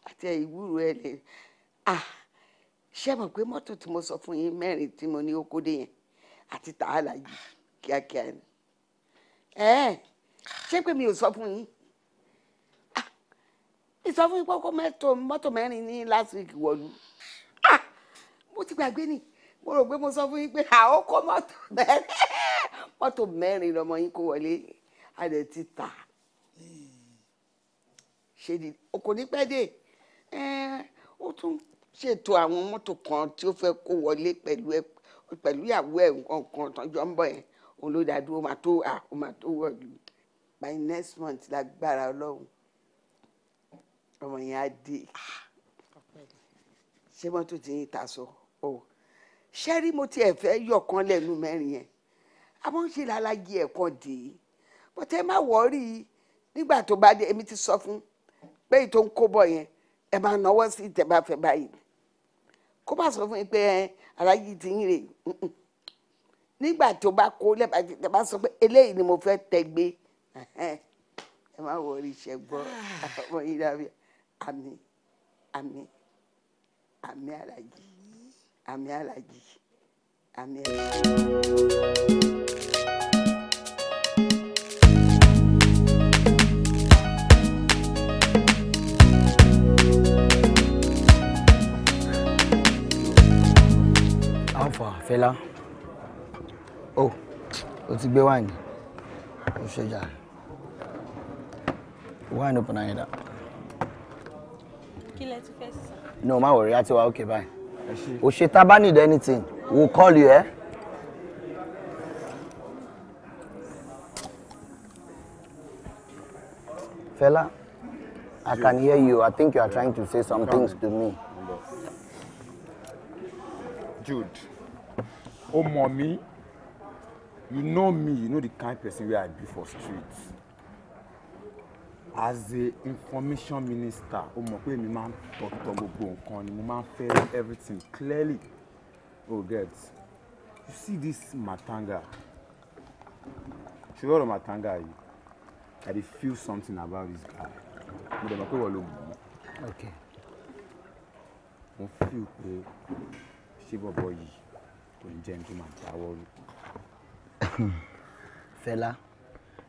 àti ìwúrò ẹ̀ lè ṣé mọ̀ pé mọ́tò tí mo sọ fún yín mẹ́rin tí mo ní ó kóde yẹn àti tààlà yìí kíákíá ni ẹ ṣé pé mi ò sọ fún yín ìsọfún yín pọ́kọ́ mọ́tò mẹ́rin ní last week wọ̀lú ah! mo ti gbàgbé ni mo rò pé mo sọ fún yín pé àwọn kó mọ́tò (laughs) mẹ́rin mọ́tò mẹ́rin lọmọ yín kó wọlé a lè ti tà ṣe ni kò ní pẹ́ dé ó tún ṣètò àwọn mọ́tò kan tí ó fẹ́ kó wọlé pẹ̀lú pẹ̀lú ìyàwó ẹ̀ nǹkan tọ́jọ́ ń bọ̀ yẹn òun ló dàdú ó máa tó ó máa tó wọ̀lú by next month lágbára ọlọ́run ọmọ yẹn á dé ṣé mọ́tò ti ń ta sọ ọ ṣé rí mo tiẹ̀ fẹ́ yọ̀kan lẹ́nu mẹ́rin yẹn àmọ́ ṣe láláyé ẹ̀kan dè é bọ́tẹ́ má wọ́ọ́rì nígbà tó bá dé èmi ti sọ fún pé ètò ń kó bọ̀ yẹn ẹ máa náwó sí ìtẹ̀bá fẹ́ báyìí kó bá sọ fún yín pé aráyé ti ń rè nígbà tó bá kó lẹ́bàá tẹ̀ bá sọ pé eléyìí ni mo fẹ́ tẹ gbé ẹ má wọrí ìṣẹ́gbọ́ ah. ọmọ yìí dàbí àmín àmín àmín aláàjì àmín aláàjì àmín aláàjì. fà fẹlá o oh, o ti gbé wáìnì o ṣe jà wáìnì ọ̀pọ̀ náà yẹn dá kí lẹ ti fẹ́ sí. no má wọrí àti okay bye o ṣe tá need anything we'll call you Eh? Fella, I can hear you. I think you are trying to say some things to me. Jude, oh mommy, you know me, you know the kind of person where I be for streets as a information minister o mọ̀ pé mi máa ń tọ̀tọ̀ gbogbo nǹkan ni mo máa ń fẹ́ everything clearly oh get you see this matanga ṣùgbọ́n ọ̀rọ̀ matanga yìí i dey feel something about this guy mo dẹ̀ mọ̀ pé wọ́n ló mọ̀ ọ́ mo feel pé ṣé bọ̀bọ̀ yìí kò ní jẹ́ ní tó máa dáwọ́ rú. (coughs) Fela,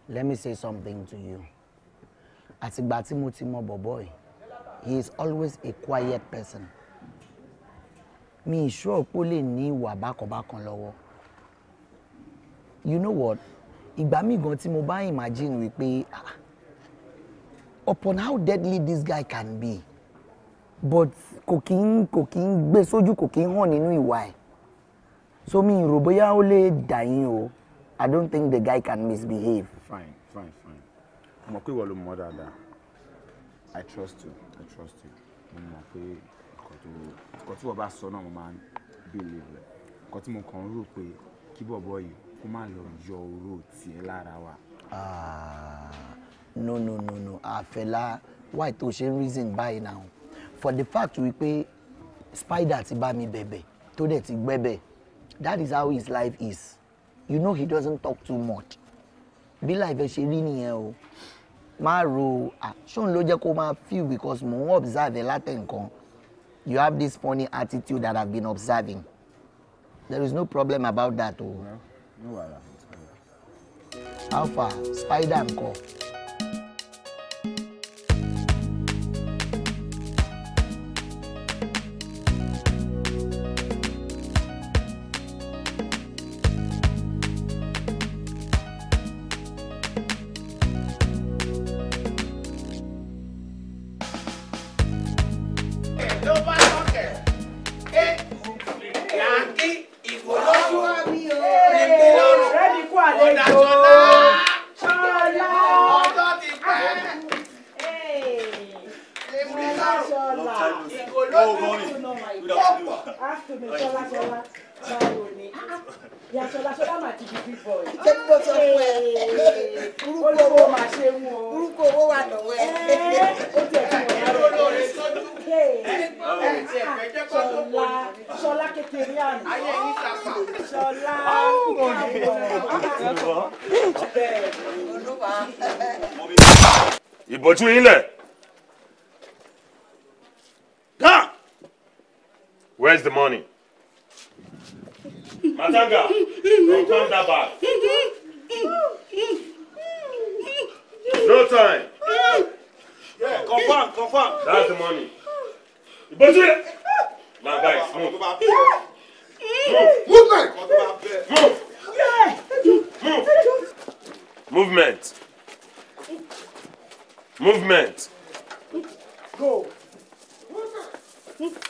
let me say something to you àtìgbà tí mo ti mọ bọ̀bọ̀ yìí he is always a quiet person mi ìṣú òpó lè ní ìwà bákanbákan lọ́wọ́ you know what ìgbà míì gan tí mo bá imagine wípé ah upon how deadly this guy can be but kò kí ń kò kí ń gbé sójú kò kí ń hàn nínú ìwà ẹ̀ so mi rò bóyá ó lè dà yín o I don't think the guy can misbehave. Fine mo pé ìwọ ló mọ̀ dáadáa i trust you i trust you mo mọ̀ pé nǹkan tí wọ́n bá sọ náà mo máa ń believe rẹ̀ nǹkan tí mo kàn ń rò pé kí bọ̀bọ̀ yìí kó má lọ yọ oró tiẹ̀ lára wa. Ah, no no no no àfẹlá why tó ṣe ń reason báyìí náà for the fact wípé spider ti bá mi bẹ̀bẹ̀ tó dẹ̀ ti gbẹ́bẹ̀ that is how his life is you know he doesn't talk too much bí life ẹ ṣe rí nìyẹn o má ro ṣóun ló jẹ́ kó máa feel because mò ń observe látẹ̀ nǹkan you have this funny attitude that I've been observing there is no problem about that o. Oh. No, no, no, no. Alpha spider nǹkan. Where's the money? Matanga, return that bag. No time. Yeah, confirm, confirm. That's the money. Ibosi! My guys, move. Move. Move. Move. Movement. Movement. Go. Movement.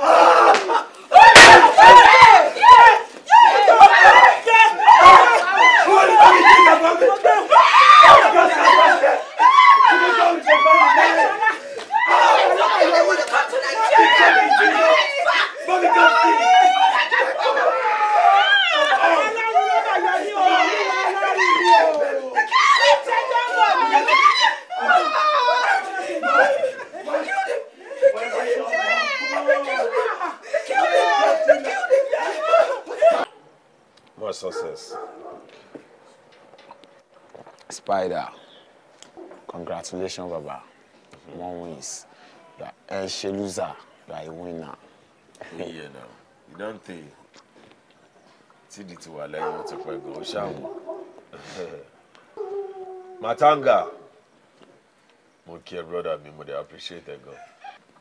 Ah! (laughs) for success. Spider, congratulations, Baba. Mm-hmm. One wins. You are a loser. You are a winner. yeah, know. You don't think. See the two lẹ́yìn wọn ti pẹ́ gan ó ṣàwọ̀. (laughs) Matanga, mo kí ẹ brọ́dà mi, appreciate ẹ gan.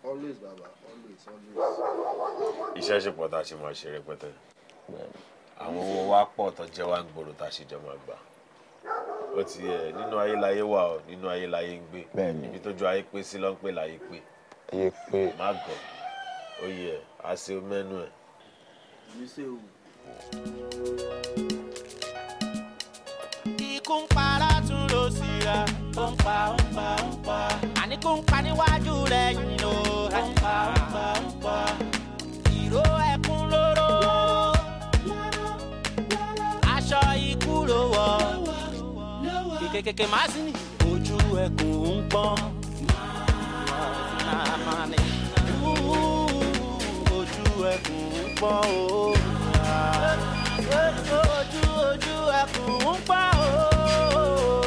Always baba, always, always. Iṣẹ́ ṣe pọ̀ tá a my share? ṣe rẹpẹtẹ. Bẹ́ẹ̀ni àwọn owó wa pọ̀ tó jẹ́ wá ń gbòòrò tá a ṣe jọ máa ó ti yẹ nínú ayélayé wà ó nínú ayélayé ń gbé ibi tójú ayé pé sí ló ń pè láyé pé má gọ̀ ó àṣẹ mẹ́nu ẹ̀. ikú ń para tún ló sí ra ó ń pa ó ń pa ó ń pa àníkú ń pa níwájú rẹ̀ yìí ló ń pa ó ń pa ó ń pa. kékèké máa sí ni. ojú ẹkùn ń pọ́n mani ojú ẹkùn ń pọ́n o. ojú ojú ẹkùn ń pọ́n o.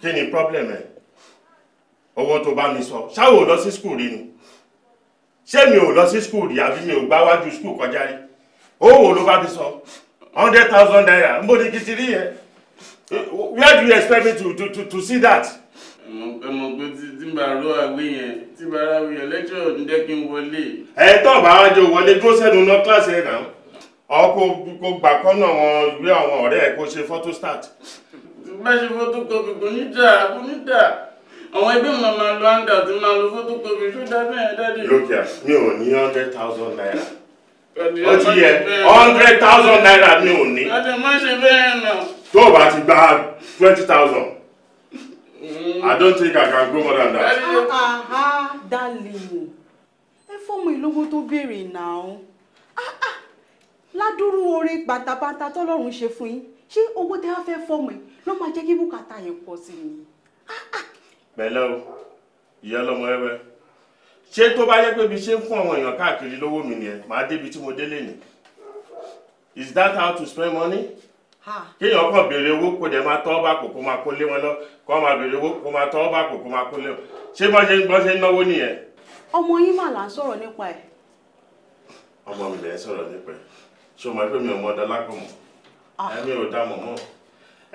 kí ni problem ẹ̀ owó tó bá mi sọ ṣáwo lọ sí skul rí ni ṣé mi ò lọ sí skul rí àbí mi ò gbá wájú skul kọjá rí owó ló bá mi sọ hundred thousand naira n bò ní kí ti rí yẹn where do you expect me to to to, see that. ọmọ pé tí bá rọ àwé yẹn tí bá rà wíyẹn lẹ́jọ́ ọ̀dún jẹ́ kí n wọlé. ẹ tó bá wá jọ wọlé dúró sẹ́nu náà kíláàsì ẹ̀ náà ọkọ̀ gbà kọ́nà wọn ìwé àwọn ọ̀rẹ́ ẹ̀ kó ṣe photostat bá ṣe photocopy kò ní dà kò ní dà àwọn ẹbí mi máa lo àǹdà tí máa lo photocopy ṣó dá bẹ́ẹ̀ dáadé. lókè mi ò ní hundred thousand naira ó ti yẹ hundred thousand naira mi ò ní. àti má ṣe bẹ́ẹ̀ náà. tó o bá ti gba twenty thousand mm. I don't think I can go more than that. Ah, ah ah darling, ẹ fọ́ọ̀mù ìlógún tó béèrè náà ah, ah, ládùúrú oore pátápátá tọ́lọ́run ṣe fún yín ṣé owó tẹ́ wá fẹ́ fọ́ọ̀mù yìí ló máa jẹ́ kí bùkátà yẹn pọ̀ sí ni. pẹ̀lẹ́ ah, ah. o ìyá ọlọ́mọ ẹwẹ́ ṣé tó bá yẹ pé mi ṣe ń fún àwọn èèyàn káàkiri lówó mi nìyẹn màá débi tí mo délé ni is that how to spend money? kéèyàn kàn béèrè owó kó dẹ̀ máa tọ́ bá kò kó máa kó lé wọn lọ kó máa béèrè owó kó máa tọ́ bá kò kó máa kó lé wọn ṣé bọ́n ṣe ń bọ́n ṣe ń náwó nìyẹn. ọmọ yín mà là ń sọ̀rọ̀ nípa ẹ̀. ọmọ mi lè sọ̀rọ̀ nípa ẹ̀ ṣé o máa pè mí ọmọ ọ̀dọ́ lágọ̀mọ̀ ah. ẹ̀mí ò dá mọ̀ mọ́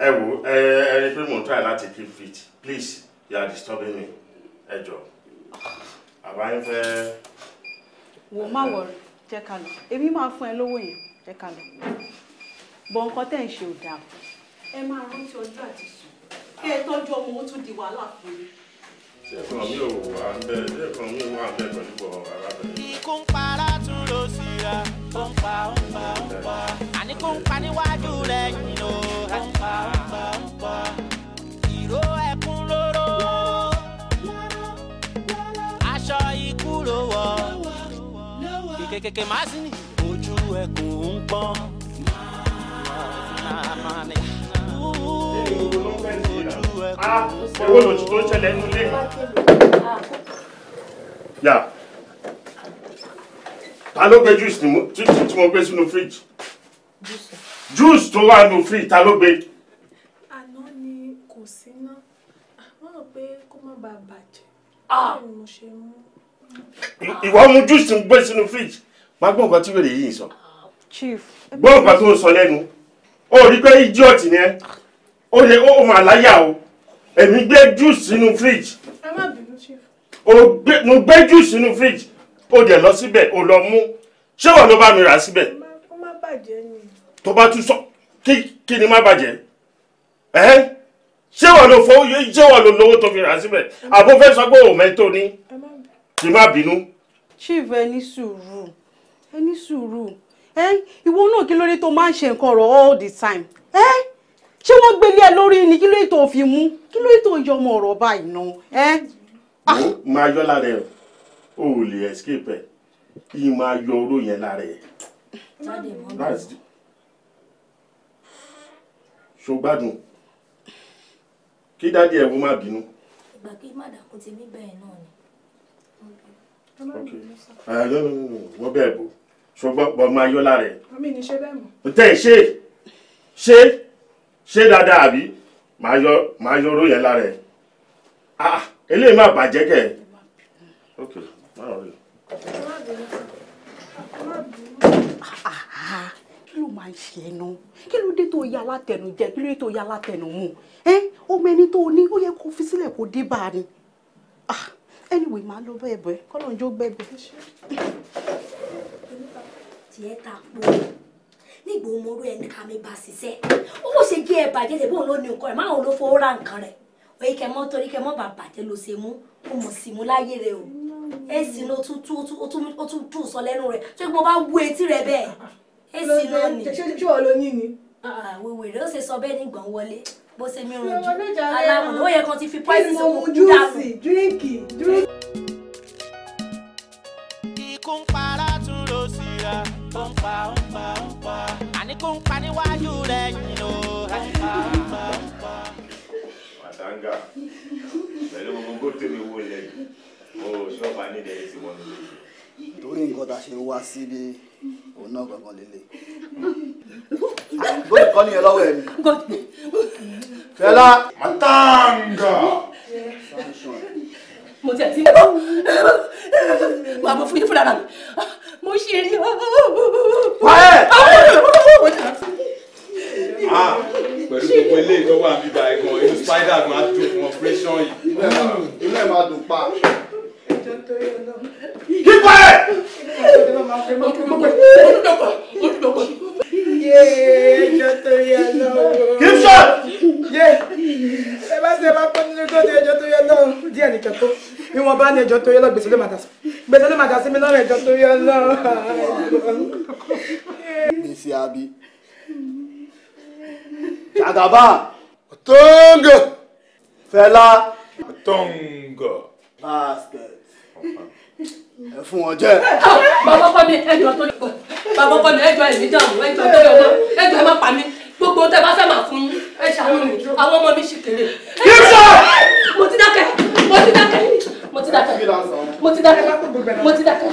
ẹ wo ẹ ẹ rí i pé mò ń try láti keep fit please you are disturbing me ẹ jọ àbá ń fẹ́. wo má wọrí jẹ́ ká lọ èmi máa fún ẹ lówó yẹn jẹ́ ká lọ bọ̀ nǹkan tẹ́ ń ṣe ò dáa. ẹ máa rántí ọjọ́ àti sùn kí ẹ tọ́jú ọmọ ó tún di wàhálà fún mi. ṣé ẹ̀kọ́ ikú ń para tún ló sì ra ó ń pa ó ń pa ó ń pa àní kó ń pa níwájú rẹ̀ yìí ló ń pa ó kékeré máa sí ni. ojú ẹkùn ń pọ́n. ewo ah, ló ti tó ṣẹlẹ̀ nílé. yà ta ló gbé juice tí mo gbé sínú fridge juice tó wà nù fridge ta be. gbé. àná ni kò sí náà wọ́n rò pé kó má bàa ah! mo ṣe mú ìwà mu juice ń gbé sínú fridge máa gbọ́ nǹkan tí wèrè yìí sọ. chief. gbọ́ nǹkan tó ń sọ lẹ́nu ó rí pé idiot ni ẹ ó lè ó mà láyà o èmi gbé juice sínú fridge. ẹ má bínú chief. o gbé mo gbé juice sínú fridge ó dẹ̀ lọ síbẹ̀ ó lọ mú ṣé wọ́n ló bá mi rà síbẹ̀. ó má bàjẹ́ ni. tó bá tún sọ kí kí ni má bàjẹ́ ẹ ṣé wọ́n ló fowó ṣé wọ́n ló lówó tó fi rà síbẹ̀ àbó fẹ́ sọ pé òun mẹ́tò ni. ẹ má kí n má bínú. chief ẹ ní sùúrù ẹ ní sùúrù ẹ ìwọ náà kí ló tó máa ń ṣe nǹkan ọ̀rọ̀ all the time ẹ ṣé wọ́n gbélé ẹ lórí ni kí ló dé tó fi mú kí ló dé tó yọ ọmọ ọ̀rọ̀ báyìí náà ẹ. Ah. máa yọ lára ẹ o ò lè escape ẹ kí n máa yọ oró yẹn lára ẹ. ṣó kí dáàdi ẹ wo má bínú. ìgbà kí má ti mí bẹ́ẹ̀ náà ni ok ah, wọ́n bẹ̀ bò ṣùgbọ́n bọ̀ máa yọ lára ẹ̀. omi ni ṣe bẹ́ẹ̀ mọ̀. tẹ ṣe ṣe ṣe dáadáa àbí máa yọ máa yọ oró yẹn lára ẹ̀ ah eléyìí má bàjẹ́ kẹ̀ ok má rọ̀ rẹ̀. Ah, kí ló máa ń ṣe ẹnu kí ló dé tó yà látẹnu jẹ kí ló dé tó yà látẹnu mu ẹ ọmọ ẹni tó ní ó yẹ kó fi sílẹ̀ kó dé bá a ni. Ah anyway máa lọ bẹ́ẹ̀ bẹ́ẹ̀ kọ́lọ́n jó gbẹ́ bẹ́ẹ̀ ṣe. tiẹ̀ ta po nígbà omorú ẹni ká mi bá ṣiṣẹ́ ó mọ̀ ṣe gé ẹ bàjẹ́ tẹ̀ bóun ló ní nǹkan rẹ̀ máa ń lo fowó ra nǹkan rẹ̀ òye kẹ mọ́ torí kẹ mọ́ bàa bàjẹ́ ló ṣe mú ó mọ̀ sí mú láyé rẹ̀ o èsì ló tún tún ó tún tún sọ lẹ́nu rẹ̀ ṣé mo bá wú etí rẹ̀ bẹ́ẹ̀ èsì náà ni. ṣé wọ́n lo yín ni. Ah, ah, wèwèrè ó ṣe sọ bẹ́ẹ̀ nígbà wọlé bó ṣe mi rùn jù aláwọ̀ ló yẹ kan ti fi poison sí òkú dànù. dírìnkì ikú ń para tún ló sì ra ó ń pa ó ń pa ó ń pa àní kó ń pa níwájú rẹ̀ yìí ó ń pa ó ń pa ó ń pa. màtáńgà pẹ̀lú gbogbo gótó mi wọlé o ṣọ́ọ̀bù anídẹ̀ẹ́sì wọn lórí. torí nǹkan tá a ṣe wá síbi òun náà gangan lélẹ̀ lórí kọ́ nìyẹn lọ́wọ́ ẹ̀ ni fẹ́lá. matanga. mo tẹ̀ sí mọ́ màá fún yín fúnra mi mo ṣe rí. wáyé. Ah. Ah, pẹ̀lú gbogbo ilé ìtọ́wọ́ àbíbá ẹ̀gbọ́n inú spider máa dùn fún operation yìí. inú máa dùn pa. ẹjọ́ torí ọlọ́run. Keep kọ́ ẹ̀. yéé jọ́tò yẹn lọ́wọ́. kì í sọ. yéé ẹ bá ṣe máa pọ́n nínú kóòtù ẹjọ́ tó yẹ lọ́wọ́ díẹ̀ nìkan tó ìwọ̀n bá ní ẹjọ́ tó lọ gbèsè ló máa gbèsè ló máa mi lọ́rùn ẹjọ́ tó yẹ lọ́wọ́. Bísí Abi. Jàgàbá. Tóńgò. Fẹlá. Tóńgò. Basket ẹ fún wọn jẹ. bàbá ọkọ mi ẹjọ tó lè pọ bàbá ọkọ mi ẹjọ èmi dààmú ẹjọ tó lè wọ ẹjọ ẹ má pa mí gbogbo tẹ bá fẹ́ máa fún yín ẹ ṣàánú mi àwọn ọmọ mi ṣì kéré. kí sọ. mo ti dákẹ́ mo ti dákẹ́ mo ti dákẹ́ mo ti dákẹ́ mo ti dákẹ́ mo ti dákẹ́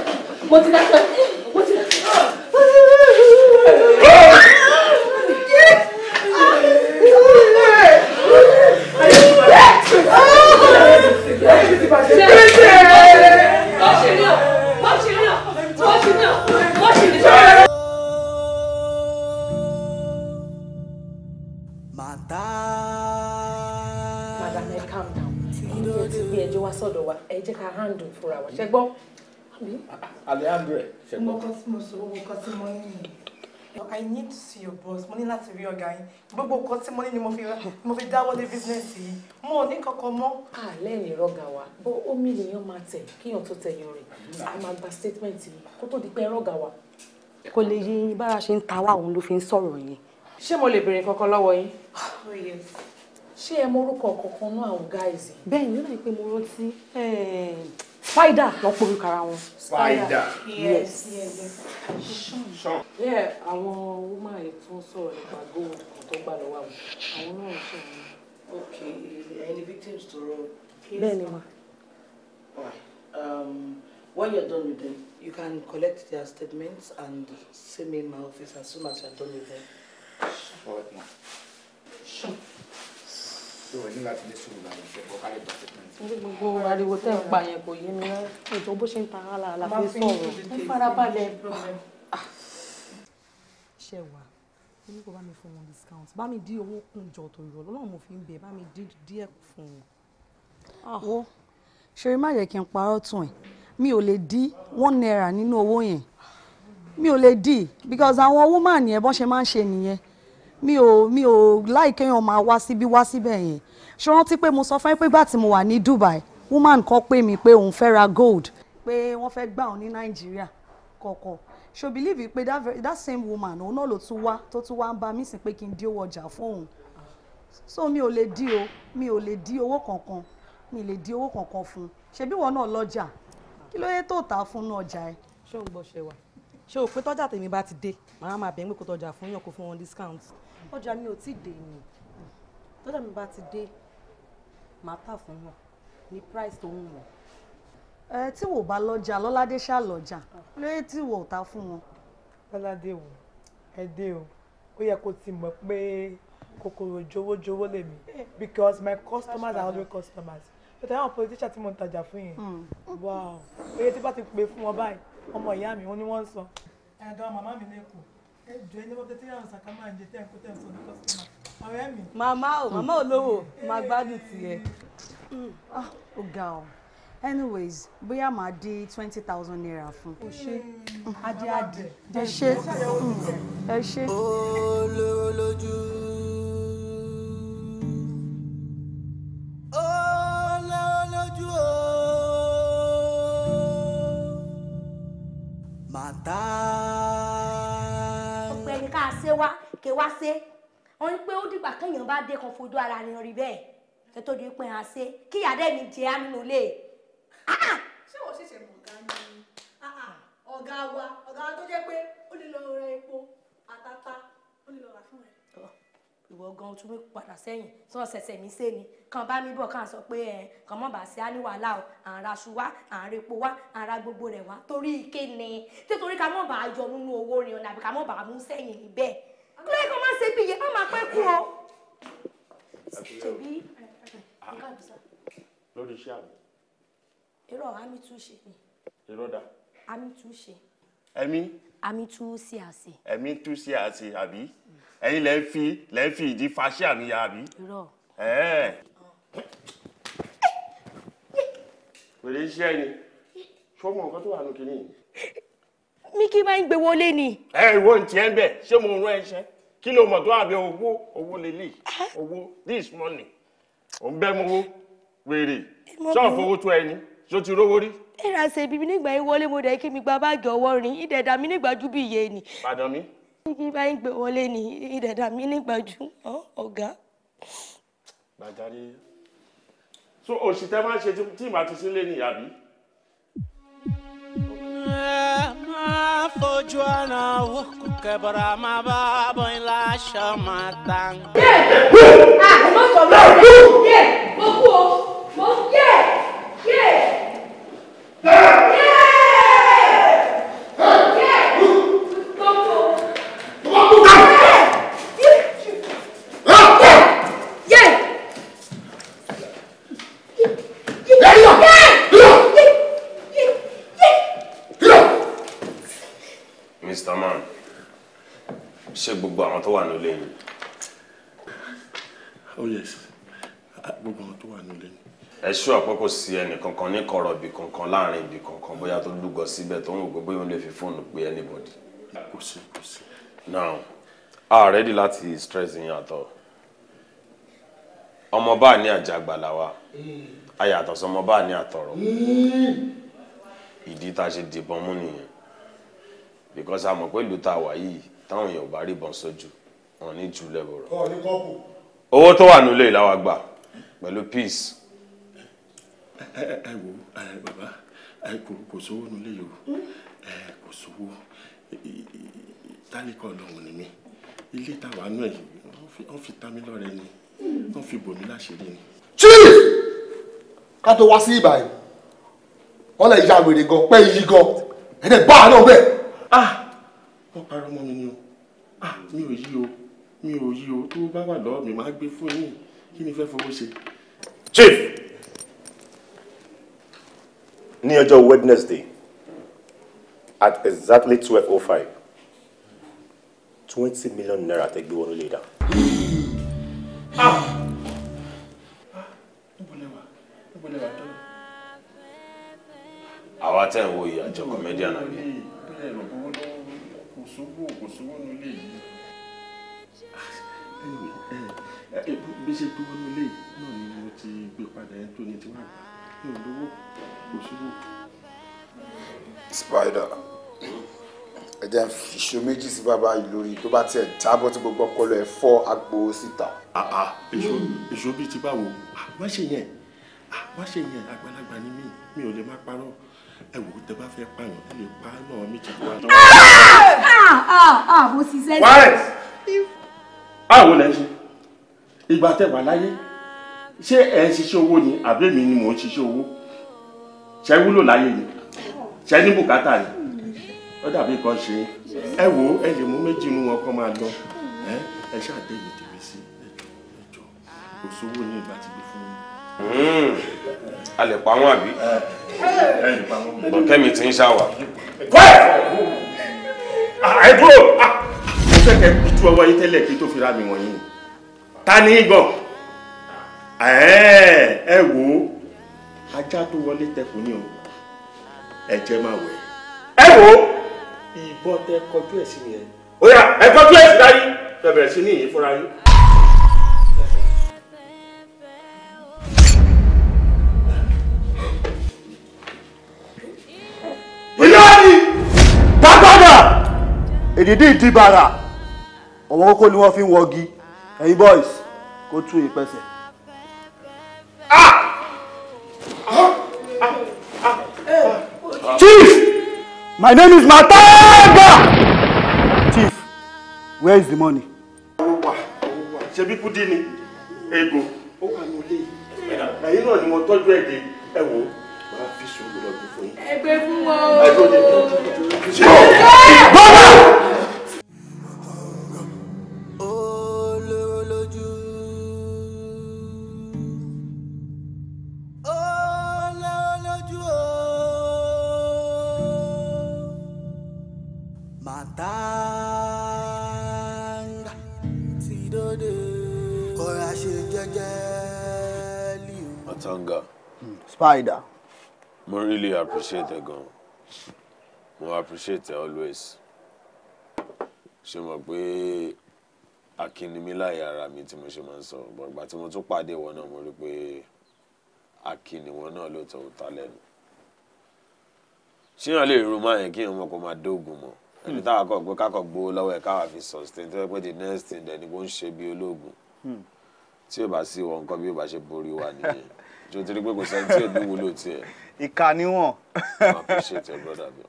mo ti dákẹ́. Yeah! Madam, ẹ calm down. wa, I need to see your boss. Mo ní láti rí ọ̀gá yín. Gbogbo nǹkan tí mo ní ni ah, Bó omi nìyẹn máa tẹ̀ kíyàn tó tẹ̀yàn rẹ̀. A statement yìí kó tó di pé ẹrọ gà wá. kò lè yé yín bára ṣe ń ta wá òun ló fi ń sọ̀rọ̀ yẹn. ṣé mo lè béèrè kankan lọ́wọ́ yín. Oh, ṣé ẹ mọrúkọ kankan náà àwọn guys. bẹ́ẹ̀ ni ó dàbí pé mo rántí eh, spider lọ pọ̀ orúkọ ara wọn. spider yes. bẹ́ẹ̀ àwọn woman yìí tún sọ̀rọ̀ nípa gold kan tó gbà lọ́wọ́ àwọn náà ń ṣàwọn. ok any victims to rob. bẹ́ẹ̀ ni ma. Um, when you're done with them, You can collect their statements and see me in my office as soon as you are done with them. All right, ma'am. Sure. gbogbo ariwo tẹ́ ń pa yẹn kò yé mi rẹ́ ètò bó ṣe ń tan ara la fi sọ̀rọ̀ ń farabalẹ̀ ṣe wà èmi kò bá mi fún wọn discount bá mi dí owó kún jọ tó yọ lọ́nà mo fi ń bẹ bá mi dí díẹ̀ fún wọn. wo ah. ṣeré má jẹ́ kí n parọ́ tún ẹ̀ mi ò lè dí one naira nínú owó yẹn mi ò lè dí because àwọn woman yẹn bọ́n ṣe máa ń ṣe nìyẹn mi ò mi ò láì kéèyàn máa wá síbí wá síbẹ̀ yẹn ṣé rántí pé mo sọ fún yín pé gbà tí mo wà ní Dubai woman kan pé mi pé òun fẹ́ gold pé wọ́n fẹ́ gbà òun ní Nàìjíríà kọ̀ọ̀kan ṣo believe pé that, that same woman òun náà ló tún wá tó tún wá ń bá mi sìn pé kí n dí owó ọjà fún òun so mi ò lè dí o mi ò lè dí owó kankan mi lè dí owó kankan fún un ṣebí wọn náà lọ́jà kí ló yẹ tó ta fún náà ọjà ẹ. ṣé o ń gbọ́ ṣe wà ṣé o pé tọ́jà tèmi bá ti dé màá máa bẹ̀ ń pé kó tọ́jà fún yàn kó fún wọn discount. ọjà mi ò tí ì dé ni tọ́jà mi bá ti dé màá tà fún wọn ní price tó ń wọ̀. ẹ tí wò bá lọ́jà lọ́ládé ṣá lọ́jà ló yẹ tí wò ó ta fún wọn. lọ́ládé wò ẹ dé o ó yẹ kó ti mọ̀ pé kòkòrò jowójowó lèmi eh. because my customers are always customers tẹ̀tẹ̀ àwọn politician tí mo ń tajà fún yẹn hmm. wow oye tí bá ti pè fún wọn báyìí ọmọ ìyá mi wọn ni wọ́n ń sọ. ẹ̀dọ́ màmá mi lẹ́kọ̀ọ́ ẹjọ́ ẹni bọ́tẹ́ tí àwọn sàkà máa ń jẹ tẹ́ ẹ̀ kó tẹ́ ẹ̀ sọ ní kọ́sítọ́mà ọ̀rẹ́ mi. màmá o hmm. màmá o lówó máa eh. gbádùn tiẹ̀ ah, ó ga ọ anyways bóyá màá di twenty thousand naira fún. o ṣe adé adé ẹ ṣe ẹ ṣe. Hmm. olóró lójú. tá. ọ̀pọ̀ ẹni ká ṣe wá ké wá ṣe wọ́n ní pé ó dìgbà kéèyàn bá dé kan fojú ara rẹ̀ rí bẹ́ẹ̀ kí tó di pé à ṣe kí ìyá dẹ́mi jẹ́ á nínú ilé. ṣé wọ́n ṣẹ̀ṣẹ̀ mọ̀ ọ̀gá ni ọ̀gá wa ọ̀gá wa tó jẹ́ pé ó lè lọ ra epo àtàtà ó lè lọ rà fún rẹ̀ ìwọ gan tún mi padà sẹ́yìn tí wọ́n ṣẹ̀ṣẹ̀ mí ṣe ni kàn bá mi bọ̀ kàn sọ pé ẹ̀ kàn mọ́ bá ṣe á ní wàhálà o à ń ra aṣọ wa à ń repo wa à ń ra gbogbo rẹ̀ wá torí ike ni títorí ká mọ́ bá a yọ nínú owó rin ọ̀nà àbí ká mọ́ bá a mú sẹ́yìn níbẹ̀ kílẹ̀ kan máa ṣe bí iye ọmọ apẹ́ kú o. ṣèbí lórí iṣẹ́ àmì. irọ́ àmì tún ṣe ni. irọ́ dà. àmì tún ṣe. ẹ̀mí. àmì tún ṣe àṣe. ẹ̀mí tún ṣe àṣe àbí ẹ̀yin lẹ fi lẹ fi ìdí faṣẹ́ àmì ya àbí. pèrè iṣẹ́ ni ṣọ́mọ nǹkan tó wà nù kínní. mi kí máa ń gbé wọlé ni. ẹ ìwọ ń tiẹ́ ń bẹ̀ ṣé mo rán ẹṣẹ́ kí ló mọ̀ tó àbí owó owó lélẹ̀ owó this morning ò ń bẹ́ mowó wèrè ṣọ́ọ̀fù owó tó ẹni ṣó ti rówó rí. ẹ ra ṣèbí mi nígbà yín wọlé mo dẹ̀ kí mi gba báàgì ọwọ́ rin ìdẹ̀dà mi nígbà jù bí iye ni. pàdán mi ní kí n bá yín gbé wọlé ní ìdàdà mi nígbàjú ọ̀gá. so òsì tẹ máa ń ṣe tí màá ti sílé ní ìyàbí. máa fojú ọ̀nà wò kò kẹbọ̀rọ̀ àmọ́ bá bọ́ ń láṣọ máa tán. yẹ a mo sọ bẹ́ẹ̀ yẹ mo kú o mo yẹ yẹ yẹ. tó wà oh yes gbogbo àwọn tó wà nílé oh, yìí. Ah, ẹ ṣú àpò kò sí ẹnì kankan ní kọ̀rọ̀ ibì kankan láàrin ibì kankan bóyá tó lúgọ síbẹ̀ tó ń wò pé lè fi fóònù pé anybody. kò sí kò sí. now a ready láti stress yín àtọ ọmọ bá ní àjàgbàlà wa ayàtọ̀ sọmọ ní àtọ̀rọ̀ ìdí tá a ṣe dìbọn mú nìyẹn because a pé ìlú tá a wà yìí táwọn èèyàn ò bá rí bọn sójú wọn ní jù lẹ́bù rẹ̀. ọ ní kọ́pù. owó tó wà nílé ìlàwà gbà pẹ̀lú peace. ẹ ẹ wo bàbá kò sówó nílé yìí o hmm? kò sówó tálíkà ọlọ́run ni mí ilé táwa nú ẹ̀ wọ́n fi tami lọ́rẹ́ ni wọ́n fi bòmí hmm. láṣìírí ni. chief ká tó wá sí ìbàyìí wọ́n lè ya wèrè gan pẹ́ yí gan ẹ̀dẹ̀ bá a náà bẹ́ẹ̀. ah wọ́n parọ́ mọ́ mi ni o ah mi ò yí o mi ò yí o tó bá wà lọ́wọ́ mi máa gbé fún yín kí ni fẹ́ fowó ṣe. chief ní ọjọ́ wednesday at exactly twelve oh five twenty million naira tẹ gbé wọnú lè dá. Ah! Ah! àwa tẹ̀ ń wo ìyàjọ comedian àbí. kò sówó kò sówó nílé yìí. Eh, eh, bí ṣe gbówó ní ilé yìí náà ni mo ti gbé padà ẹni tó ní tí wàá gbà mi ò lówó kò síwò. spider ẹ jẹ́ ìṣó méjì sí bàbá yìí lórí tó bá tiẹ̀ jábọ́ tí gbogbo ọpọlọ ẹ̀ fọ́ agbo síta. Ah, ah, èso bíi ti báwo ah, má ṣe yẹn má ṣe yẹn àgbàlagbà ni mí mi ò lè má parọ́ ẹ wò ó tẹ bá fẹ́ pààyàn ẹ lè pa náà méjì wá. mo ṣiṣẹ́ ní báwo lẹ ṣe ìgbà tẹ wà láyé ṣé ẹ ń ṣiṣẹ́ owó ni àbí èmi ni mò ń ṣiṣẹ́ owó ṣe wúlò láyé ni ṣe ní bùkátà ni ó dàbí kan ṣe ẹ wò ó ẹ lè mú méjì inú wọn kọ́ máa lọ ẹ ẹ ṣáà dé ìdí mi sí ẹjọ ẹjọ kò sówó ní ìgbà tí mo fún mi. Hmm, a lè pa wọn àbí bọ̀kẹ́mi ti ń ṣàwà. ẹ dúró fẹ́ kẹ́ pitú ọwọ́ yín tẹ́lẹ̀ kí tó fi ra mi wọ̀nyí ta ní gan ẹ wò ó ajá tó wọlé tẹkùn ní o ẹ̀jẹ̀ máa wẹ̀ ẹ wò ó ìbọn tẹ kọjú ẹ̀ sí nìyẹn. ó yá ẹ kọjú ẹ̀ sí láyé bẹ̀rẹ̀ sí ní ìyí fúnra yín. ìyá ni bàbá ọwọ́ kókó ni wọ́n fi ń wọgi ẹ̀yin boys kó tú ìpẹsẹ̀. Ah! Chief, my name is Mataga. Chief, where is the money? owó wà owó wà ṣebí kúdí ni eegun ó wà ní olè ẹ̀yin náà ni wọ́n tọ́jú ẹ̀ dé ẹ̀ wò ó máa fi sùúrù lọ́gbọ̀n fún yín. ẹgbẹ́ fún wọn. bọ́lá. Spider. Mo really appreciate it, gan. Mo appreciate it always. Ṣé mo pé akínimíláyà ara mi tí mo ṣe máa ń sọ̀rọ̀ bọ̀ ìgbà tí mo tún pàdé ìwọ náà mo rí pé akíniwọ náà ló tọ̀ ọ́ ta lẹ́nu. Ṣéyàn lè ru máa yẹn kí èèyàn mọ̀ kó máa dóògùn mọ́. Ẹni táwa kọ̀ pé kákọ̀ gbowó lọ́wọ́ ẹ̀ káwa fi sustain tó yẹ pé the next thing dẹ̀ ni bó ń ṣe bí olóògùn. Hmm. Tí ò bá sí ìwọ nǹkan bí ò bá ṣe borí wa nìyẹn tó ti rí pé kò sẹ́ni tí èdè wúlò tiẹ̀. ìka níwọ̀n. tí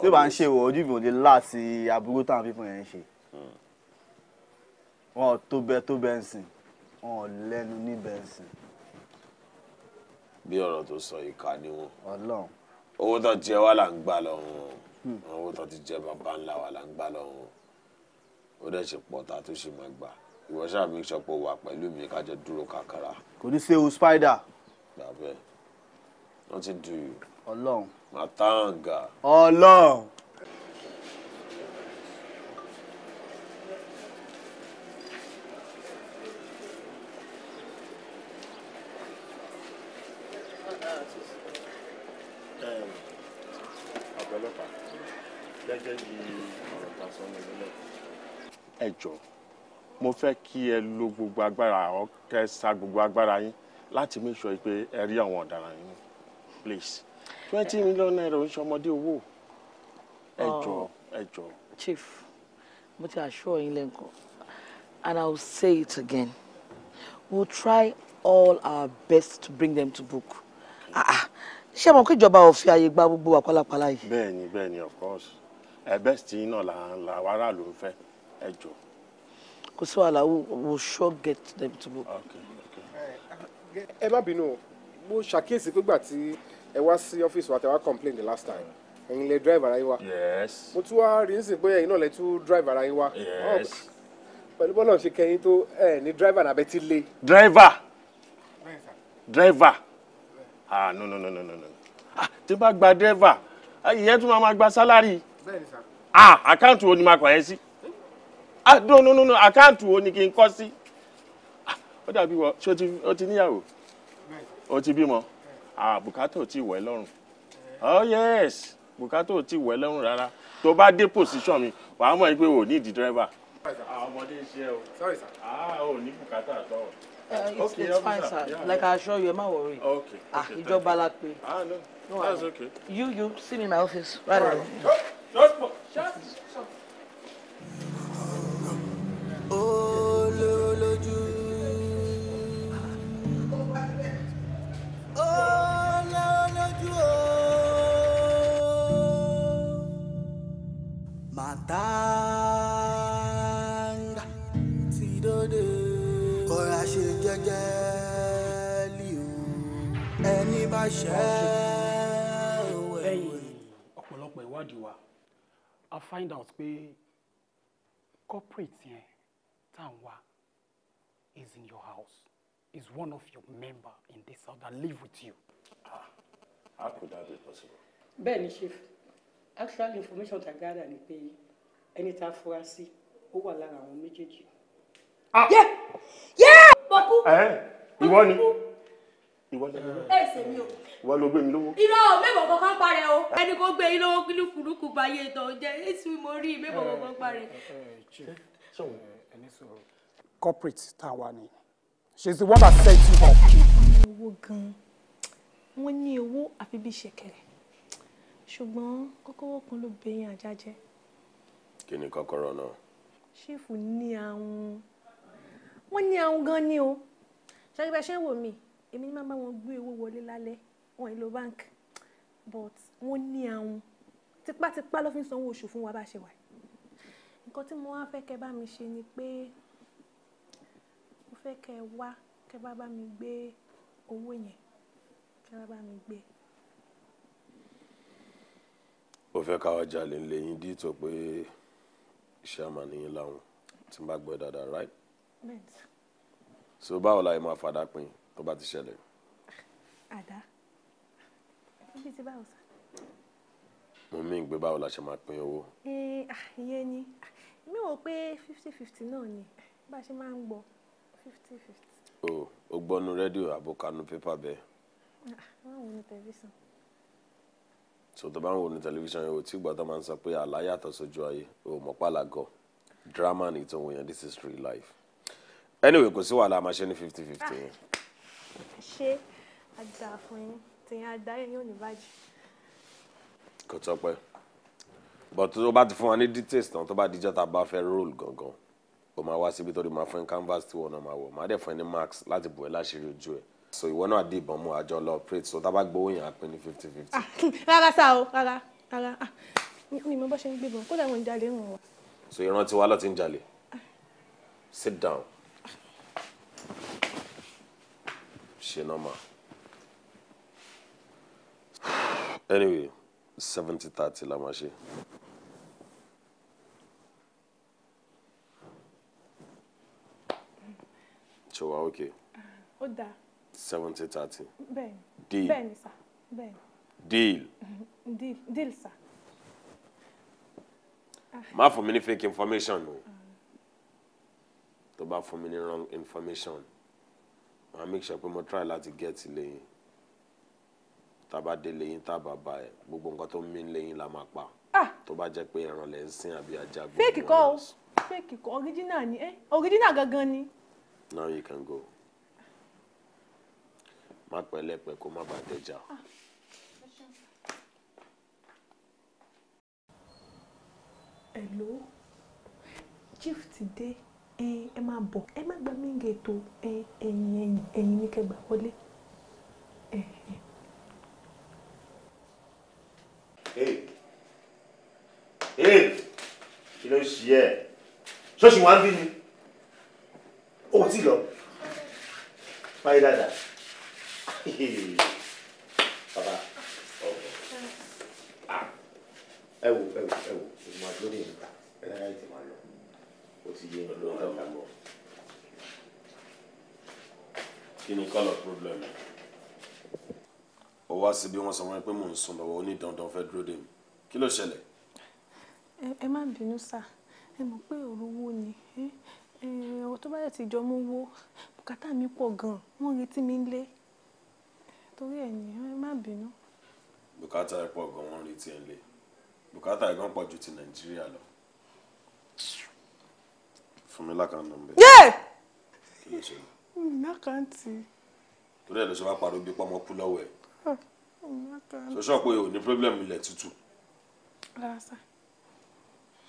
o bá ń ṣe wọ ojú ìbò lè láti aburú táwọn fífún yẹn ń ṣe. Hmm. wọn ò tó bẹ tó bẹ ń sìn wọn ò lẹ́nu ní bẹ ń sìn. bí ọ̀rọ̀ tó sọ ìka níwọ̀n. ọlọ́run. owó tó jẹ wá là ń gbà lọ́wọ́ hmm. owó tó ti jẹ bàbá ńlá wa là ń gbà lọ́wọ́ ó dẹ̀ ṣe pọ̀ tá a tó ṣe máa gbà ìwọ ṣáà mi sọ pé wà pẹ̀lú mi kájọ dúró kàkàrà. kò ní ṣe o spider gbà bẹ́ẹ̀ nothing do you. ọlọ́run. màtáǹgà. ọlọ́run. ẹ jọ̀ọ́ mo fẹ́ kí ẹ lo gbogbo agbára ọ kẹ́ sa gbogbo agbára yín láti make sure pé ẹ rí àwọn ọ̀daràn yìí please twenty million naira ń ṣọmọdé owó ẹ oh. jọ ẹ jọ. chief mo ti assure yín lẹ́nkọ́ and i will say it again we will try all our best to bring them to book ah, ah. ṣé mo kí ìjọba ò fi àyè gba gbogbo wa pálapàla yìí. bẹ́ẹ̀ni bẹ́ẹ̀ni of course ẹ best yín náà làwọn aráàlú ń fẹ́ ẹ jọ. kò sí wàhálà we will sure get them to book. Okay ẹ má bínú o mo ṣàkíyèsí pé gbà tí ẹ wá sí ọ́fíìsì wa tẹ wá complain the last time ẹ̀yin lè drive ara yín wá mo tún wá rí nísìnyí pé ẹ̀yin náà lè tún drive ara yín wá oh, pẹ̀lú bọ́lá ṣe kẹyìn tó ẹ ní driver nàbẹ ti lé. driver driver ah no no no no no ah tí bá gba driver ah, ìyẹn tún máa gba sálárì ah àkáǹtì wo ni máa kọ̀ ẹ́ sí ah no no no no, àkáǹtì wo ni kí n kọ́ sí ó dàbí wọ ṣé o ti níyàwó o ti bímọ ah, bùkátà ò tí ì wọ̀ ẹ́ lọ́rùn oh yes bùkátà ò tí ì wọ̀ ẹ́ lọ́rùn rárá tó bá dé pòsíṣàn mi wàá mọ̀ pé ò ní ìdí dírẹ́fà. ọmọdé iṣẹ́ o sorry sir ah, ò ní bùkátà àtọ́wọ̀. Uh, it's, okay, it's fine, sir. Yeah, like yeah. I assure you, I'm not worried. Okay. okay ah, ìjọba la pé. Ah, no. no That's okay. You, you, see me in my office. Right away. Right. Shut, shut, shut. Oh. Pàtàǹgà ti dòde. Ọ̀rọ̀ àṣẹ jẹ́jẹ́ lì o. Ẹni bá ṣẹ́ òwe. Lẹ́yìn ọ̀pọ̀lọpọ̀ ìwádìí wa, a find out pé corporate yẹn tá à is in your house is one of your member in this house that live with you. Ah, how could that be possible? Bẹ́ẹ̀ni, Chief actual information ta gather ni pé ẹni tá fura sí ó wà lára àwọn méjèèjì. yẹ ah! yẹ eh, ni ìwọ ni. ẹ mi o. ìwọ ló gbé mi lówó. irọ́ mẹ́bọ̀ kankan parẹ́ o ẹni kò gbé yín lówó kúlùkùlùkù bá yé tán jẹ́ èsì mo rí mẹ́bọ̀ eh, kankan parẹ́. Eh, corporate tàwa ni she is the one that set you up. wọ́n ní owó àfi bí ṣẹ̀kẹ̀rẹ̀ ṣùgbọ́n kọ́kọ́rọ́ kan ló bẹ̀yìn ajá jẹ́. kí ni kọ́kọ́rọ́ náà. ṣéèfù ní àwọn wọ́n ní àwọn gan ni o ṣáájú bá ṣe ń wò mí èmi ni máa bá wọn gbé owó wọlé lálẹ́ wọn ìlò báńkì but wọ́n ní àwọn tipátipá ló fi ń sanwó oṣù fún wa bá ṣe wà nǹkan tí mo wá fẹ́ kẹ́ bá mi ṣe ni pé mo fẹ́ kẹ́ wá kẹ́ bá bá mi gbé owó yẹn kẹ́ bá bá mi gbé ó fẹ́ káwá jalè ńlẹ̀ yín dí tó pé iṣẹ́ àmàníyàn láwọn tí n bá gbọ́ dáadáa right. so báwo la yẹ máa fàdá pin tó bá ti ṣẹlẹ̀. àdá níbi tí báwo sá. mo mí ìgbé báwo la ṣe máa pin owó. ìyẹn ni mi ò pé fifty fifty náà ni bá a ṣe máa ń gbọ́ fifty fifty. Oh, o ò gbọ́nu rédíò àbókanú pépà bẹ́ẹ̀. àwọn ò ní tẹlifíṣàn so tó bá ń wo ní tẹlifíṣàn yẹn o tí gbàtà máa ń sọ pé àlá yàtọ̀ sójú ayé o mọ̀ pàlà gọ̀ drama ni tó ń wọ̀nyẹn this is real life anyway kò sí wàhálà a ṣe ní fifty fifty yẹn. Ah, ṣé àjà fún yín tèyàn àdá yẹn yóò ní bàjẹ́. kò tọpẹ́ but tó bá ti fún wa ní details tán tó bá díjọ́ ta bá fẹ́ roll gangan o máa wá síbi tó di máa fún canvas tí wọn náà máa wọ̀ máa dẹ̀ fún ẹ ní max láti bù ẹ láṣìírí ojú ẹ̀ so ìwọ náà dé ìbọn mú àjọ lọ operate so tá a bá gbowó yẹn á ní fifty fifty. Ah, rárá sá o rárá rárá ah, mi mo bá ṣe ń gbébọn kódà wọn ń jalè ń wọ. so ìran tiwa ló ti ń jalè ah. sit down ṣe normal anyway seventy thirty la máa ṣe. ṣe wa ok. ó dáa seventy thirty. bẹ́ẹ̀ni deal sir. sá deal. Mhm. deal deal sir. Ah. má fún mi ní fake information o tó bá fún mi ní wrong information màá make sure pé mo try láti get lẹ́yìn tá a bá dé lẹ́yìn tá a bá bá ẹ gbogbo nǹkan tó ń mí lẹ́yìn la máa pa ah. tó bá jẹ́ pé ẹran lẹ ń sin àbí ajá gbogbo. fake kọ́ fake kọ́ original ni eh original gangan ni. now you can go má pẹ́ lẹ́pẹ́ kó má bàa tẹja. Ah. hello chief ti dé ẹ máa bọ̀ ẹ má gba mí gètò ẹyin ẹyin ẹyin ní kẹgbà wọlé. kí ló ń ṣe ẹ ṣọ́ọ̀ṣì wá ń bí ni ó ti lọ báyìí dáadáa bàbá oh. ah. ẹ wò ẹ wò ẹ wò ìmọ̀ àdúró ní ìta ẹ náà yẹ ti máa lọ ó ti yé mi lọ́wọ́ ẹ̀ gbàgbọ́. kí ni kọ́lọ̀ problem ó wá sí bí wọ́n sọ wọn pé mò ń sùn lọ́wọ́ ó ní dandan fẹ́ dúró dè mí kí ló ṣẹlẹ̀. ẹ má bínú sá ẹ mọ̀ pé òru wo ni ọ̀rọ̀ tó bá yẹ ti jọ mú wo bùkátà mi pọ̀ gan-an wọ́n retí mi lé torí ẹ̀ ní ẹ má bínú. bùkátà ẹ pọ̀ gan wọ́n rí tí ẹ lè bùkátà ẹ gan pọ̀ ju ti nàìjíríà lọ fún mi lákàn nọmbẹ. yé lákàntì. torí ẹ lọ sọ wá pariwo bí pọmọ kú lọ́wọ́ ẹ sọsọ pé o ní problem ilẹ̀ tútù.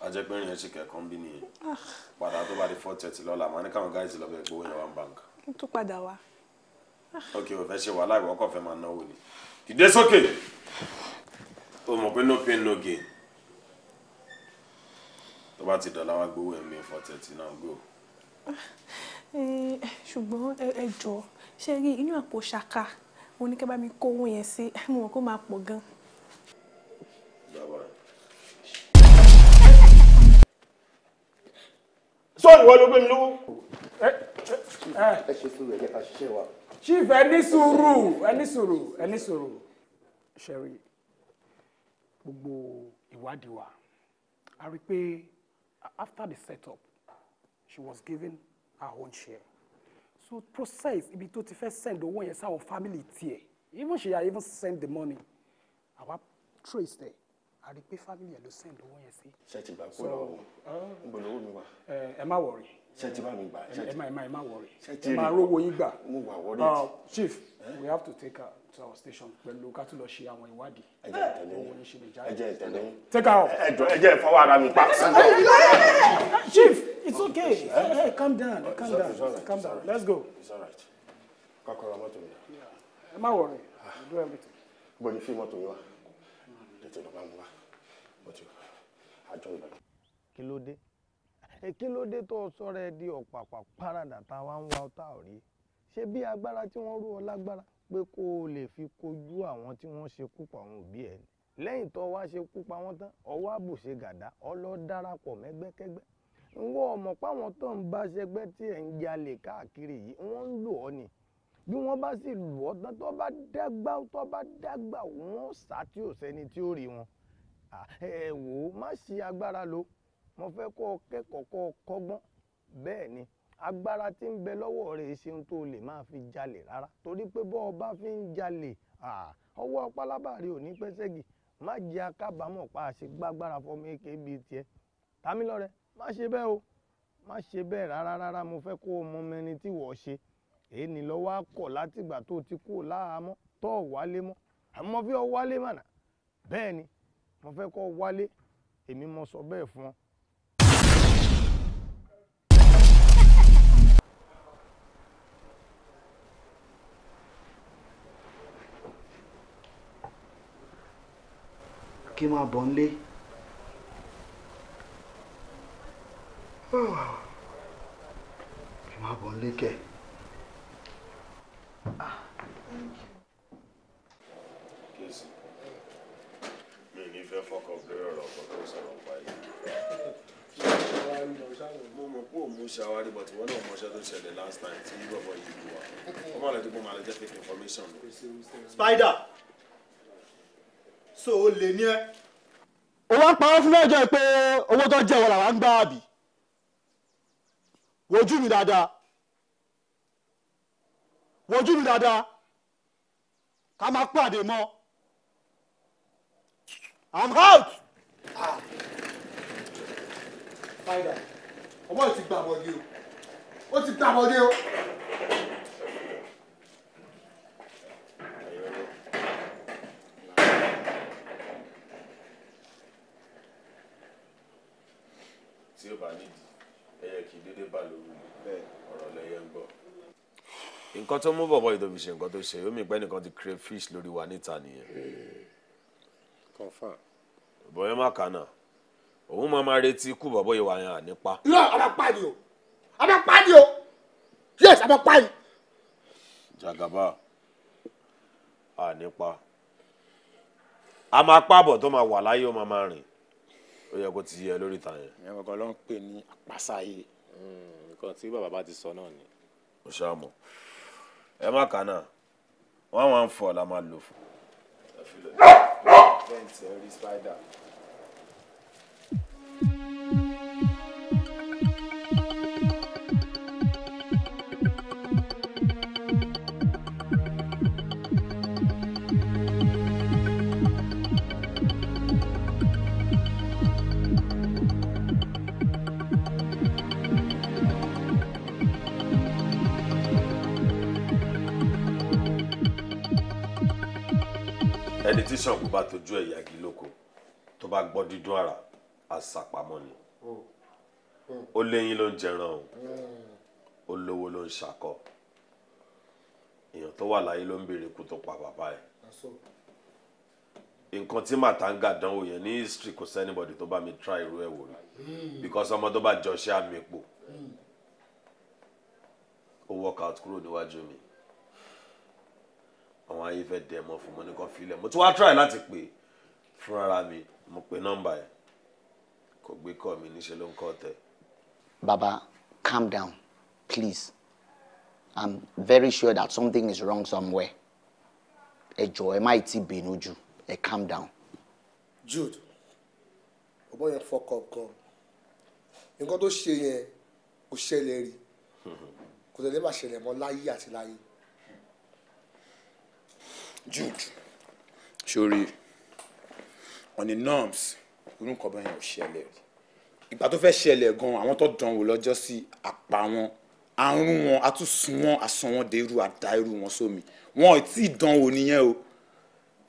ajẹpẹrin yẹn ṣì kẹkọọ ń bí nìyẹn ah. padà tó bá di four thirty lọ́la àmọ́ ní káwọn gáàsì lọ bẹ gbowó yẹn wá ń bàǹkà. n tún padà wá. Okay, o fẹ́ ṣe wàhálà ìwọ kò fẹ́ máa náwó ni dìde sókè o mọ̀ pé no pain no gain tó bá ti dọ̀là wá gbowó ẹ̀mí four thirty náà go. ṣùgbọ́n ẹ jọ ṣe rí inú àpò ṣaka mo bá mi kó owó yẹn sí mo mọ̀ kó máa pọ̀ gan. sọ ìwọ ló gbé mi lówó. ẹ ṣe fún ẹ jẹ́ ká ṣiṣẹ́ wa chief ẹ ní sùúrù ẹ ní sùúrù ẹ sùúrù sẹ́rí gbogbo ìwádìí wa a rí i pé after the setup she was given her own share so process ibi tó ti fẹ́ send owó yẹn sáwọn family tiẹ̀ even she had even send the money àwa trace there a rí i pé family ẹ̀ ló send owó yẹn sí. ṣe ti gbà kó lọ gbọ́dọ̀ owó mi wá. ẹ má wọrí ṣe ti bá mi chief we have to take her to our station pẹ̀lú ká tún lọ ṣe àwọn ìwádìí owó ní ṣe jáde. take her off. ẹ ìfọwọ́ ara mi pa. chief it's okay hey, calm down calm down calm down let's go. kọ́kọ́rọ́ mọ́tò mi. ẹ má wọrí do everything. bó ni fí mi wá tètè lọ́ọ́ mi wá àjọ ìbàdàn. kí ló dé kí ló dé tó sọ rẹ di ọ̀pàpà paradà tá a wá ń wa ọ̀tá òrí ṣé bí agbára tí wọ́n rú ọ lágbára pé kó o lè fi kojú àwọn tí wọ́n ṣekú pa àwọn òbí ẹ̀ lẹ́yìn tó wá ṣekú pa wọ́n tán ọwọ́ àbùṣe gàdá ọlọ́ darapọ̀ mẹ́gbẹ́kẹ́gbẹ́ ìwọ ọmọ páwọn tó ń bá ṣẹgbẹ́ tí ẹ̀ ń jalè káàkiri yìí wọ́n ń lò ọ́ ni bí wọ́n bá sì lù ọ́ tán tó bá dágbà tó bá dágbà wọ́n sá tí ò sẹ́ni tí ó rí wọn ẹ wò ó má ṣe agbára lò ó mo fẹ́ kọ́ ọ kẹ́kọ̀ọ́ kọ́ ọ kọ́gbọ́n bẹ́ẹ̀ ni agbára tí ń bẹ lọ́wọ́ rẹ̀ ṣeun tó lè máa fi jalè rárá torí pé bọ́ ọba fi ń jalè ọwọ́ pálábà rẹ̀ ò ní pẹ́ sẹ́gi má jẹ́ akábàámọ̀ pa àṣẹ gbágbára fọmọ èké bíi tiẹ̀ Tàmílọ́rẹ́ má ṣe bẹ́ẹ̀ o má ṣe bẹ́ẹ̀ rárá rárá mo fẹ́ kó o mọ mẹni tí wọ́ọ́ ṣe èyí ni lọ́wọ́ á kọ̀ látìgbà tó ti kú láhàámọ́ tó ò wálé mọ́ àmọ́ fi ọ wálé mànà bẹ́ẹ̀ ni mo fẹ́ kó o wálé èmi mo sọ bẹ́ẹ̀ fún ọ kí máa bọ̀ nílé. kí máa bọ̀ nílé kẹ̀. ṣàwárí but ìwọ náà mọṣẹ́ tó ṣẹlẹ̀ last time tí bọ̀bọ̀ yìí wà. ó má lọ dípò má lọ jẹ́ fake Spider so ó lè ní ẹ. ó wá ń pa wọ́n fún lọ́jọ́ pé owó tó jẹ́ wọn làwa ń gbá àbí wojú mi dáadáa wojú mi dáadáa ká máa pàdé mọ́ i'm out. Ah. ọmọ yìí ti gbàbọ̀dé o ó ti gbàbọ̀dé o. nǹkan tó mú bọ̀bọ̀ ìdòbí ṣe nǹkan tó ṣe omi ìpẹ́ nìkan ti crayfish lórí wa níta nìyẹn. Hmm. confam. bọ̀yọ́ má kà náà òun máa máa retí ikú bọ̀bọ̀ ìwà yẹn ànípa. yọ ọba pàdé o ọba pàdé o yes ọba pàdé. jagaba ànípa a máa pààbọ̀ tó máa wà láyé ó máa máa rìn ó yẹ kó ti yẹ lórí ìta yẹn. ìyá kankan ló ń pè ní àpásáyé. Hmm, nǹkan tí bàbá bá ti sọ náà ni. mo ṣáà mọ̀ ẹ má kà náà one one four la máa lò fún. tẹlifíṣàn kó bá tójú ẹ̀ yagi lóko tó bá gbọ́ dídún ara àṣàpamọ́ ni ó léyìn ló ń jẹran o ó lówó ló ń ṣakọ èèyàn tó wà láyé ló ń béèrè kú tó pa bàbá ẹ̀ nǹkan tí màtá ń gà dánwò yẹn ní history kò sẹ́nibọ̀dì tó bá mi try irú ẹ̀ wò rí because ọmọ tó bá jọ ṣe àmì ipò ó work out kúrò níwájú mi. Mm àwọn ayé fẹ́ dẹ̀ mọ́ fún mo ní kàn filẹ̀ mo ti wá try láti pè fúnra mi mo pe nọ́mbà ẹ̀ kò gbé kọ́ mi níṣẹ́ ló ń kọ́ tẹ. baba calm down please i'm very sure that something is wrong somewhere ẹ jọ̀ọ́ ẹ má ì tí bínú jù ẹ calm down. jude ọmọ yẹn fọkọ gan nǹkan tó ṣe yẹn kò ṣẹlẹ̀ rí (laughs) kò tẹ̀lé bá ṣẹlẹ̀ mọ́ láyé àti láyé jude sori on the norms irú nǹkan bẹ́ẹ̀ yẹn ò ṣẹlẹ̀ rí ìgbà tó fẹ́ ṣẹlẹ̀ gan àwọn tó dán wò lọ́jọ́ sí apá wọn àrùn wọn àtúnṣun wọn àsanwọ́n dèrú àdá irú wọn sómi wọn ò tí ì dán wò nìyẹn o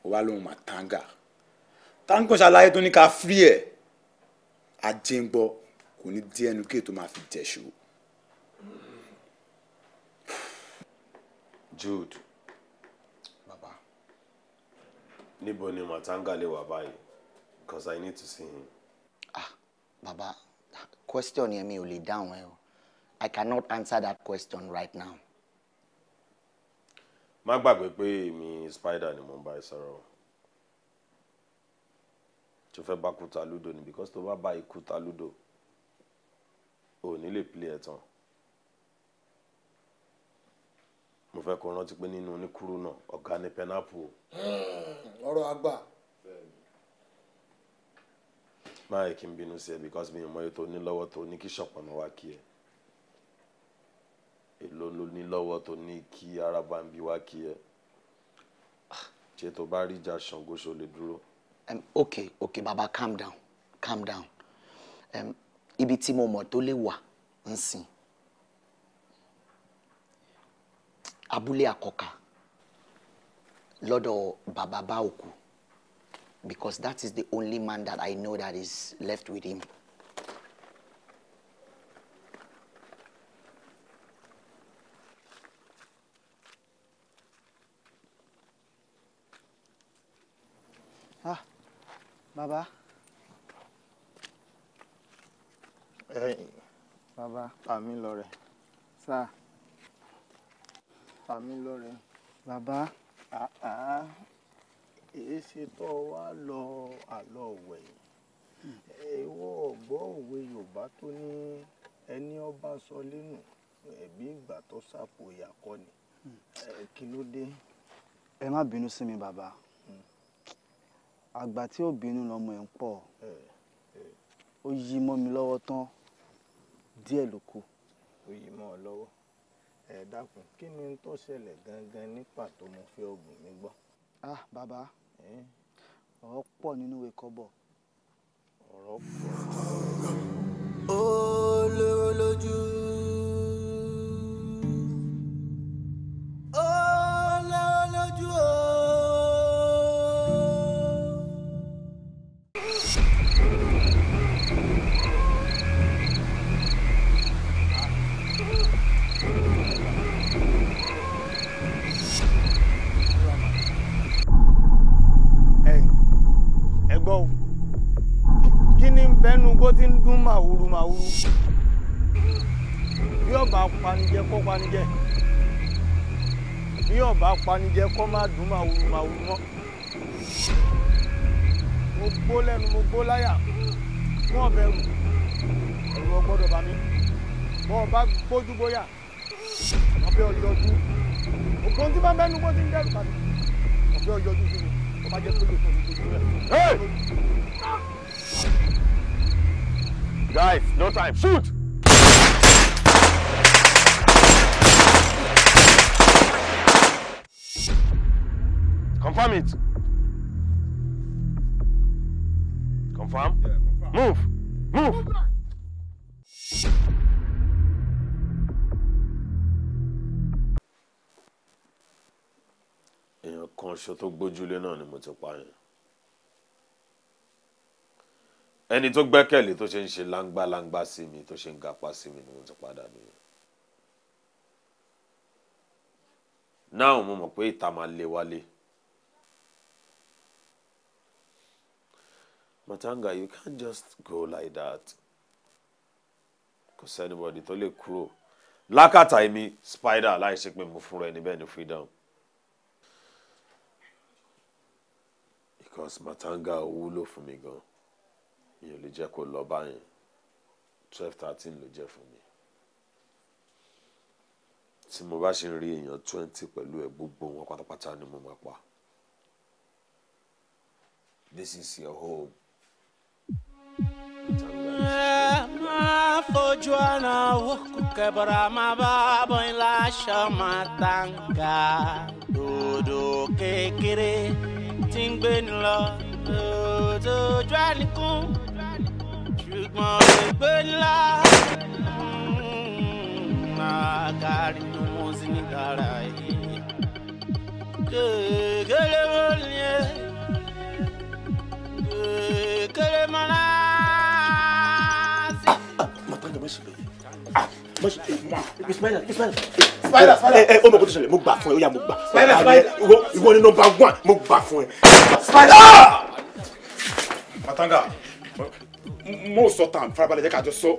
ò wá lóhùn mà tanga tango ṣàlàyé tó ní ká fírí ẹ̀ ajé ń gbọ́ kò ní dí ẹnu kí ètò máa fi jẹ̀ṣu. jude níbo ni matanga lè wà báyìí because i need to see him. ah baba question yẹn mi ò lè dáhùn ẹ o i cannot answer that question right now. má gbàgbé pé èmi spider ni mo ń bá ẹ sọ̀rọ̀ tó fẹ́ bá kúta ludo ni because tó bá bá ikúta ludo ò ní lè play ẹ̀ tán. mo fẹ́ kó rántí pé nínú oníkúrú náà ọ̀gá ni pẹ́nápù o. Hmm, ọ̀rọ̀ àgbà. máa yẹ kí n bínú sí ẹ because mi ò mọ ètò onílọ́wọ́ tó ní kí ṣọ̀pọ̀nà wá kí ẹ èlò ló ní lọ́wọ́ tó ní kí araba ń bí wá kí ẹ ah, ṣé tó bá rí ìjà Ṣàngó lè dúró. ok ok baba calm down calm down um, ibi tí mo mọ̀ tó lè wà ń sìn abúlé àkọ́kà lọ́dọ̀ bàbá bá òkú because that is the only man that I know that is left with him. Ah, Baba. Hey. Baba. Àmì lọ rẹ̀. Sáà pa mí lọ́rẹ. bàbá. èé ah, ah. ṣe tó wá lọ àlọ́ wẹ̀ ìwọ ọ̀gbọ́ òwe Yorùbá tó ní ẹni ọba sọ lẹ́nu ẹ̀bí ìgbà tó sàpò ìyàkọ́ ni eh, kí ló dé. ẹ má bínú sí mi bàbá hmm. àgbà tí ò bínú lọmọ ẹ̀ ń pọ̀ eh, eh. ó yí mọ́ mi lọ́wọ́ tán díẹ̀ ló ó yí mọ́ ọ lọ́wọ́ ẹ dákun kí ni tó ṣẹlẹ̀ gangan ní pàtó mo fi ọ̀gùn mi gbọ́. ah bàbá ọ̀rọ̀ pọ̀ nínú ìwé kọ́bọ̀. ọ̀rọ̀ pọ̀. olóró lójú. panijẹ́ ní ọ̀bá panijẹ́ kọ́ má dùn máa wuru máa wuru mọ́ mo gbó lẹ́nu mo gbó láyà fún ọ̀bẹ rù ẹ̀rù ọgbọ́dọ̀ bá mi bọ́ ọba gbójú bóyá ọbẹ̀ ọ̀yọ́jú ògùn tí bá mẹ́nu bó ti ń dẹ́rù pàdé ọbẹ̀ ọ̀yọ́jú sí mi ọba jẹ́ pé lóṣù lóṣù rẹ̀. Guys, no time. Shoot! Confirm it. Confirm? Yeah, confirm. Move. Move. Move èèyàn kan ṣo tó gbójúlé náà ni mo ti pa yẹn ẹni tó gbẹ́kẹ̀lé tó ṣe ń ṣe láńgbáláńgbá sí mi tó ṣe ń gapá sí mi ni mo ti padà nù náà mo mọ̀ pé ìta máa lé wálé. Matanga you can't just go like that kò sẹ́nibọ̀dì tó lè kúrò lákàtà timey spider like ṣe me move fúnra ẹni bẹ́ẹ̀ freedom because Matanga wúlò look for me go, you lè jẹ́ kó lọ báyìí twelve thirteen ló jẹ́ fún mi tí mo bá ṣe ń rí èèyàn twenty pẹ̀lú ẹ̀ gbogbo wọn pátápátá ni mo máa pa this is your home ma fojú ọ̀nà òkú kẹbọ̀rọ̀ àmà bàbọ̀ ńlá ṣọ́mà tàǹkà dòdò kékeré tí ń gbé ni lọ dòdò ojú àníkún ṣùgbọ́n mọ̀ṣẹ̀ spider, spider spider ẹ ẹ ọmọ ìbùdó ṣẹlẹ̀ mo gbà fún ẹ ó yá mo gbà spider spider ìwọ ìwọ ni nọ́mbà one mo gbà fún ẹ spider. Ah! matanga mo sọ tan farabalẹ̀ jẹ́ ká jọ sọ.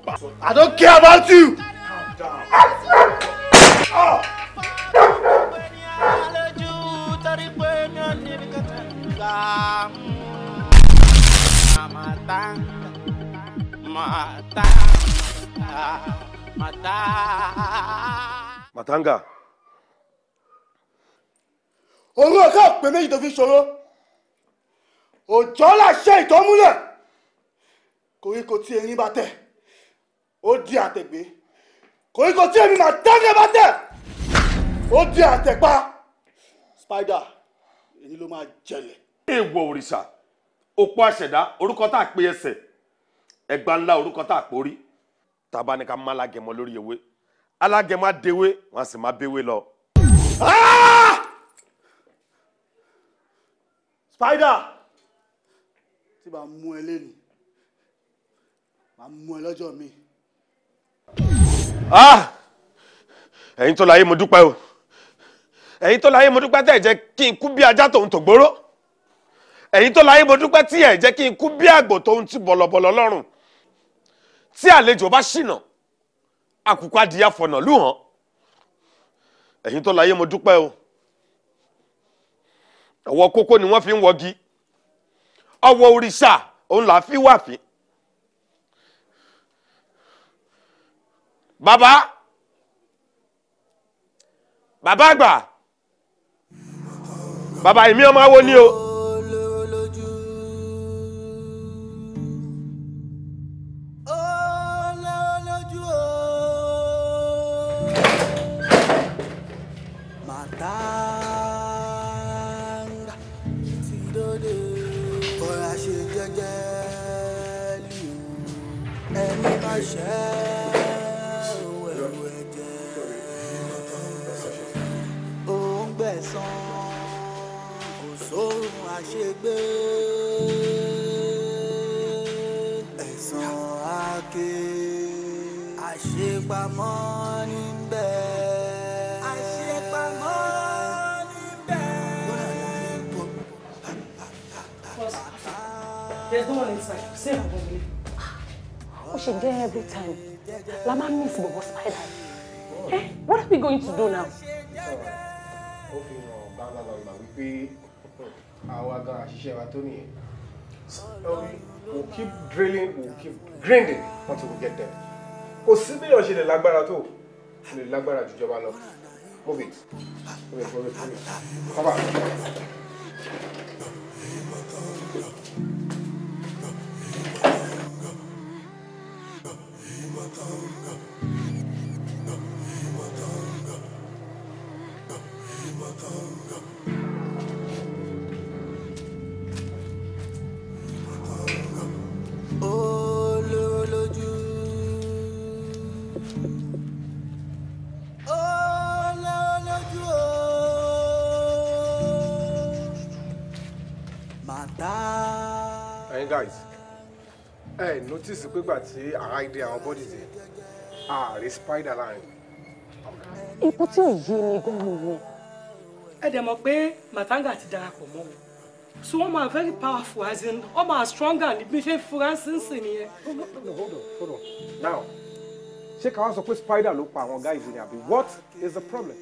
I don't care about you. calm down. Oh. Matanga, matanga. Matanga. Òru ọ̀ká òpè méjì tó fi ṣòro. Òjọ́ làṣẹ ìtọ́múlẹ̀. Koríko tí erin bá tẹ̀, ó di àtẹ̀gbé. Koríko tí èmi Màtáńgà bá tẹ̀, ó di àtẹ̀pa. Spider, èyí ló máa jẹlẹ̀. Èèwọ̀ òrìṣà, òpó àṣẹ̀dá, orúkọ tá a pè ẹsẹ̀, ẹ̀gbà ńlá orúkọ tá a pè tàbá ni ká má alágẹmọ lórí ewé alágẹmọ adéwé wọn sì má béwé lọ. Ah! spider. tí bá mú ẹ lẹ́nu màá mú ẹ lọ́jọ́ mi. Ah! ẹ̀yin tó láyé mo dúpẹ́ o ẹ̀yin tó láyé mo dúpẹ́ tẹ̀ jẹ́ kí n kú bí ajá tòun tògbóró ẹ̀yin tó láyé mo dúpẹ́ tí ẹ̀ jẹ́ kí n kú bí àgbò tòun ti bọ̀lọ̀bọ̀lọ̀ lọ́rùn tí àlejò bá ṣìnà àkùkọ adìyẹ àfọ̀nà lù hàn ẹ̀yin tó láyé mo dúpẹ́ o ọwọ́ kókó ni wọ́n fi ń wọgi ọwọ́ òrìṣà òun là á fi wà fi. bàbá bàbá àgbà bàbá èmi ọmọ awo ni o. green day until we get there kò sí bí èèyàn ṣe lè lágbára tó lè lágbára ju lọ move it move it move it move it come on. Oh. notice pé gbà tí àwa ìdí àwọn bọ́dì dé ààrẹ spider line. ipò tí ò yé ni gan-an nìyẹn. ẹ dẹ̀ mọ̀ pé matanga ti darapọ̀ mọ́ wọn so wọn máa very powerful as in wọn máa stronger níbi ṣe fúránsì ń sìn nìyẹn. hold on hold on now ṣé káwọn sọ pé spider ló pa àwọn guys ní àbí what is the problem.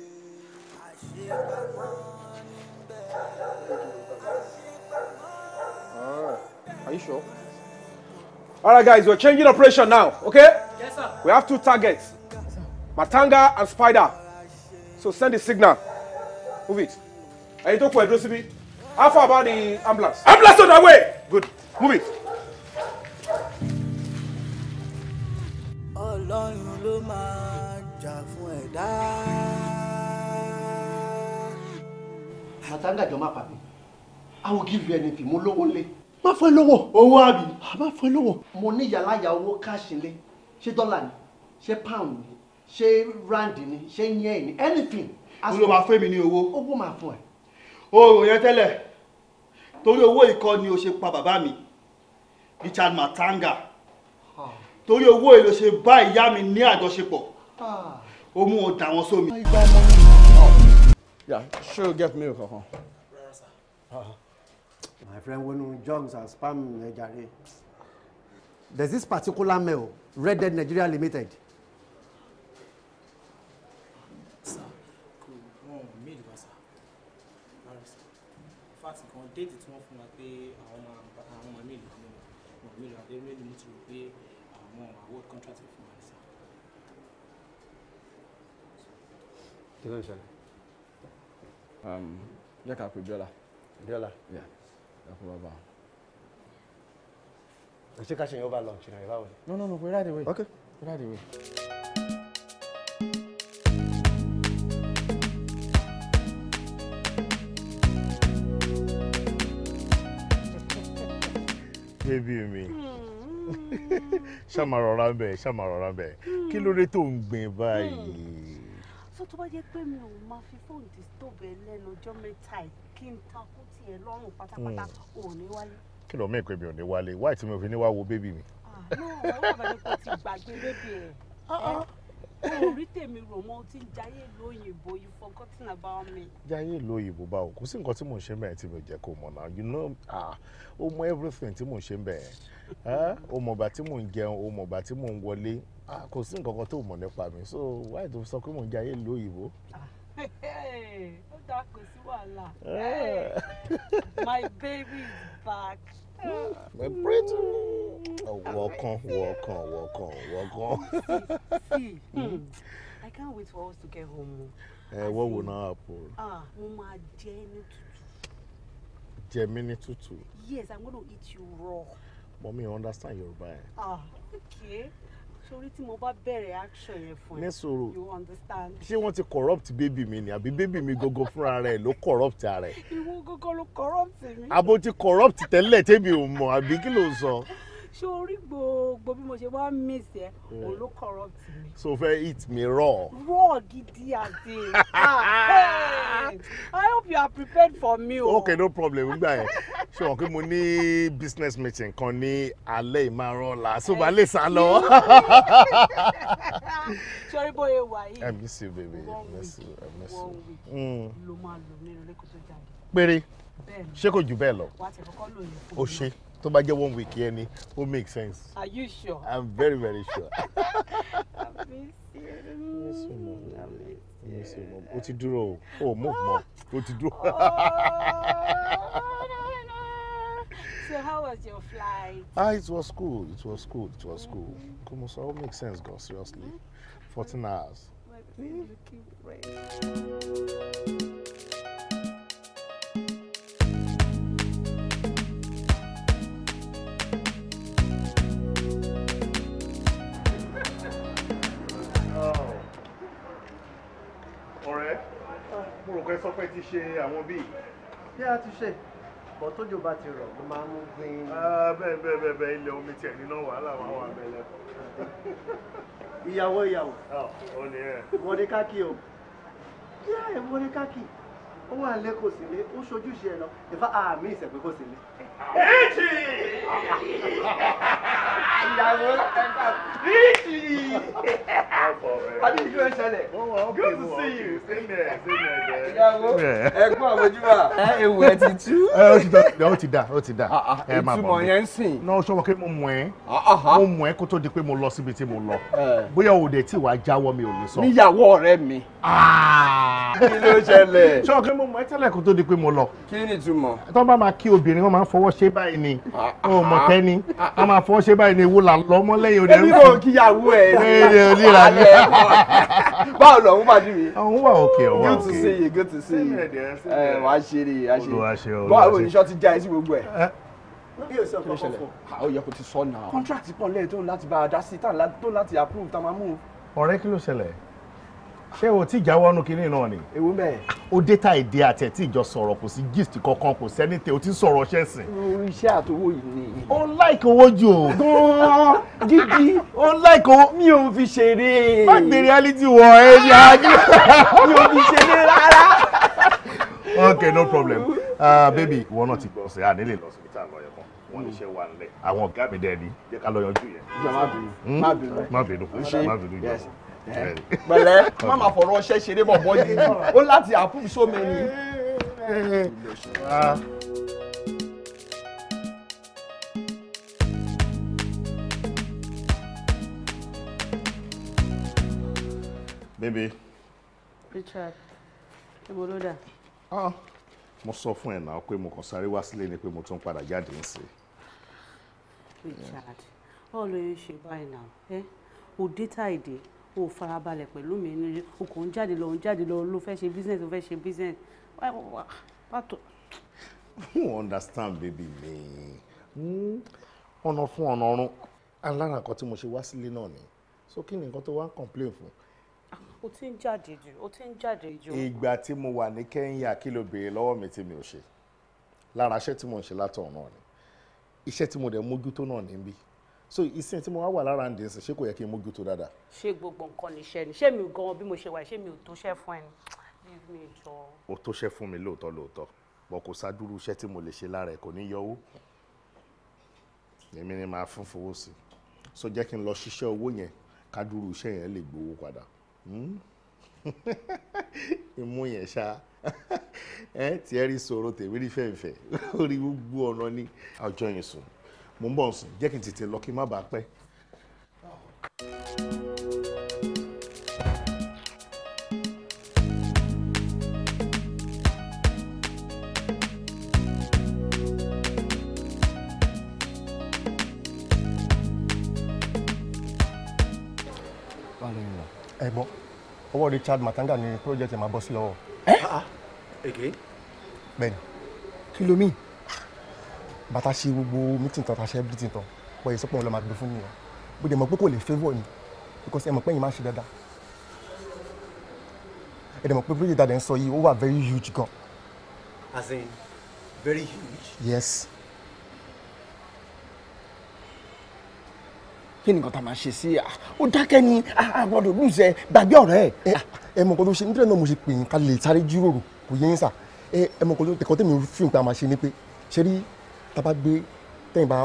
Ah, are you sure? All right, guys, we're changing operation now, okay? Yes, sir. We have two targets, Matanga and Spider. So send the signal. Move it. Are you talking to me? How far about the ambulance? Ambulance on the way! Good. Move it. Matanga jọ máa I will give you anything. Mo only má fún ẹ lọ́wọ́. owó àbí. má fún ẹ lọ́wọ́. mo ní yàláyà owó káàṣì lé ṣé dọ́là ni ṣé pound ni ṣé rand ni ṣé yẹn ni anything. n ló máa fún mi ní owó. owó máa fún ẹ. oòrùn yẹn tẹ́lẹ̀ torí owó ìkọ́ ni o ṣe pa bàbá mi Richard Matanga torí owó èlò ṣe bá ìyá mi ní àjọṣepọ̀ ó mú un dà wọ́n sómi. Yeah, sure get me kankan my friend wọnú junks and spam Nigeria, jàre this particular mail Red Dead Nigeria Limited. déètì tí wọ́n fún wa pé àwọn máa àwọn máa mélòó kan wọn mélòó adéwélé mo ti rò pé àwọn award contract fún wa nìsa. kí ló ń ṣẹlẹ̀. Um, jẹ́ ká pè Bíọ́lá. Bíọ́lá. Yeah no problem. You still catching over lunch, you know, that No, no, no, we're right away. Okay. We're right away. Baby mi. (laughs) Ṣá máa rọra ń bẹ̀, ṣá máa rọra bẹ̀. Kí ló dé tó ń gbìn báyìí? tó tó bá jẹ́ pé mi ò máa fi fóònù disturb ẹ lẹ́nu ọjọ́ mẹ́ta ẹ̀ kí n takú tì ẹ lọ́rùn pátápátá hmm. ò ní wálé. kí ló mẹ́ẹ̀kọ́ mi ò ní wálé wáì tí mo fi ní wá wo bébì mi. àná ọ̀rọ̀ bàbá mi kò ti gbàgbé bébì ẹ̀. Ah, ah. Eh, orí tèmi rò mọ ti ń jayé lóyìnbó you forgotten about me. jayé lóyìnbó báwo kò sí nǹkan tí mò ń ṣe bẹ́ẹ̀ tí mi jẹ́ kó mọ̀ náà you know ah ó mọ everything tí mò ń ṣe bẹ́ẹ̀ ó mọ̀ bá tí mò ń jẹun ó mọ̀ bá tí mò ń wọlé ah, kò sí nǹkan kan tó mọ̀ nípa mi so why do you sọ pé mò ń jayé lóyìnbó. Ah, ó dáa kò sí wàhálà eh. my baby is back. My brother, oh, welcome, welcome, welcome, wọ̀ọ̀kan wọ̀ọ̀kan. I can't wait for us to get home. Oh. Eh, what will now happen? Ah, mo máa jẹ ní tútù. Yes, I'm going to eat you raw. Mommy, I understand bite. Ah, okay torí tí mo bá bẹ̀rẹ̀ action yẹn fún ẹ. ní sòrò you understand. ṣé wọ́n ti corrupt baby mi ni àbí baby mi gógó fúnra rẹ̀ ló corrupt ara ẹ̀. ìwọ gógó ló corrupt mi. abo ti corrupt tẹ́lẹ̀ tẹ́mi ò mọ̀ àbí kí ló sọ ṣé orí gbogbo bí mo ṣe wá miss ẹ hmm. òun ló corrupt mi. so fẹ́ eat me raw. raw gidi àti ah i hope you are prepared for me o. Oh. okay no problem nígbà yẹn ṣé wọn kí mo ní business meeting kan ní alẹ́ ìmárọ̀lá so bá lè sá lọ. sori (laughs) bóyá wà yìí. i miss you baby i miss you i miss you. Hmm. ló máa lò nínú lẹ́kọ̀ọ́ tó jáde. péré ṣé kò jù bẹ́ẹ̀ lọ. wà á ti kọ́kọ́ lò yẹn. o ṣe tó bá jẹ́ one week yẹn ni ó make sense. are you sure. i'm very very sure. o (laughs) ti dúró o o move mọ o ti dúró. (laughs) Oh, so how was your flight. ah it was cool it was cool it was cool on, so all makes sense girl. seriously fourteen hours. Mm. mo rò ti ṣe àwọn bíi. bí a ti ṣe bọ́ tójò bá ti rọ̀ ló máa ń mú gbin. Ah, bẹ́ẹ̀ bẹ́ẹ̀ bẹ́ẹ̀ bẹ́ẹ̀ ilẹ̀ omi tiẹ̀ nínú wàhálà wà wà bẹ̀lẹ̀. ìyàwó ìyàwó. ọ ah, ní ẹ. mọdékákì o kí á ẹ mọdékákì ó wà lẹ́kọ̀ọ́ sílé ó ṣojúṣe ẹ lọ ìfá àmì ìsẹ̀pẹ́ kò sílé èjì ìyàwó ẹ̀ka èjì àbí ìjọ ìṣẹ̀lẹ̀ good to see you ìyàwó ẹ̀gbọ́n àbójúbà ẹ ewu ẹ ti tú. ẹ ó ti da ó ti da ah, ah, ẹ máa bọ̀ ìtumọ̀ yẹn ń sìn. náà sọ wọn pé mo mọ̀ ẹ́ ah, mo mọ̀ ẹ́ kó tó di pé mo lọ síbi tí mo lọ bóyá òde tí wàá jáwọ́ mi ò lè sọ. níyàwó ọ̀rẹ́ mi. kí ló ṣẹlẹ̀. sọ wọn pé mo mọ̀ ẹ́ tẹ́lẹ̀ kó tó di pé mo lọ. kí ni ìtumọ̀. tó bá máa kí obìnrin wọn máa ń fọwọ́ ṣe báyìí ni o ah, ah, mọ̀ ah, tẹ́ni a máa fọ́ ṣe báyìí ni wo là lọ mọ́ lẹ́yìn òde. èmi kò kíyàwó ẹ̀ ní ìlera ni. báwo lọ òun pàdé mi. òun wà òkè òun wà òkè. good to see you good to see you. ẹ wàá ṣe rí i wàá ṣe rí i. báwo ni iṣọ́ ti já ẹ sí gbogbo ẹ̀ ó yẹ kó ti sọ náà. contract pọ̀ lẹ́yìn tó ń láti bá a dá sí tó ń láti approve tá a máa mú ṣé o ti jáwọ́ nu kinní náà ni. ewu bẹ́ẹ̀. o déta èdè àtẹ̀ tí ìjọ sọ̀rọ̀ kò sí gist kankan kò sẹ́ni tẹ o ti sọ̀rọ̀ ṣẹ̀sìn. iṣẹ́ àtọwọ́ yìí ni. o like owó jù o. gan-an gidi. o like owó. mi ò fi ṣeré. má gbé reality wọ ẹ ní àjẹ. mi ò fi ṣeré rárá. okay no problem uh, baby ìwọ náà ti gbọ́ ọ̀sẹ̀ ànílè lọ sí ìta àlọ́ yẹn kan wọ́n ní iṣẹ́ wa nílẹ̀ àwọn ọ̀gá mi dẹ̀ ni jẹ́ ká lọ yanjú yẹn. Hmm? má bínú má bínú má bínú yẹn pẹ̀lẹ́ má máa fọ̀rọ̀ ọṣẹ ṣeré bọ̀ bọ́ yìí ó láti approve so many. bébé. Richard ebo ló dà. Ah, mo sọ fún ẹ náà pé mo kàn sáré wá sílé ni pé mo tún padà jáde ń sè. Richard báwo ló ń ṣe báyìí náà òde tá ìdè o farabalẹ̀ pẹ̀lú mi ní o kò ń jáde lọ ń jáde lọ ló fẹ́ ṣe business ló fẹ́ ṣe business pàtó. you understand baby mi hmm, ọ̀nà fún ọ̀nà ọ̀run alára nǹkan tí mo ṣe wá sílé náà ni so kí ni nǹkan tó wá ń complain fún. o ti ń jáde jù o ti ń jáde jù. ìgbà tí mo wà ní Kẹ́ńyà kí ló béèrè lọ́wọ́ mi tí mi ò ṣe lára iṣẹ́ tí mo ń ṣe látọ̀ náà ni iṣẹ́ tí mo dẹ̀ mójútó náà níbí so ìsìn tí mo wá wà lára ǹdẹ̀ ṣe ṣé kò yẹ kí n mójútó dáadáa. ṣé gbogbo nǹkan ní iṣẹ́ ni ṣé mi gan bí mo ṣe wà ṣé mi ò tó ṣẹ́ fún ẹ ni bí mi jọ. o tó ṣẹ́ fún mi lóòótọ́ lóòótọ́ bọ́ kò sádúró iṣẹ́ tí mo lè ṣe lára ẹ̀ kò ní yọwó èmi ni màá fún fowó sí so jẹ́ kí n lọ ṣiṣẹ́ owó yẹn kádúró iṣẹ́ yẹn lè gbowó padà hmm? (laughs) ìmú yẹn ṣá (laughs) ẹ tiẹ́ rí sọ̀rọ̀ tèmi rí fẹ́ǹfẹ́ lórí (laughs) gbogbo ọ̀nà ní ọjọ́ yẹn sùn mo ń bọ̀ ń sùn jẹ́ kí n tètè lọ kí n má bàa pẹ́. ẹ gbọ́ ọwọ́ Richard Matanga ni project ẹ̀ máa bọ́ sí lọ́wọ́. ẹ ẹ gé. bẹ́ẹ̀ni kí ló mìíràn bàtà ṣe gbogbo meeting tán tàṣẹ everything tán wọ́n yìí sọ máa gbé fún nìyẹn bó dẹ̀ mọ̀ pé kò lè favour ni because ẹ mọ̀ pé yìí máa ṣe dáadáa ẹ dẹ̀ mọ̀ pé bíríjì dáadáa ń sọ yìí ó wà very huge gan. as in very huge. yes. kí ni nǹkan tá a máa ṣe sí à ó dákẹ́ ni àgbọ̀dọ̀ lùsẹ̀ gbàgbé ọ̀rẹ́ ẹ̀. ẹ mọ̀ nǹkan ṣe nítorí náà mo ṣe pè yín ká lè sáré jíròrò kò yé yín sà ẹ mọ̀ nǹkan tó tẹ̀kọ́ tẹ̀mí fún máa ṣe ni pé ṣe rí tábà gbé tẹ́yìn bá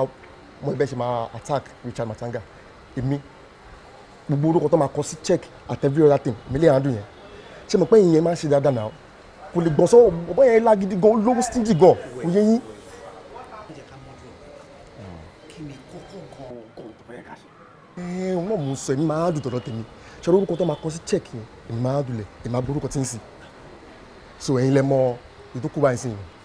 mọ ẹgbẹ́ ṣe máa attack Richard Matanga èmi gbogbo orúkọ tó máa kọ sí check at every other thing mi lè handle yẹn ṣe mọ̀ pé ìyẹn máa ń ṣe dáadáa náà kò lè gbọ̀n sọ́wọ́ bọ́ yẹn lágídí gan lówó stingy gan kò yẹ yín. ẹ ẹ wọn mú sọ èmi máa dùn tọ̀dọ̀ tèmi ṣe orúkọ tó máa kọ sí check yẹn èmi máa dùn lẹ̀ èmi máa borúkọ tí ń sìn so ẹ̀yin lẹ mọ ìdókòwò àìsàn yìí.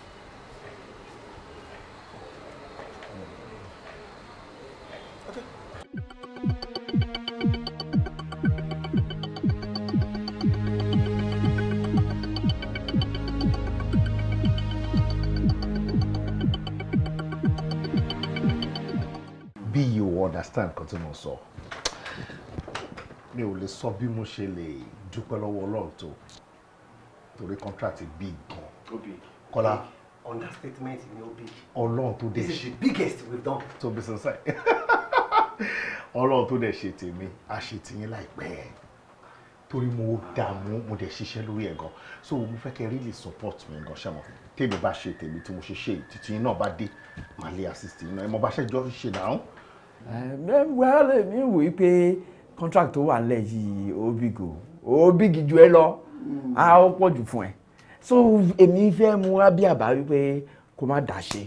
understand nǹkan tí mo sọ mi ò lè sọ bí mo ṣe lè dúpẹ́ lọ́wọ́ ọlọ́run tó torí contract big gan. kọ́lá understatement ni ó big. ọlọ́run tó dẹ̀ ṣe this is the biggest we've done. to be sincere ọlọ́run tó dẹ̀ ṣe tèmi a ṣe tìyín láìpẹ́ torí mo dààmú mo dẹ̀ ṣiṣẹ́ lórí ẹ̀ gan so mo fẹ́ kẹ́ really support mi gan ṣàmọ́ tèmi bá ṣe tèmi tí mo ṣe ṣe títí náà bá dé màá lè assist yín náà ẹ mọ bá ṣe jọ ṣe dáhùn well èmi wò ó pé contract tó wà nílẹ̀ yìí ó big o ó big ju ẹ lọ á hmm. ó pọ̀ jù fún ẹ so èmi fẹ́ mú wá bí àbá wípé kó má dà ṣe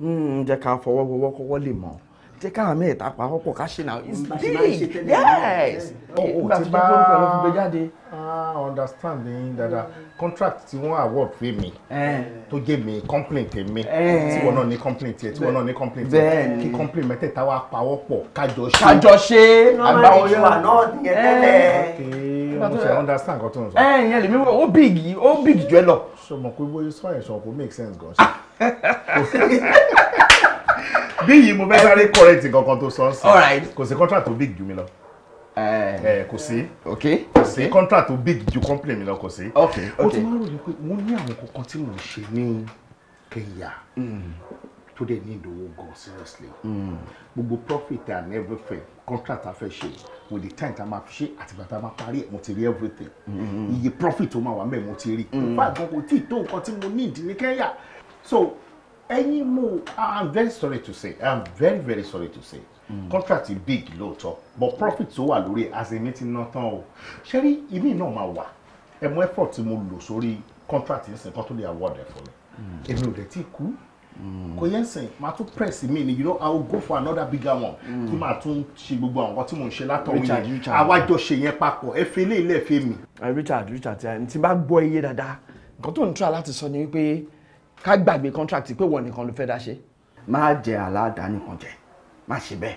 hmm, jẹ́ ká fọwọ́ fọwọ́ kọ́kọ́ lè mọ̀ jẹ́ káwọn mẹ́ta pa ọ̀pọ̀ ká ṣe náà it's big yes. ìgbà oh, oh, tí wọ́n gbọ́dọ̀ lọ fi gbé jáde. ah understand yín dada contract tí wọ́n award fún mi eh. tó gé mi complaint tèmi eh. tí wọ́n náà ní complaint tiẹ̀ tí wọ́n náà ní complaint tiẹ̀ kí complaint mẹ́tẹ̀ẹ̀ta wá pawọ́ pọ̀ kájọ ṣe. kájọ ṣe àgbáwọ̀ yóò wà náà nìyẹn tẹ́lẹ̀. ok mo ṣe understand kan tó ń sọ. ẹ eh, ẹ ìyẹn lèmi wọ ó big ó big jù ẹ lọ ṣe mọ̀ pé bóyá sọ ẹ̀ṣọ́ kò make sense gan ṣe. Ah! (laughs) bí yìí mo fẹ́ sáré correct kankan tó sọ sí kò sí contract tó big jù mí lọ kò sí kò sí contract tó big ju eh. eh, complain mi lọ kò sí. ó ti máa ń ròyìn pé mo ní àwọn kankan tí mo ń ṣe ní Kenya hmm tó dẹ̀ ní ìdòwò gan seriously gbogbo profit and everything contract afẹ́ ṣe with the time ta ma fi ṣe àtìgbà ta ma parí ẹ̀ mo ti rí everything iye profit tó máa wà mẹ́ẹ̀ mo ti rí nípa ìgbọ́n kò tí ì tó nǹkan tí mo ní ìdí ní kẹ́yà so ẹyin mo i'm very sorry to say i'm very very sorry to say mm. contract big lóòótọ́ but profit tó wà lórí as a meeting náà tán o ṣé rí ìmí náà máa wà ẹ̀ mọ effort tí mo lò sórí contract yìí sìn kan tó lè award ẹ̀ fún mi èmi ò dẹ̀ tí kú kò yẹn sìn tún press mi ni you know i will go for another bigger one mm. tí máa tún ṣe gbogbo àwọn nǹkan tí mò ń ṣe látọ̀hún yẹn àwájọ ṣe yẹn papọ̀ ẹ fi ilé ilé ẹ fi mi. richard richard tí bá gbọ́ iye dáadáa nǹkan tó ń tura láti sọ ni wípé ká gbàgbé contract pé wọ́n nìkan ló fẹ́ dá ṣe. má jẹ aládàá nìkan jẹ má ṣe bẹ́ẹ̀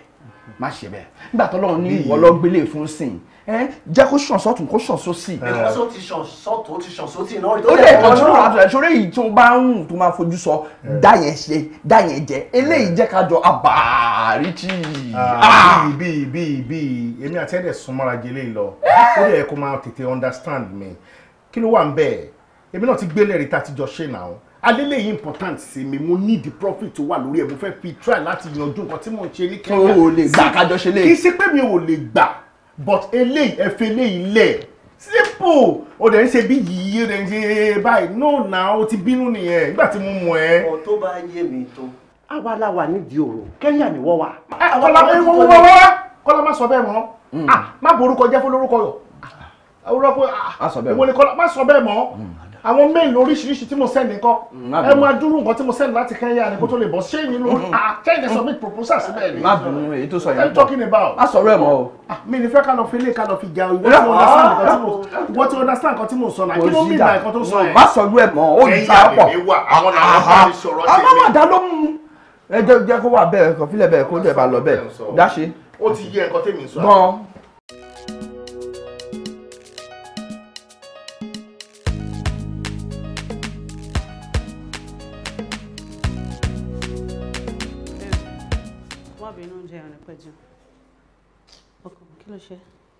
má ṣe bẹ́ẹ̀ nígbà tó lọ́run ní ìwọ lọ gbélé e fún sìn jẹ́ kó ṣàn sọ́tún kó ṣàn sósì. ẹ̀ka sọ ti ṣàn sọ́tún ti ṣàn sósì náà. ó lè kọjú náà àtúnṣe ṣoré yìí bá ń tó máa fojú sọ dá yẹn ṣe dá yẹn jẹ eléyìí jẹ́ ká jọ àbárí tí. bíi bíi bíi èmi àti ẹ̀dẹ̀ súnmọ́ra jẹ eléyìí lọ ó yẹ kó máa tètè understand mi kí ló wà ń bẹ̀ èmi náà ti gbélé rí tá a ti jọ ṣe náà alele yìí important sí mi mo need the profit tó wà lórí ẹ̀ mo fẹ́ fi try láti yanjú nǹkan tí mo ń ṣe ní kẹ́kẹ́. o lè gbà kájọ ṣe lè. kì í ṣe pé mi ò lè gbà but eléyìí ẹ fẹ́ eléyìí lẹ̀ simple o dẹ̀ ń ṣe bí yìí o dẹ̀ ń ṣe báyìí no na o ti bínú nìyẹn nígbà tí mo mọ̀ ẹ́. ọ̀ tó bá yé mi tó. àwa la wà nídìí òrò kẹ́yà ni wọ́n wà. Eh, kọ́lá ẹ wọ́n wọ́n wọ́n kọ́lá má sọ bẹ́ẹ̀ mọ́ hmm. ah, má borúkọ jẹ́ fún lórúkọ yọ. a ah. ah, sọ bẹ́ẹ̀ mọ́ ìwọ ni kọ́lá má sọ bẹ́ẹ̀ mọ́. Hmm àwọn mail oríṣiríṣi tí mo send nǹkan mm, ẹ máa dúró nǹkan tí mo send láti Kenya ni kó tó lè bọ̀ ṣé ìyín ló à kẹ́hìndé ah, submit proposal síbẹ̀ ni. má bínú èyí tó sọ yẹn pọ̀ talking about. a sọ̀rọ̀ ẹ̀ mọ́ o. Ah, mi ni fẹ́ ká lọ fi ilé ká lọ fi ja ìwọ tí wọ́n ah. ti understand nǹkan tí mo sọ náà kí ló mí ìgbà nǹkan tó sọ yẹn. má sọ̀rọ̀ ẹ̀ mọ́ o yìí ta pọ̀. àwọn àdá ló mú ẹ wà bẹ́ẹ̀ kó filẹ̀ bá lọ bẹ́ẹ̀ fẹ́ jẹun ọkọ kí ló ṣe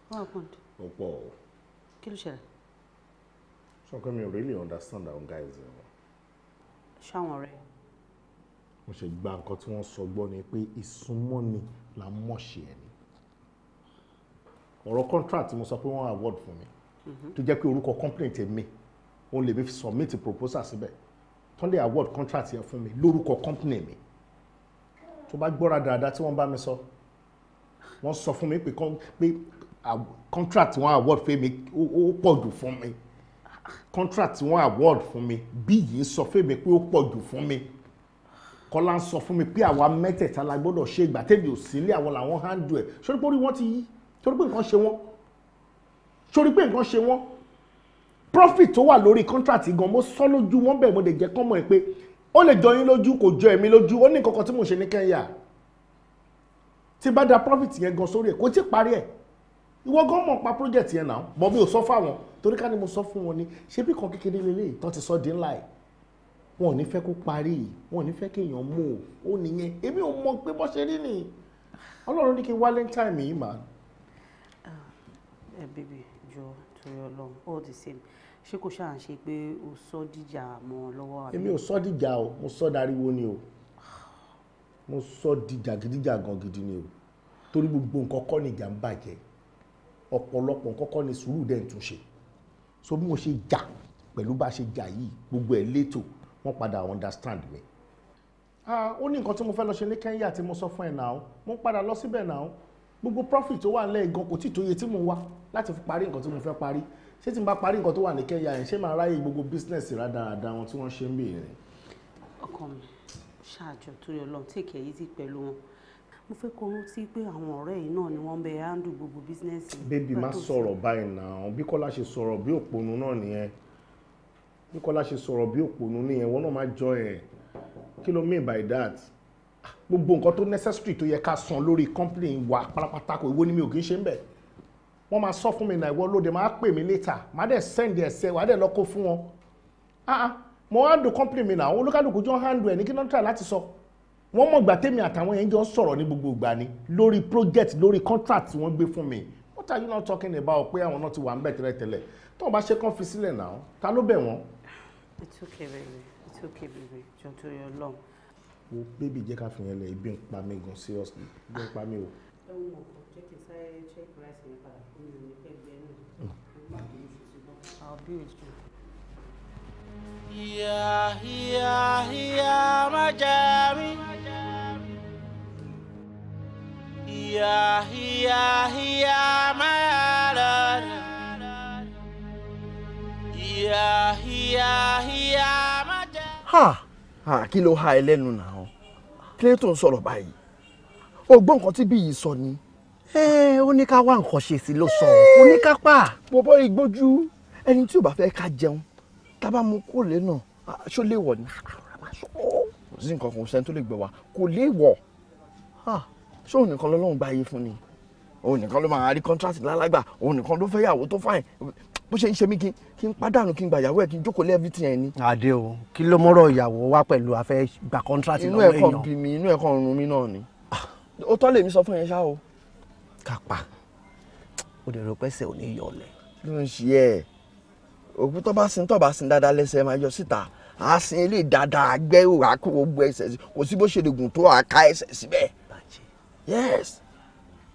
wọn àpọ̀n. ó pọ̀ o. kí ló ṣẹlẹ̀. sọ̀kẹ́ mi ò really understand àwọn guys ẹ̀ wọ́n. ṣáwọn ọ̀rẹ́. mo ṣe gba nǹkan tí wọ́n sọ gbọ́ ni pé ìsúnmọ́ni la mọ̀ṣẹ́ ẹ̀ ni ọ̀rọ̀ contract mo sọ pé wọ́n award fún mi mm-hmm. tó jẹ́ pé orúkọ company tèmi òun lè mi fi submit proposal síbẹ̀ tó ń award contract yẹn fún mi lórúkọ company mi tó bá gbọ́ra dáadáa tí wọ́n bá mi sọ. So wọ́n sọ fún mi pé pé contract wọn award fún mi ó pọ̀ jù fún mi contract wọn award fún mi bí yìí sọ fún mi pé ó pọ̀ jù fún mi kọ́lá ń sọ fún mi pé àwa mẹ́tẹ̀ẹ̀ta la gbọ́dọ̀ ṣe ìgbà tẹ́bi ò sílé àwọn làwọn handle ẹ̀ sórí pé orí wọn ti yí sórí pé nǹkan ṣe wọ́n sórí pé nǹkan ṣe wọ́n profit tó wà lórí contract gan mo sọ lójú wọn bẹ́ẹ̀ mo lè jẹ́ kọ́mọ̀ ẹ̀ pé ó lè jọ yín lójú kò jọ èmi lójú ó ní nǹkan kan tí mo ṣe ní Kẹ́ńyà tí bá da profit yẹn gan sórí ẹ̀ kò tí ì parí ẹ̀ ìwọ gan mọ̀ pa project yẹn náà mọ̀ mi ò sọ fáwọn torí ká ní mo sọ fún wọn ni ṣé bí kan kékeré lélẹ́yìí tán ti sọ dín láì wọn ò ní fẹ́ kó parí wọn ò ní fẹ́ kéèyàn o ó nìyẹn èmi ò mọ pé bó ṣe rí nìyí ọlọ́run ní kí valentine yìí mà. ẹ bèbè jọ torí ọlọ́run all the same ṣé kò ṣáà ń ṣe pé o sọ dìjà mọ́ lọ́wọ́ àbí. èmi ò sọ dìjà o mo sọ dariwo ni o mo sọ di jàgídíjàgan gidi ni o torí gbogbo nǹkan kọ́ ni ìjà ń bàjẹ́ ọ̀pọ̀lọpọ̀ nǹkan kọ́ ni sùúrù dẹ̀ ń túnṣe so bí mo ṣe jà pẹ̀lú bá ṣe jà yìí gbogbo ẹ̀ létò wọ́n padà understand mi. ó ní nǹkan tí mo fẹ́ lọ ṣe ní Kenya tí mo sọ fún ẹ náà mo ń padà lọ síbẹ̀ náà gbogbo profit tó wà nílẹ̀ gan kò tí tó iye tí mo wá láti fi parí nǹkan tí mo fẹ́ parí ṣé tí n bá parí nǹkan tó wà ní Kenya yẹn ṣé màá ráyè gbogbo business rádaràda wọn tí wọ́n ṣe ń bèèrè. ọkọ mi ṣáàjọ torí Ọlọ́run take it easy pẹ̀lú wọn mo fẹ́ kó rántí pé àwọn ọ̀rẹ́ yìí náà ni wọ́n bẹ handle gbogbo bísínẹ́sì. bébì má sọ̀rọ̀ báyìí náà bí Kọ́lá ṣe sọ̀rọ̀ bí òpònú náà nìyẹn bí Kọ́lá ṣe sọ̀rọ̀ bí òpònú nìyẹn wọ́n náà má jọ ẹ̀ kí ló mean by that gbogbo nǹkan tó necessary tó yẹ ká san lórí company wa pátápátá kò ìwọ ni mi ò kì í ṣe ń bẹ̀ wọ́n máa sọ fún mi náà ìwọ lóde máa pè mí later máa dẹ̀ send ẹ̀ sẹ́ wàá dẹ̀ lọ kó fún wọn ah, ah mo wá dùn company mi náà olúkálùkù jọ handle ẹ̀ ní kí ló ń tà láti sọ wọ́n mọ̀ gbà tèmi àtàwọn yẹn jọ sọ̀rọ̀ ní gbogbo ìgbà ni lórí project lórí contract tí wọ́n gbé fún mi what are you not talking about pé àwọn náà ti wà ń bẹ̀ tẹ́lẹ̀tẹ́lẹ̀ tó o bá ṣe kán fi sílẹ̀ náà ta ló bẹ̀ wọ́n. it's okay baby it's okay baby jọ tó yọ lọ. wo bébì jẹ́ ká fi yẹn lẹ̀ ibi ń pa mí gan seriously ibi ń pa mí o. ẹ̀wọ̀n ọkọ̀ Ha! Ha! Kí ló ha ẹ lẹ́nu náà? Kí ló tó ń sọ̀rọ̀ báyìí? O gbọ́ nǹkan tí bí yìí sọ ni ẹ ó ní ká wá nǹkan ṣe sí ló sọ ó ní igbójú ẹni tí ò bá fẹ́ ká jẹun tábà mú kó lé náà ṣó lè wọ̀ ní kò sí nǹkan kan sẹ́ni tó lè gbẹ̀ wá kò lè wọ̀ ṣó òun nìkan lọ́lọ́run gba ayé fún ni òun nìkan ló máa rí contract lálágbà òun nìkan ló fẹ́ yàwó tó fàìn bó ṣe ń ṣe mí kí n pàdánù kí n gba ìyàwó ẹ kí n jókòó lẹ́ẹ̀bìtì yẹn ni. àdé o kí ló mọ́rọ̀ ìyàwó wa pẹ̀lú afẹ́ gba contract lọ́wọ́ èèyàn. inú ẹ̀kọ́ bí mi inú ẹ̀kọ́ run mi náà ni. ó tọ́ lèmi sọ fún yẹn ṣá o. kápá o lè rò pẹ́sẹ̀ ò ní ló ń ṣe ẹ́ òkú tó bá sin tó bá sin dáadáa lẹ́sẹ̀ máa yọ síta á sin ilé dáadáa gbẹ́ òrà kó gbogbo ẹsẹ̀ sí kò sí bó ṣe lè gùn tó àká ẹsẹ̀ síbẹ̀. yes.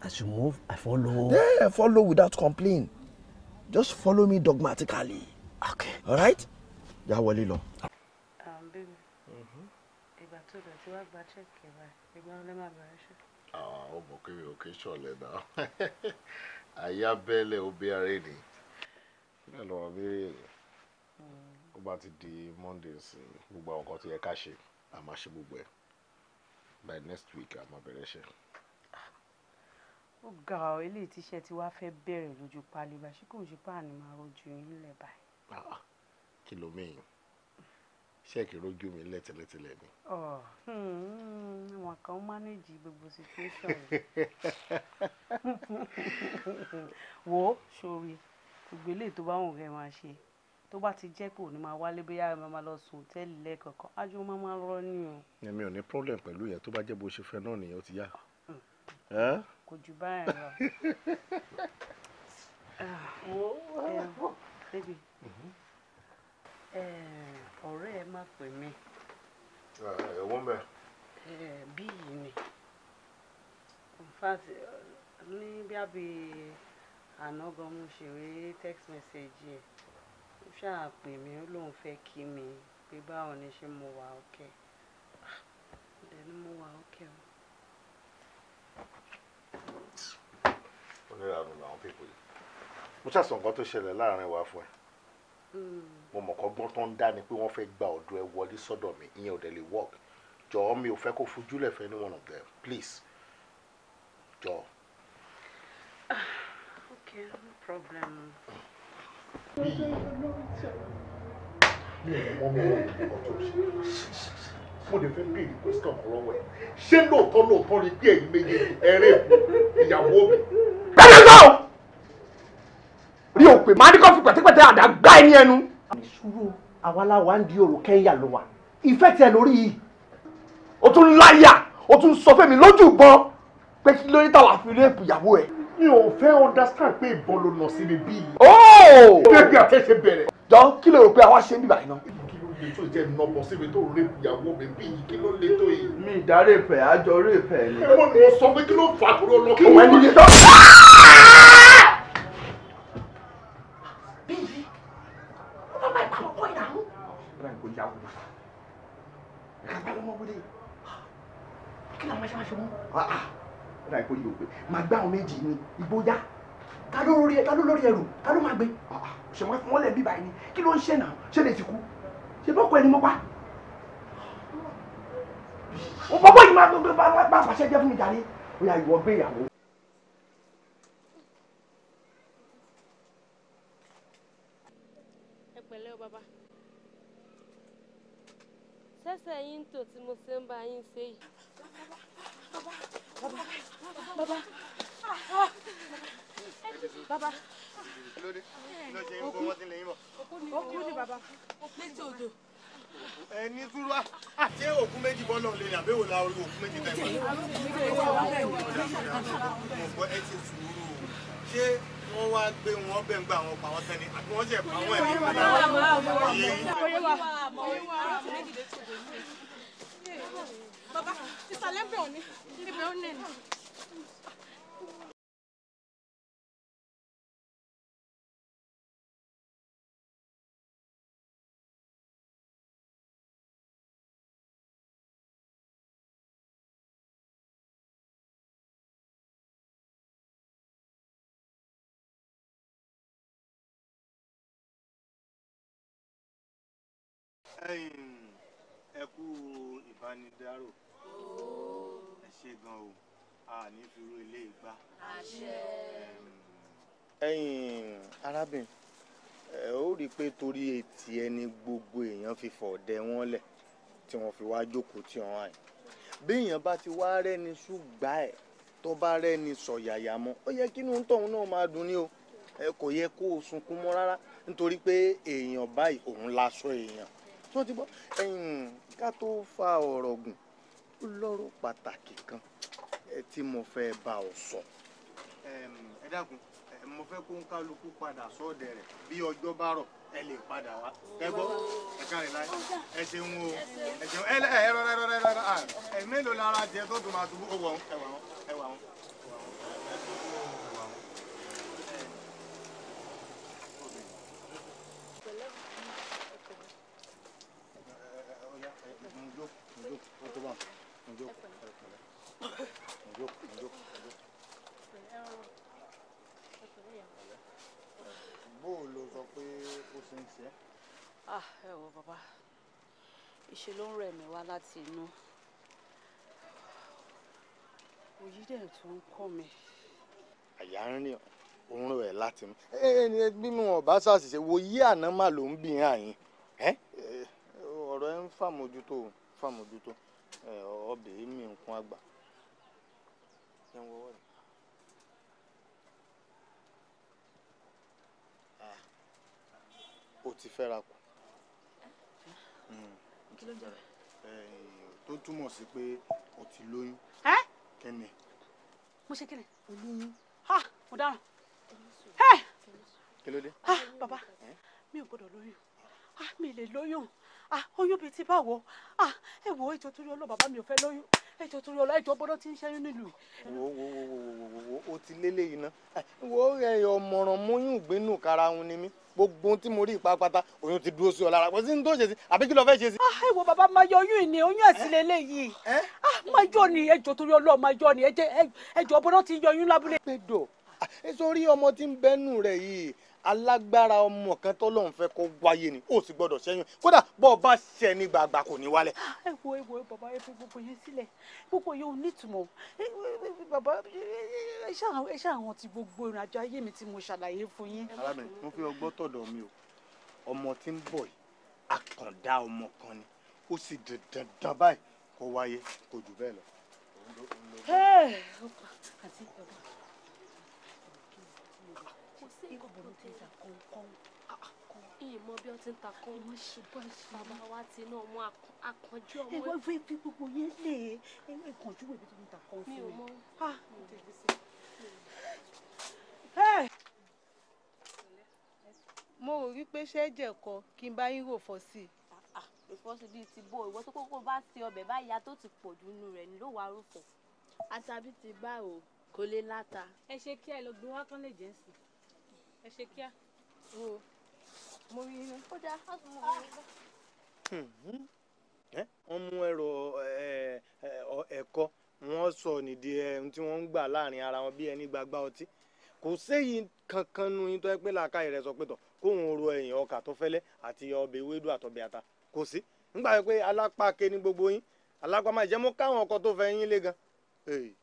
as you move i follow. yeah follow without complain just follow me dogmatically. okay alright. yà wọlé lọ. Um, bẹ́ẹ̀ni mm-hmm. ìgbà tó lọ tí wàá gba ṣẹ́ẹ̀kì rẹ̀ ìgbà ah, (laughs) obìnrin ni. Hello, lọ béèrè ó Mondays, ti di monday sí gbogbo àwọn nǹkan a máa by next week a máa bẹ̀rẹ̀ ṣe. ó ga ọ ilé tíṣẹ́ tí wàá fẹ́ bẹ̀rẹ̀ lójú pálí bá ṣe kò ń ṣe páàní máa rojú yín lẹ̀ báyìí. Ah, kí ló mìíràn ṣẹ́ẹ̀kì rojú mi lẹ́tẹ̀lẹ́tẹ̀lẹ́ ni. wọn kàn ń mánéjì gbogbo situation yìí (laughs) (laughs) wo sórí gbogbo eléyìí tó bá wù kẹ́ máa ṣe tó bá ti jẹ́ kó ní máa wálé bóyá ẹ máa lọ sùn tẹ́lẹ̀ lẹ́ẹ̀kọ̀ọ̀kan ájú máa máa rọ ni o. èmi ò ní problem pẹ̀lú yẹn tó bá jẹ́ bó ṣe fẹ́ náà nìyẹn ó ti yá. Ah, mm. kò jù báyìí lọ. (laughs) Ah, baby mhm. ọ̀rẹ́ ẹ má pè mí. Ah, ẹ̀wọ́ ń bẹ̀. bí yìí ni in fact ní bí a bèè àná gan mo ṣì rí text message yẹn ó ṣáà pè mí ó lóun fẹ́ kí mi pé báwo ni ṣe mo wà ókè ah, ẹ̀ ni mo wà ókè o. onírànú làwọn pípọ̀ yìí mo ṣàṣọ nǹkan tó ṣẹlẹ̀ láàrin wa fún ẹ hmm. mo mọ̀ kọ́ gbọ́n tó ń dá ni pé wọ́n fẹ́ gba ọ̀dọ̀ ẹ wọlé sọ́dọ̀ mi ìyẹn ò dẹ̀ lè work jọ̀ọ́ mi ò fẹ́ kó fojúlẹ̀ fẹ́ ní one of them please jọ̀ọ́. Ah. Okay, no problem. Mi ò mọ mi wọ́n ní ọjọ́ mo lè fẹ́ bí question kan lọ́wọ́ ẹ̀ ṣé lóòótọ́ lóòótọ́ ni bí ẹ̀yin méje ẹ̀rẹ́ ìyàwó mi. Bẹ́ẹ̀ ló rí o pé màá ní kó fi pẹ̀tẹ́pẹ̀tẹ́ àdá gbá ẹni ẹnu. Àìsúrò àwa làwa ń di òrò kẹ́yà ló wà. Ìfẹ́ tiẹ̀ lórí yìí. O tún láyà, o tún sọ fẹ́mi lójú gbọ́n pé kí lórí táwa fi rí èpù ìyàwó ẹ̀ mi ò fẹ́ understand pé ìbọn ló nà sí mi bíi. bébí àtẹ̀sẹ̀ bẹ̀rẹ̀. jọ kí ló rò pé àwa ṣe ń bíbá iná. kí ló lè tó jẹ́ nọ́bọ̀ síbi tó rèpù ìyàwó mi bíi kí ló lè tó yìí. mi ìdá rèpù ẹ̀ àjọ rèpù ẹ̀ ni. mo sọ pé kí ló fà kúrò lọ. kí wọ́n ní lè Ah ah kó yí o pé màá gbá àwọn méjì ní ìgbóyà ta ló lórí ta ló lórí ẹrù ta ló máa gbé ah, ah, ṣe wọn fún wọn lẹ bíbá ẹni kí ló ń ṣe náà ṣe lè ti kú ṣe bọ́kọ ẹni mo pa bọ́bọ́ yìí máa gbé bá àṣẹ jẹ́ fún mi jàre ó yà ìwọ gbé ìyàwó. o bàbá sẹ́sẹ̀ yín ń tí mo ṣe ń bá yín ṣe yìí bàbá bàbá bàbá. lóde lọ ni bàbá òkú ti odò. ẹ ní túrú ṣé òkú méjì bọ́ náà lè ní àbẹ́wò la orí òkú méjì tẹ̀ wá. ẹ ti sùúrù ṣé wọ́n wá gbé wọn bẹ̀ ń gba àwọn ọ̀pá wọn tẹ́lẹ̀ àbí wọ́n jẹ̀ pa àwọn ẹ̀mí wọn náà. Bàbá, ìsàlẹ̀ bẹ̀ òní, ibẹ̀ ó nẹ̀ ní. Hey ẹ kú ìbánidárò ẹ ṣe gan o a ní firú ilé ìgbà. ẹ̀yin arábìnrin ẹ ó rí i pé torí etí ẹni gbogbo èèyàn fi fọ̀ọ́dẹ wọn lẹ̀ tí wọ́n fi wá jókòó tí wọ́n àyìn béèyàn bá ti wá rẹ́ni ṣùgbà ẹ̀ tó bá rẹ́ni sọ̀yàyà mọ́ ó yẹ kí inú tọ̀hún náà máa dùn ní o ẹ kò yẹ kó o sunkún mọ́ rárá nítorí pé èèyàn báyìí òun láṣọ èèyàn tó ti gbọ́ ká tó fa ọ̀rọ̀ gùn ó lọ́rọ̀ pàtàkì kan tí mo fẹ́ bá ọ sọ. ẹ dákun mo fẹ́ kó ń kálukú padà sọ́ọ̀dẹ̀ rẹ̀ bí ọjọ́ bá rọ̀ ẹ lè padà wá ẹ gbọ́ ẹ kárí láyé ẹ ṣeun o ẹ ṣeun ẹ rọra ẹ rọra ẹ rọra ẹ mélòó lára jẹ tó tó máa dùn ó wọ̀ ẹ wà wọn ẹ wà wọn. ṣe ló ń rẹ̀ mí wá láti inú òyì dẹ̀ tó ń kọ́ mi. àyà ń rìn òun rẹ̀ láti mú ẹ bínú ọ̀bá ṣàṣìṣe wo yí àná mà ló ń bì hàn yín ọ̀rọ̀ ẹ ń fàmójútó fàmójútó ọbẹ̀ mi nǹkan àgbà. o ah. ah. ti fẹ́ra kù. Mm kí ló jẹ bẹ́ẹ̀. tó túmọ̀ sí pé o ti lóyún. ẹ kẹ́ni. mo ṣe kíni. o lóyún. ha mo dára. kí ló dé. ha bàbá mi ò gbọdọ̀ lóyún ha mi lè lóyún ha oyún bíi ti báwo ha ẹ wo ètò tó yọ lọ mi ò fẹ́ lóyún ètò tó yọ ètò bọ́dọ̀ tí ń ṣẹ́yún nílùú. wo wo wo wo wo o ti lélẹ́yìn náà wo ẹ̀yọ̀ mọ̀ràn mọ́yún ìgbénú karahun ni mí gbogbo tí mo rí ìpapata oyún ti dúró sí ọ lára kò sí ní tó ṣe sí àbí kí ló fẹ́ ṣe sí. ẹ ah, wo bàbá máa yọ oyún ìní oyún ẹ̀sìn lélẹ̀ yìí ah, máa yọ ni ẹjọ́ torí ọlọ́ọ̀ máa yọ ni ẹjọ́ ọbọ ti yọ oyún lábúlé. pẹ́dọ̀ ah, sórí ọmọ tí ń bẹ́nu rẹ̀ yìí alágbára ọmọ kan tó lóun fẹ́ kó wáyé ni ó sì gbọ́dọ̀ ṣẹ́yìn kódà bọ́ ọ bá ṣẹ ní gbàgbà kò ní wálẹ̀. Ah, ẹ wo ẹ wo bàbá ẹ fi gbogbo yẹn sílẹ̀ gbogbo yẹn ò nítumọ̀ bàbá ẹ ṣàwọn ti gbogbo ìrìnàjò ayé mi tí mo ṣàlàyé fún yín. arábìnrin mo fi ọgbọ́n tọ̀dọ̀ mi o ọmọ tí ń bọ̀ yìí àkàndá ọmọ kan ni ó sì dandan báyìí kó wáyé kò jù bẹ́ẹ̀ lọ. àti bàbá kọ̀ọ̀kan akọ̀ọ̀kan ìmọ̀ bí wọ́n ti ń ta kọ́ ìmọ̀ ṣùgbọ́n bàbá wa ti ná ọmọ akànjú ọmọ ẹ̀. ẹ fi gbogbo yẹn lè e. ẹ kànjú wo ibi tó ń ta kọ́ fún mi. mi ò mọ mo rò wípé ṣẹ́jẹ̀ kọ kí n bá yín rò fọ́ sí i ìfọ́sí ah, ah, bíi ti bó ìwọ tó kókó bá ti ọbẹ̀ bá ya tó ti pọ̀ jù rẹ̀ ló wà rúfọ̀. àtàbí ti bá o kò lè láta. ẹ ṣe kíá ẹ lọ gbé wá lè jẹ́ sí i ẹ ṣe kíá. Hmm. Eh, wọ́n mú ẹrọ eh, eh, ẹ̀kọ́ wọ́n sọ nídìí ẹni tí wọ́n ń gbà láàrin ara wọn bí ẹni gbagba ọtí kò séyìí kankan nu yín tó ẹ pé làákàyè rẹ sọ pé tọ kóun ro ẹ̀yìn ọkà tó àti ọbẹ̀ ewédú àtọbẹ̀ ata kò sí nígbà pé ní gbogbo yín tó fẹ́ yín lé gan ee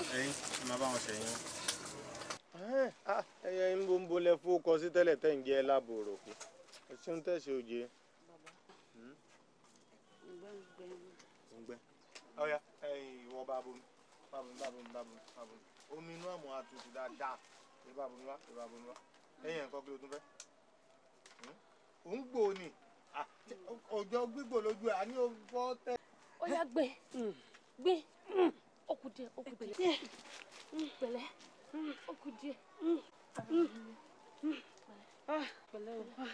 ẹyin ẹ máa bá wọn ṣe yín. ẹyẹ ń bo ń bo lẹ fowó kọ sí tẹ́lẹ̀ tẹ́ ń jẹ́ ẹ láàbò rò kù ẹ ṣeun tẹ́ ṣe òye. ǹgbẹ́ ọ̀ya ẹyin ìwọ bá bomi bá bomi bá bomi bá bomi bá bomi omi inú àmọ́ àtúntò dáadáa ẹ bá bomi wá ẹ bá bomi wá ẹyin ẹ̀kọ́ kí ló tún fẹ́ ó yá gbé gbé ó kù díẹ̀ ó kù díẹ̀ mm, pẹ̀lẹ́ mm, ó kù díẹ̀ mm. Ah, pẹ̀lẹ́ o. Ah. Ah.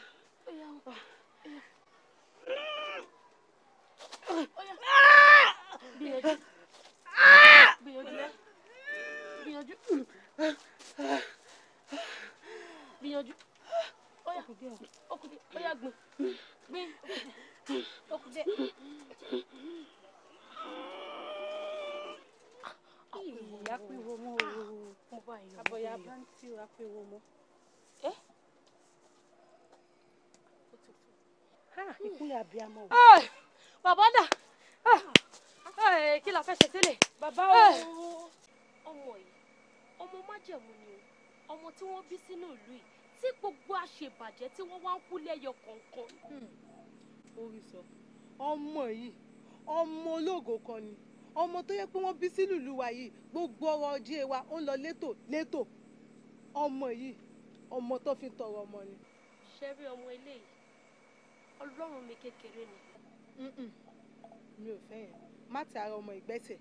Gbìyànjú gbìyànjú gbìyànjú gbìyànjú ó kù díẹ̀ ó kù díẹ̀ ó yá gbìn gbìn ó kù díẹ̀ apèwò apèwò mọ ooo abọyá bántì apèwò mọ. ìkúyà bíi amọ wò. bàbá dà kí la fẹ́ ṣe sílẹ̀. bàbá o. ọmọ yìí ọmọ májẹ̀mú ni o ọmọ tí wọ́n bí sínú ìlú yìí tí gbogbo àṣebàjẹ́ tí wọ́n wá ń kú lẹ́yọ kọ̀ọ̀kan. orí sọ ọmọ yìí ọmọ ológo kan ni ọmọ tó yẹ pé wọ́n bí sílùlù wa yìí gbogbo ọrọ̀ ajé wa ó ń lọ létò létò ọmọ yìí ọmọ tó fi tọrọ ọmọ ni. ṣé rí ọmọ eléyìí ọlọ́run mi kékeré ni. mi ò fẹ́ yẹn má ti ara ọmọ ìgbẹ́sẹ̀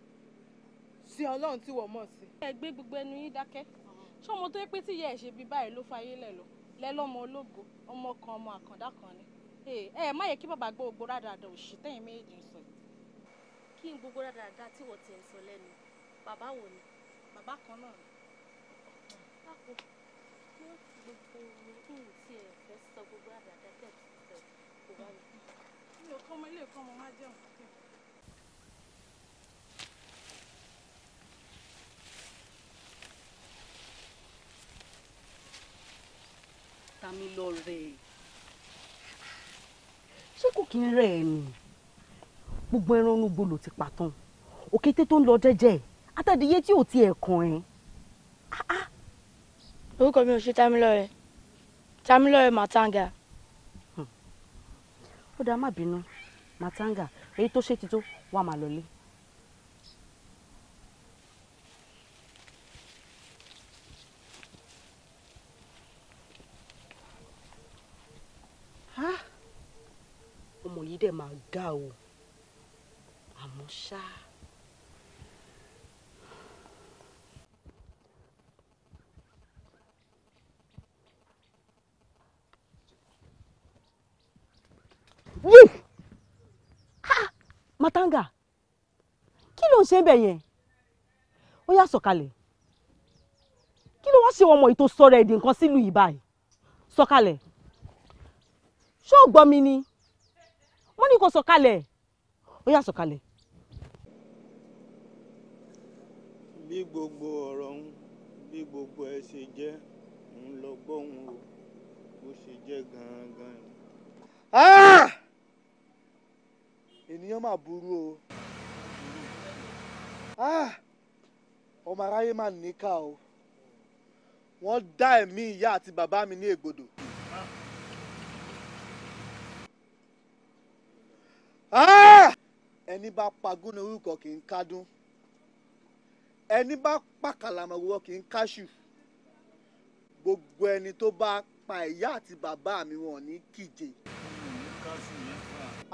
sí ọlọ́run tí wọ́n mọ̀ sí. ẹ gbé gbogbo ẹnu yín dákẹ́ ṣé ọmọ tó yẹ pé tí ìyá ẹ̀ ṣe bí báyìí ló fayé lẹ̀ lọ lẹ́lọ́mọ ológo ọmọ kan ọmọ àkàndá kan ni ẹ ẹ má yẹ kí bàbá gbọ́ ògbó rádàdà òṣì tẹ́yìn méjì sọ kí n gbogbo dáadáa tí wọ́n ti ń sọ lẹ́nu bàbá wo ni. bàbá kan náà ni. àpò yóò fi gbogbo ohun tí ẹ fẹ́ sọ gbogbo dáadáa tẹ̀ tẹ̀ kó wá lọ. mi ò kọ́ ọmọ ilé ìkọ́ ọmọ má jẹun kíkẹ́. Tamilore ṣé kò kí ń rẹ̀ ẹ́ nì gbogbo ẹran inú gbòòlò ti pàtàn òkété tó ń lọ jẹ́jẹ́ àtàdéyé tí ò ti ẹ̀ kàn ẹ́. Ah, ah. orúkọ mi ò ṣe Tamilore Tamilore Matanga. Hmm. ó dáa má bínú Matanga èyí tó ṣe ti tó wàá máa lọlé. Ah. ọmọ yìí dẹ̀ máa ga o ọ̀hún ṣá. matanga kí ló ń ṣe bẹ́ẹ̀ yẹn ó yá sọ̀kalẹ̀ kí ló wá ṣe ọmọ ètò sọ̀rọ̀ èdè nǹkan sílùú yìí báyìí sọ̀kalẹ̀ ṣó gbọ́ mi ni wọ́n ní kó sọ̀kalẹ̀ ó yá sọ̀kalẹ̀ bí gbogbo ọ̀rọ̀ ń bí gbogbo ẹ ṣe jẹ́ ń lọ gbọ́hùn o bó ṣe jẹ́ gangan ni. Ah! ènìyàn mà burú o ah! ọmọ aráyé mà níkà o wọ́n dá ẹ̀mí ìyá àti bàbá mi ní ègbodò. Ah! ẹni bá pagún ní orúkọ kì í kádùn. ẹni bá pa kàlàmọ̀gbọ̀ kì í káṣù gbogbo ẹni tó bá pa ìyá àti bàbá mi wọn ní kíje.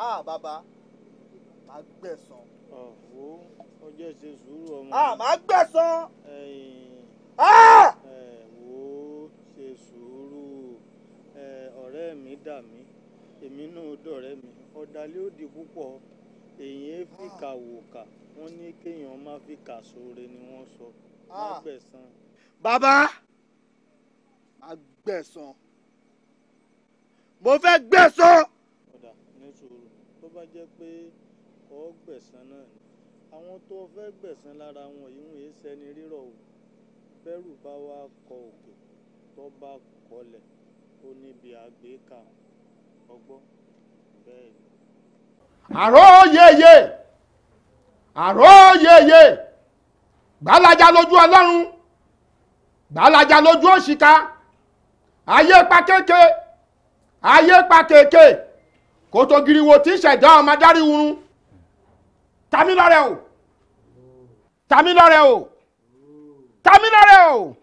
a ah, bàbá má gbẹ̀san. ọ̀hún ọjọ́ ṣe sùúrù ọmọ. a ah, má gbẹ̀san. ẹ̀wò ah! ṣe sùúrù ọ̀rẹ́ mi dà mí èmi náà dọ̀rẹ́ mi ọ̀dàlẹ̀ òdì púpọ̀ èyí fi kàwò kà. Ah wọ́n ní kéèyàn má fi kà sóore ni wọ́n sọ má ah. gbẹ̀san. bàbá má gbẹ̀san mo fẹ́ gbẹ̀san. ọ̀dà ní sòrò tó bá jẹ́ pé ọ̀ gbẹ̀san náà ni àwọn tó fẹ́ gbẹ̀san lára wọn yìí sẹ́ni rírọ̀ o bẹ́rù bá wá kọ òkè tó bá kọlẹ̀ ó níbi àgbékà ọgbọ́n bẹ́ẹ̀ ni. àrò yeye àróyèyè gbàlájà lójú ọlọ́run gbàlájà lójú òṣìkà ayé pa kéèké ayé pa kéèké kòtò giriwo tí ìṣẹ̀dá ọmọ adarí urun tamilọ́rẹ̀ o tamilọ́rẹ̀ o tamilọ́rẹ̀ o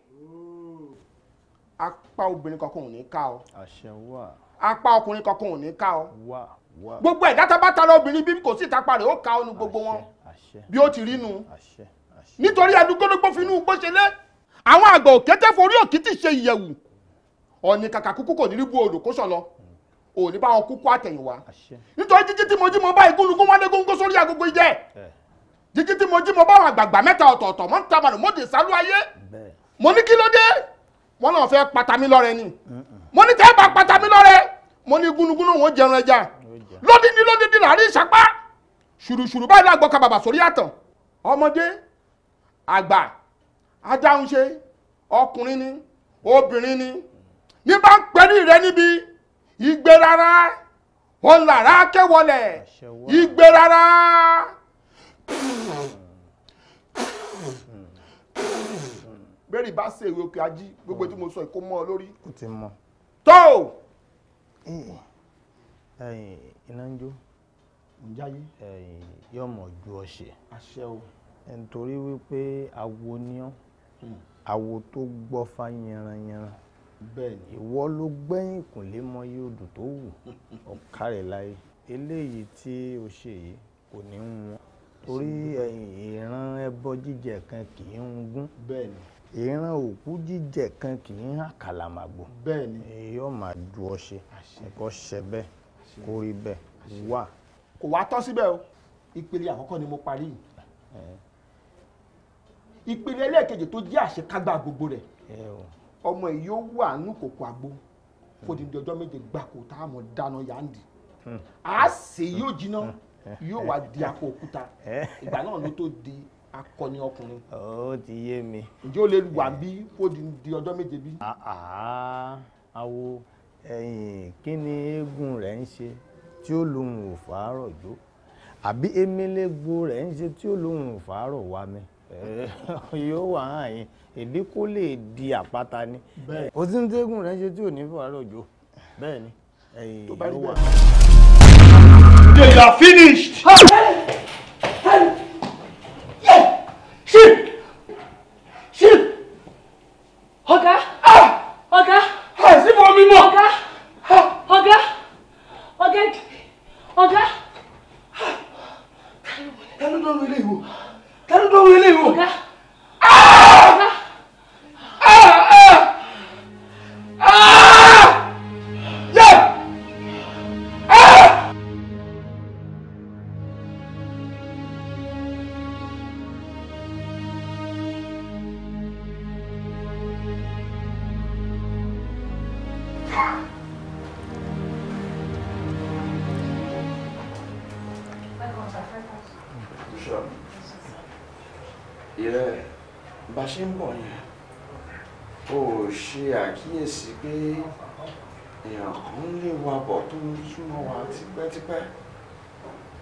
apá obìnrin kankan ò ní ká ọ apá ọkùnrin kankan ò ní ká ọ gbogbo ẹ̀dá tá bá tara obìnrin bíbí kò sí ìtapá rẹ̀ ó ká ọ nu gbogbo wọn bí ó ti rí nu nítorí adúgbòdógbò finú gbó ṣe lé àwọn àgbà òkété forí òkìtì ṣe ìyẹ̀wù ọ̀nì kàkà kúkú kò ní rí bu odò kó sọ̀lọ òní bá wọn kúkú àtẹ̀yìnwá nítorí jíjí tí mo jí mo bá ìgúnnugún wọn légúngún sórí agogo ìjẹ́ jíjí tí mo jí mo bá wọn àgbààgbà mẹ́ta ọ̀tọ̀ọ̀tọ̀ mọ́ ń ta màdùn mọ́dé sálú ayé mo ní kí ló dé wọn náà fẹ́ pata mi lọ́rẹ ni mo ní tẹ́ bá pata mi lọ́rẹ mo ní gúnnugún náà jẹun ẹja lódìdí lódìdí làárí ìṣàpá ṣùrùṣùrù báyìí lágbo ka bàbà sórí àtàn ọmọdé àgbà adáhunṣe ọkùnrin ni obìnrin ni ní bá ń pẹ́rí rẹ níbi ìgbé rárá òun làrá kẹwọlẹ̀ ìgbé rárá. bẹ́ẹ̀rì bá ṣe ìwé òkè ají gbogbo tí mo sọ ìkó mọ́ ọ lórí. tó. ẹyin iná ń jó ǹjáyé. yóò mọ̀ ju ọ̀sẹ̀. àṣẹ o. nítorí wípé awo ni ọ́ hmm. awo tó gbọ́fá yanranyanran bẹ́ẹ̀ni ìwọ ló gbẹ́yìn kùnlé mọ iye odò tó wù ọ̀ka rẹ̀ láyé eléyìí tí o ṣe yìí kò ní ń wọn torí ìran ẹbọ jíjẹ kan kì í ń gún bẹ́ẹ̀ni ìran òkú jíjẹ kan kì í hàn kàlàmàgbò bẹ́ẹ̀ni yóò máa ju ọṣẹ ẹkọ ṣẹ kórìí bẹ́ẹ̀ wà kò wá tọ́ síbẹ̀ o ìpele àkọ́kọ́ ni mo parí yìí ìpele ẹlẹ́ẹ̀kejì tó jẹ́ àṣekágbá gbogbo rẹ̀ ọmọ yìí yóò wà nínú kòkò àgbo fòdìdí ọjọ́ méje gbáko tá a mọ̀ dáná yáǹdì a sè yóò jiná yóò wá di akọ òkúta ìgbà náà ló tó di akọni ọkùnrin. ó ti yé mi. ǹjẹ́ o lè wà bí fòdìdí ọjọ́ méje bí. àwo ẹ̀yìn kí ni eégún rẹ̀ ń ṣe tí ó lóhùn ò fàárọ̀ jó àbí emelegbo rẹ̀ ń ṣe tí ó lóhùn ò fàárọ̀ wa mi yóò wà hàn yín èdè kó lè di àpáta ni òsíntẹ́gùn rẹ̀ ń ṣe tí ò ní fàárọ̀ jó bẹ́ẹ̀ ni They are finished.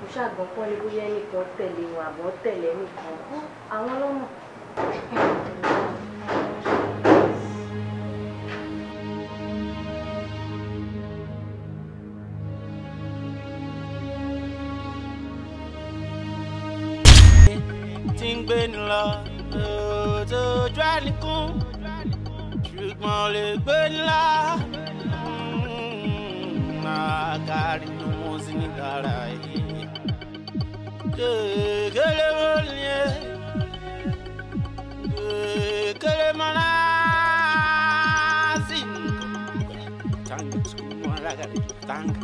kò ṣàgbọ́n pọ́n ní bóyá ẹnìkan tẹ̀lé wọn àbọ̀ tẹ̀lé ẹnìkan àwọn lọ́nà. ti ń gbé kele wolie kele mana sin tanga skumara tanga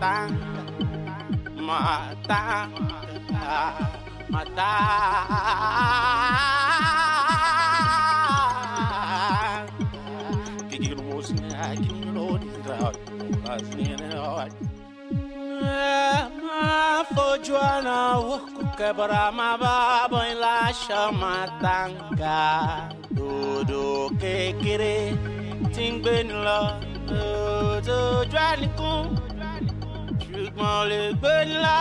matanga, matanga, matanga. Kiki rose na kiki rose na kasni na. Ma na wako quebra ma babo em lacha matanga. Tudo que querer, tingbeni lo, tudo juanicum. wọn lè gbé ńlá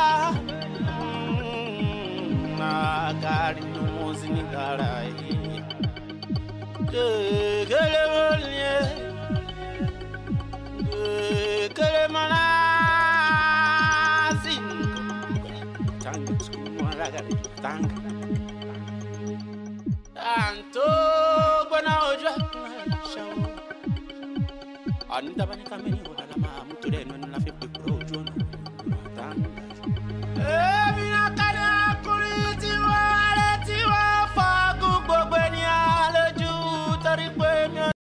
agari hmm, ni wọn sì ní gara yìí kékeré wọn ni ẹ kékeré mọ́lá sí nǹkan tàǹgà wọn lágàdé tàǹgà tàǹtó gbọ́ná ojú àkùnrin ṣàwọn àníntàbáníkà mẹ́rin wọ̀lá máa mú torí ẹ̀ ní láfi pèpè ó. Yeah.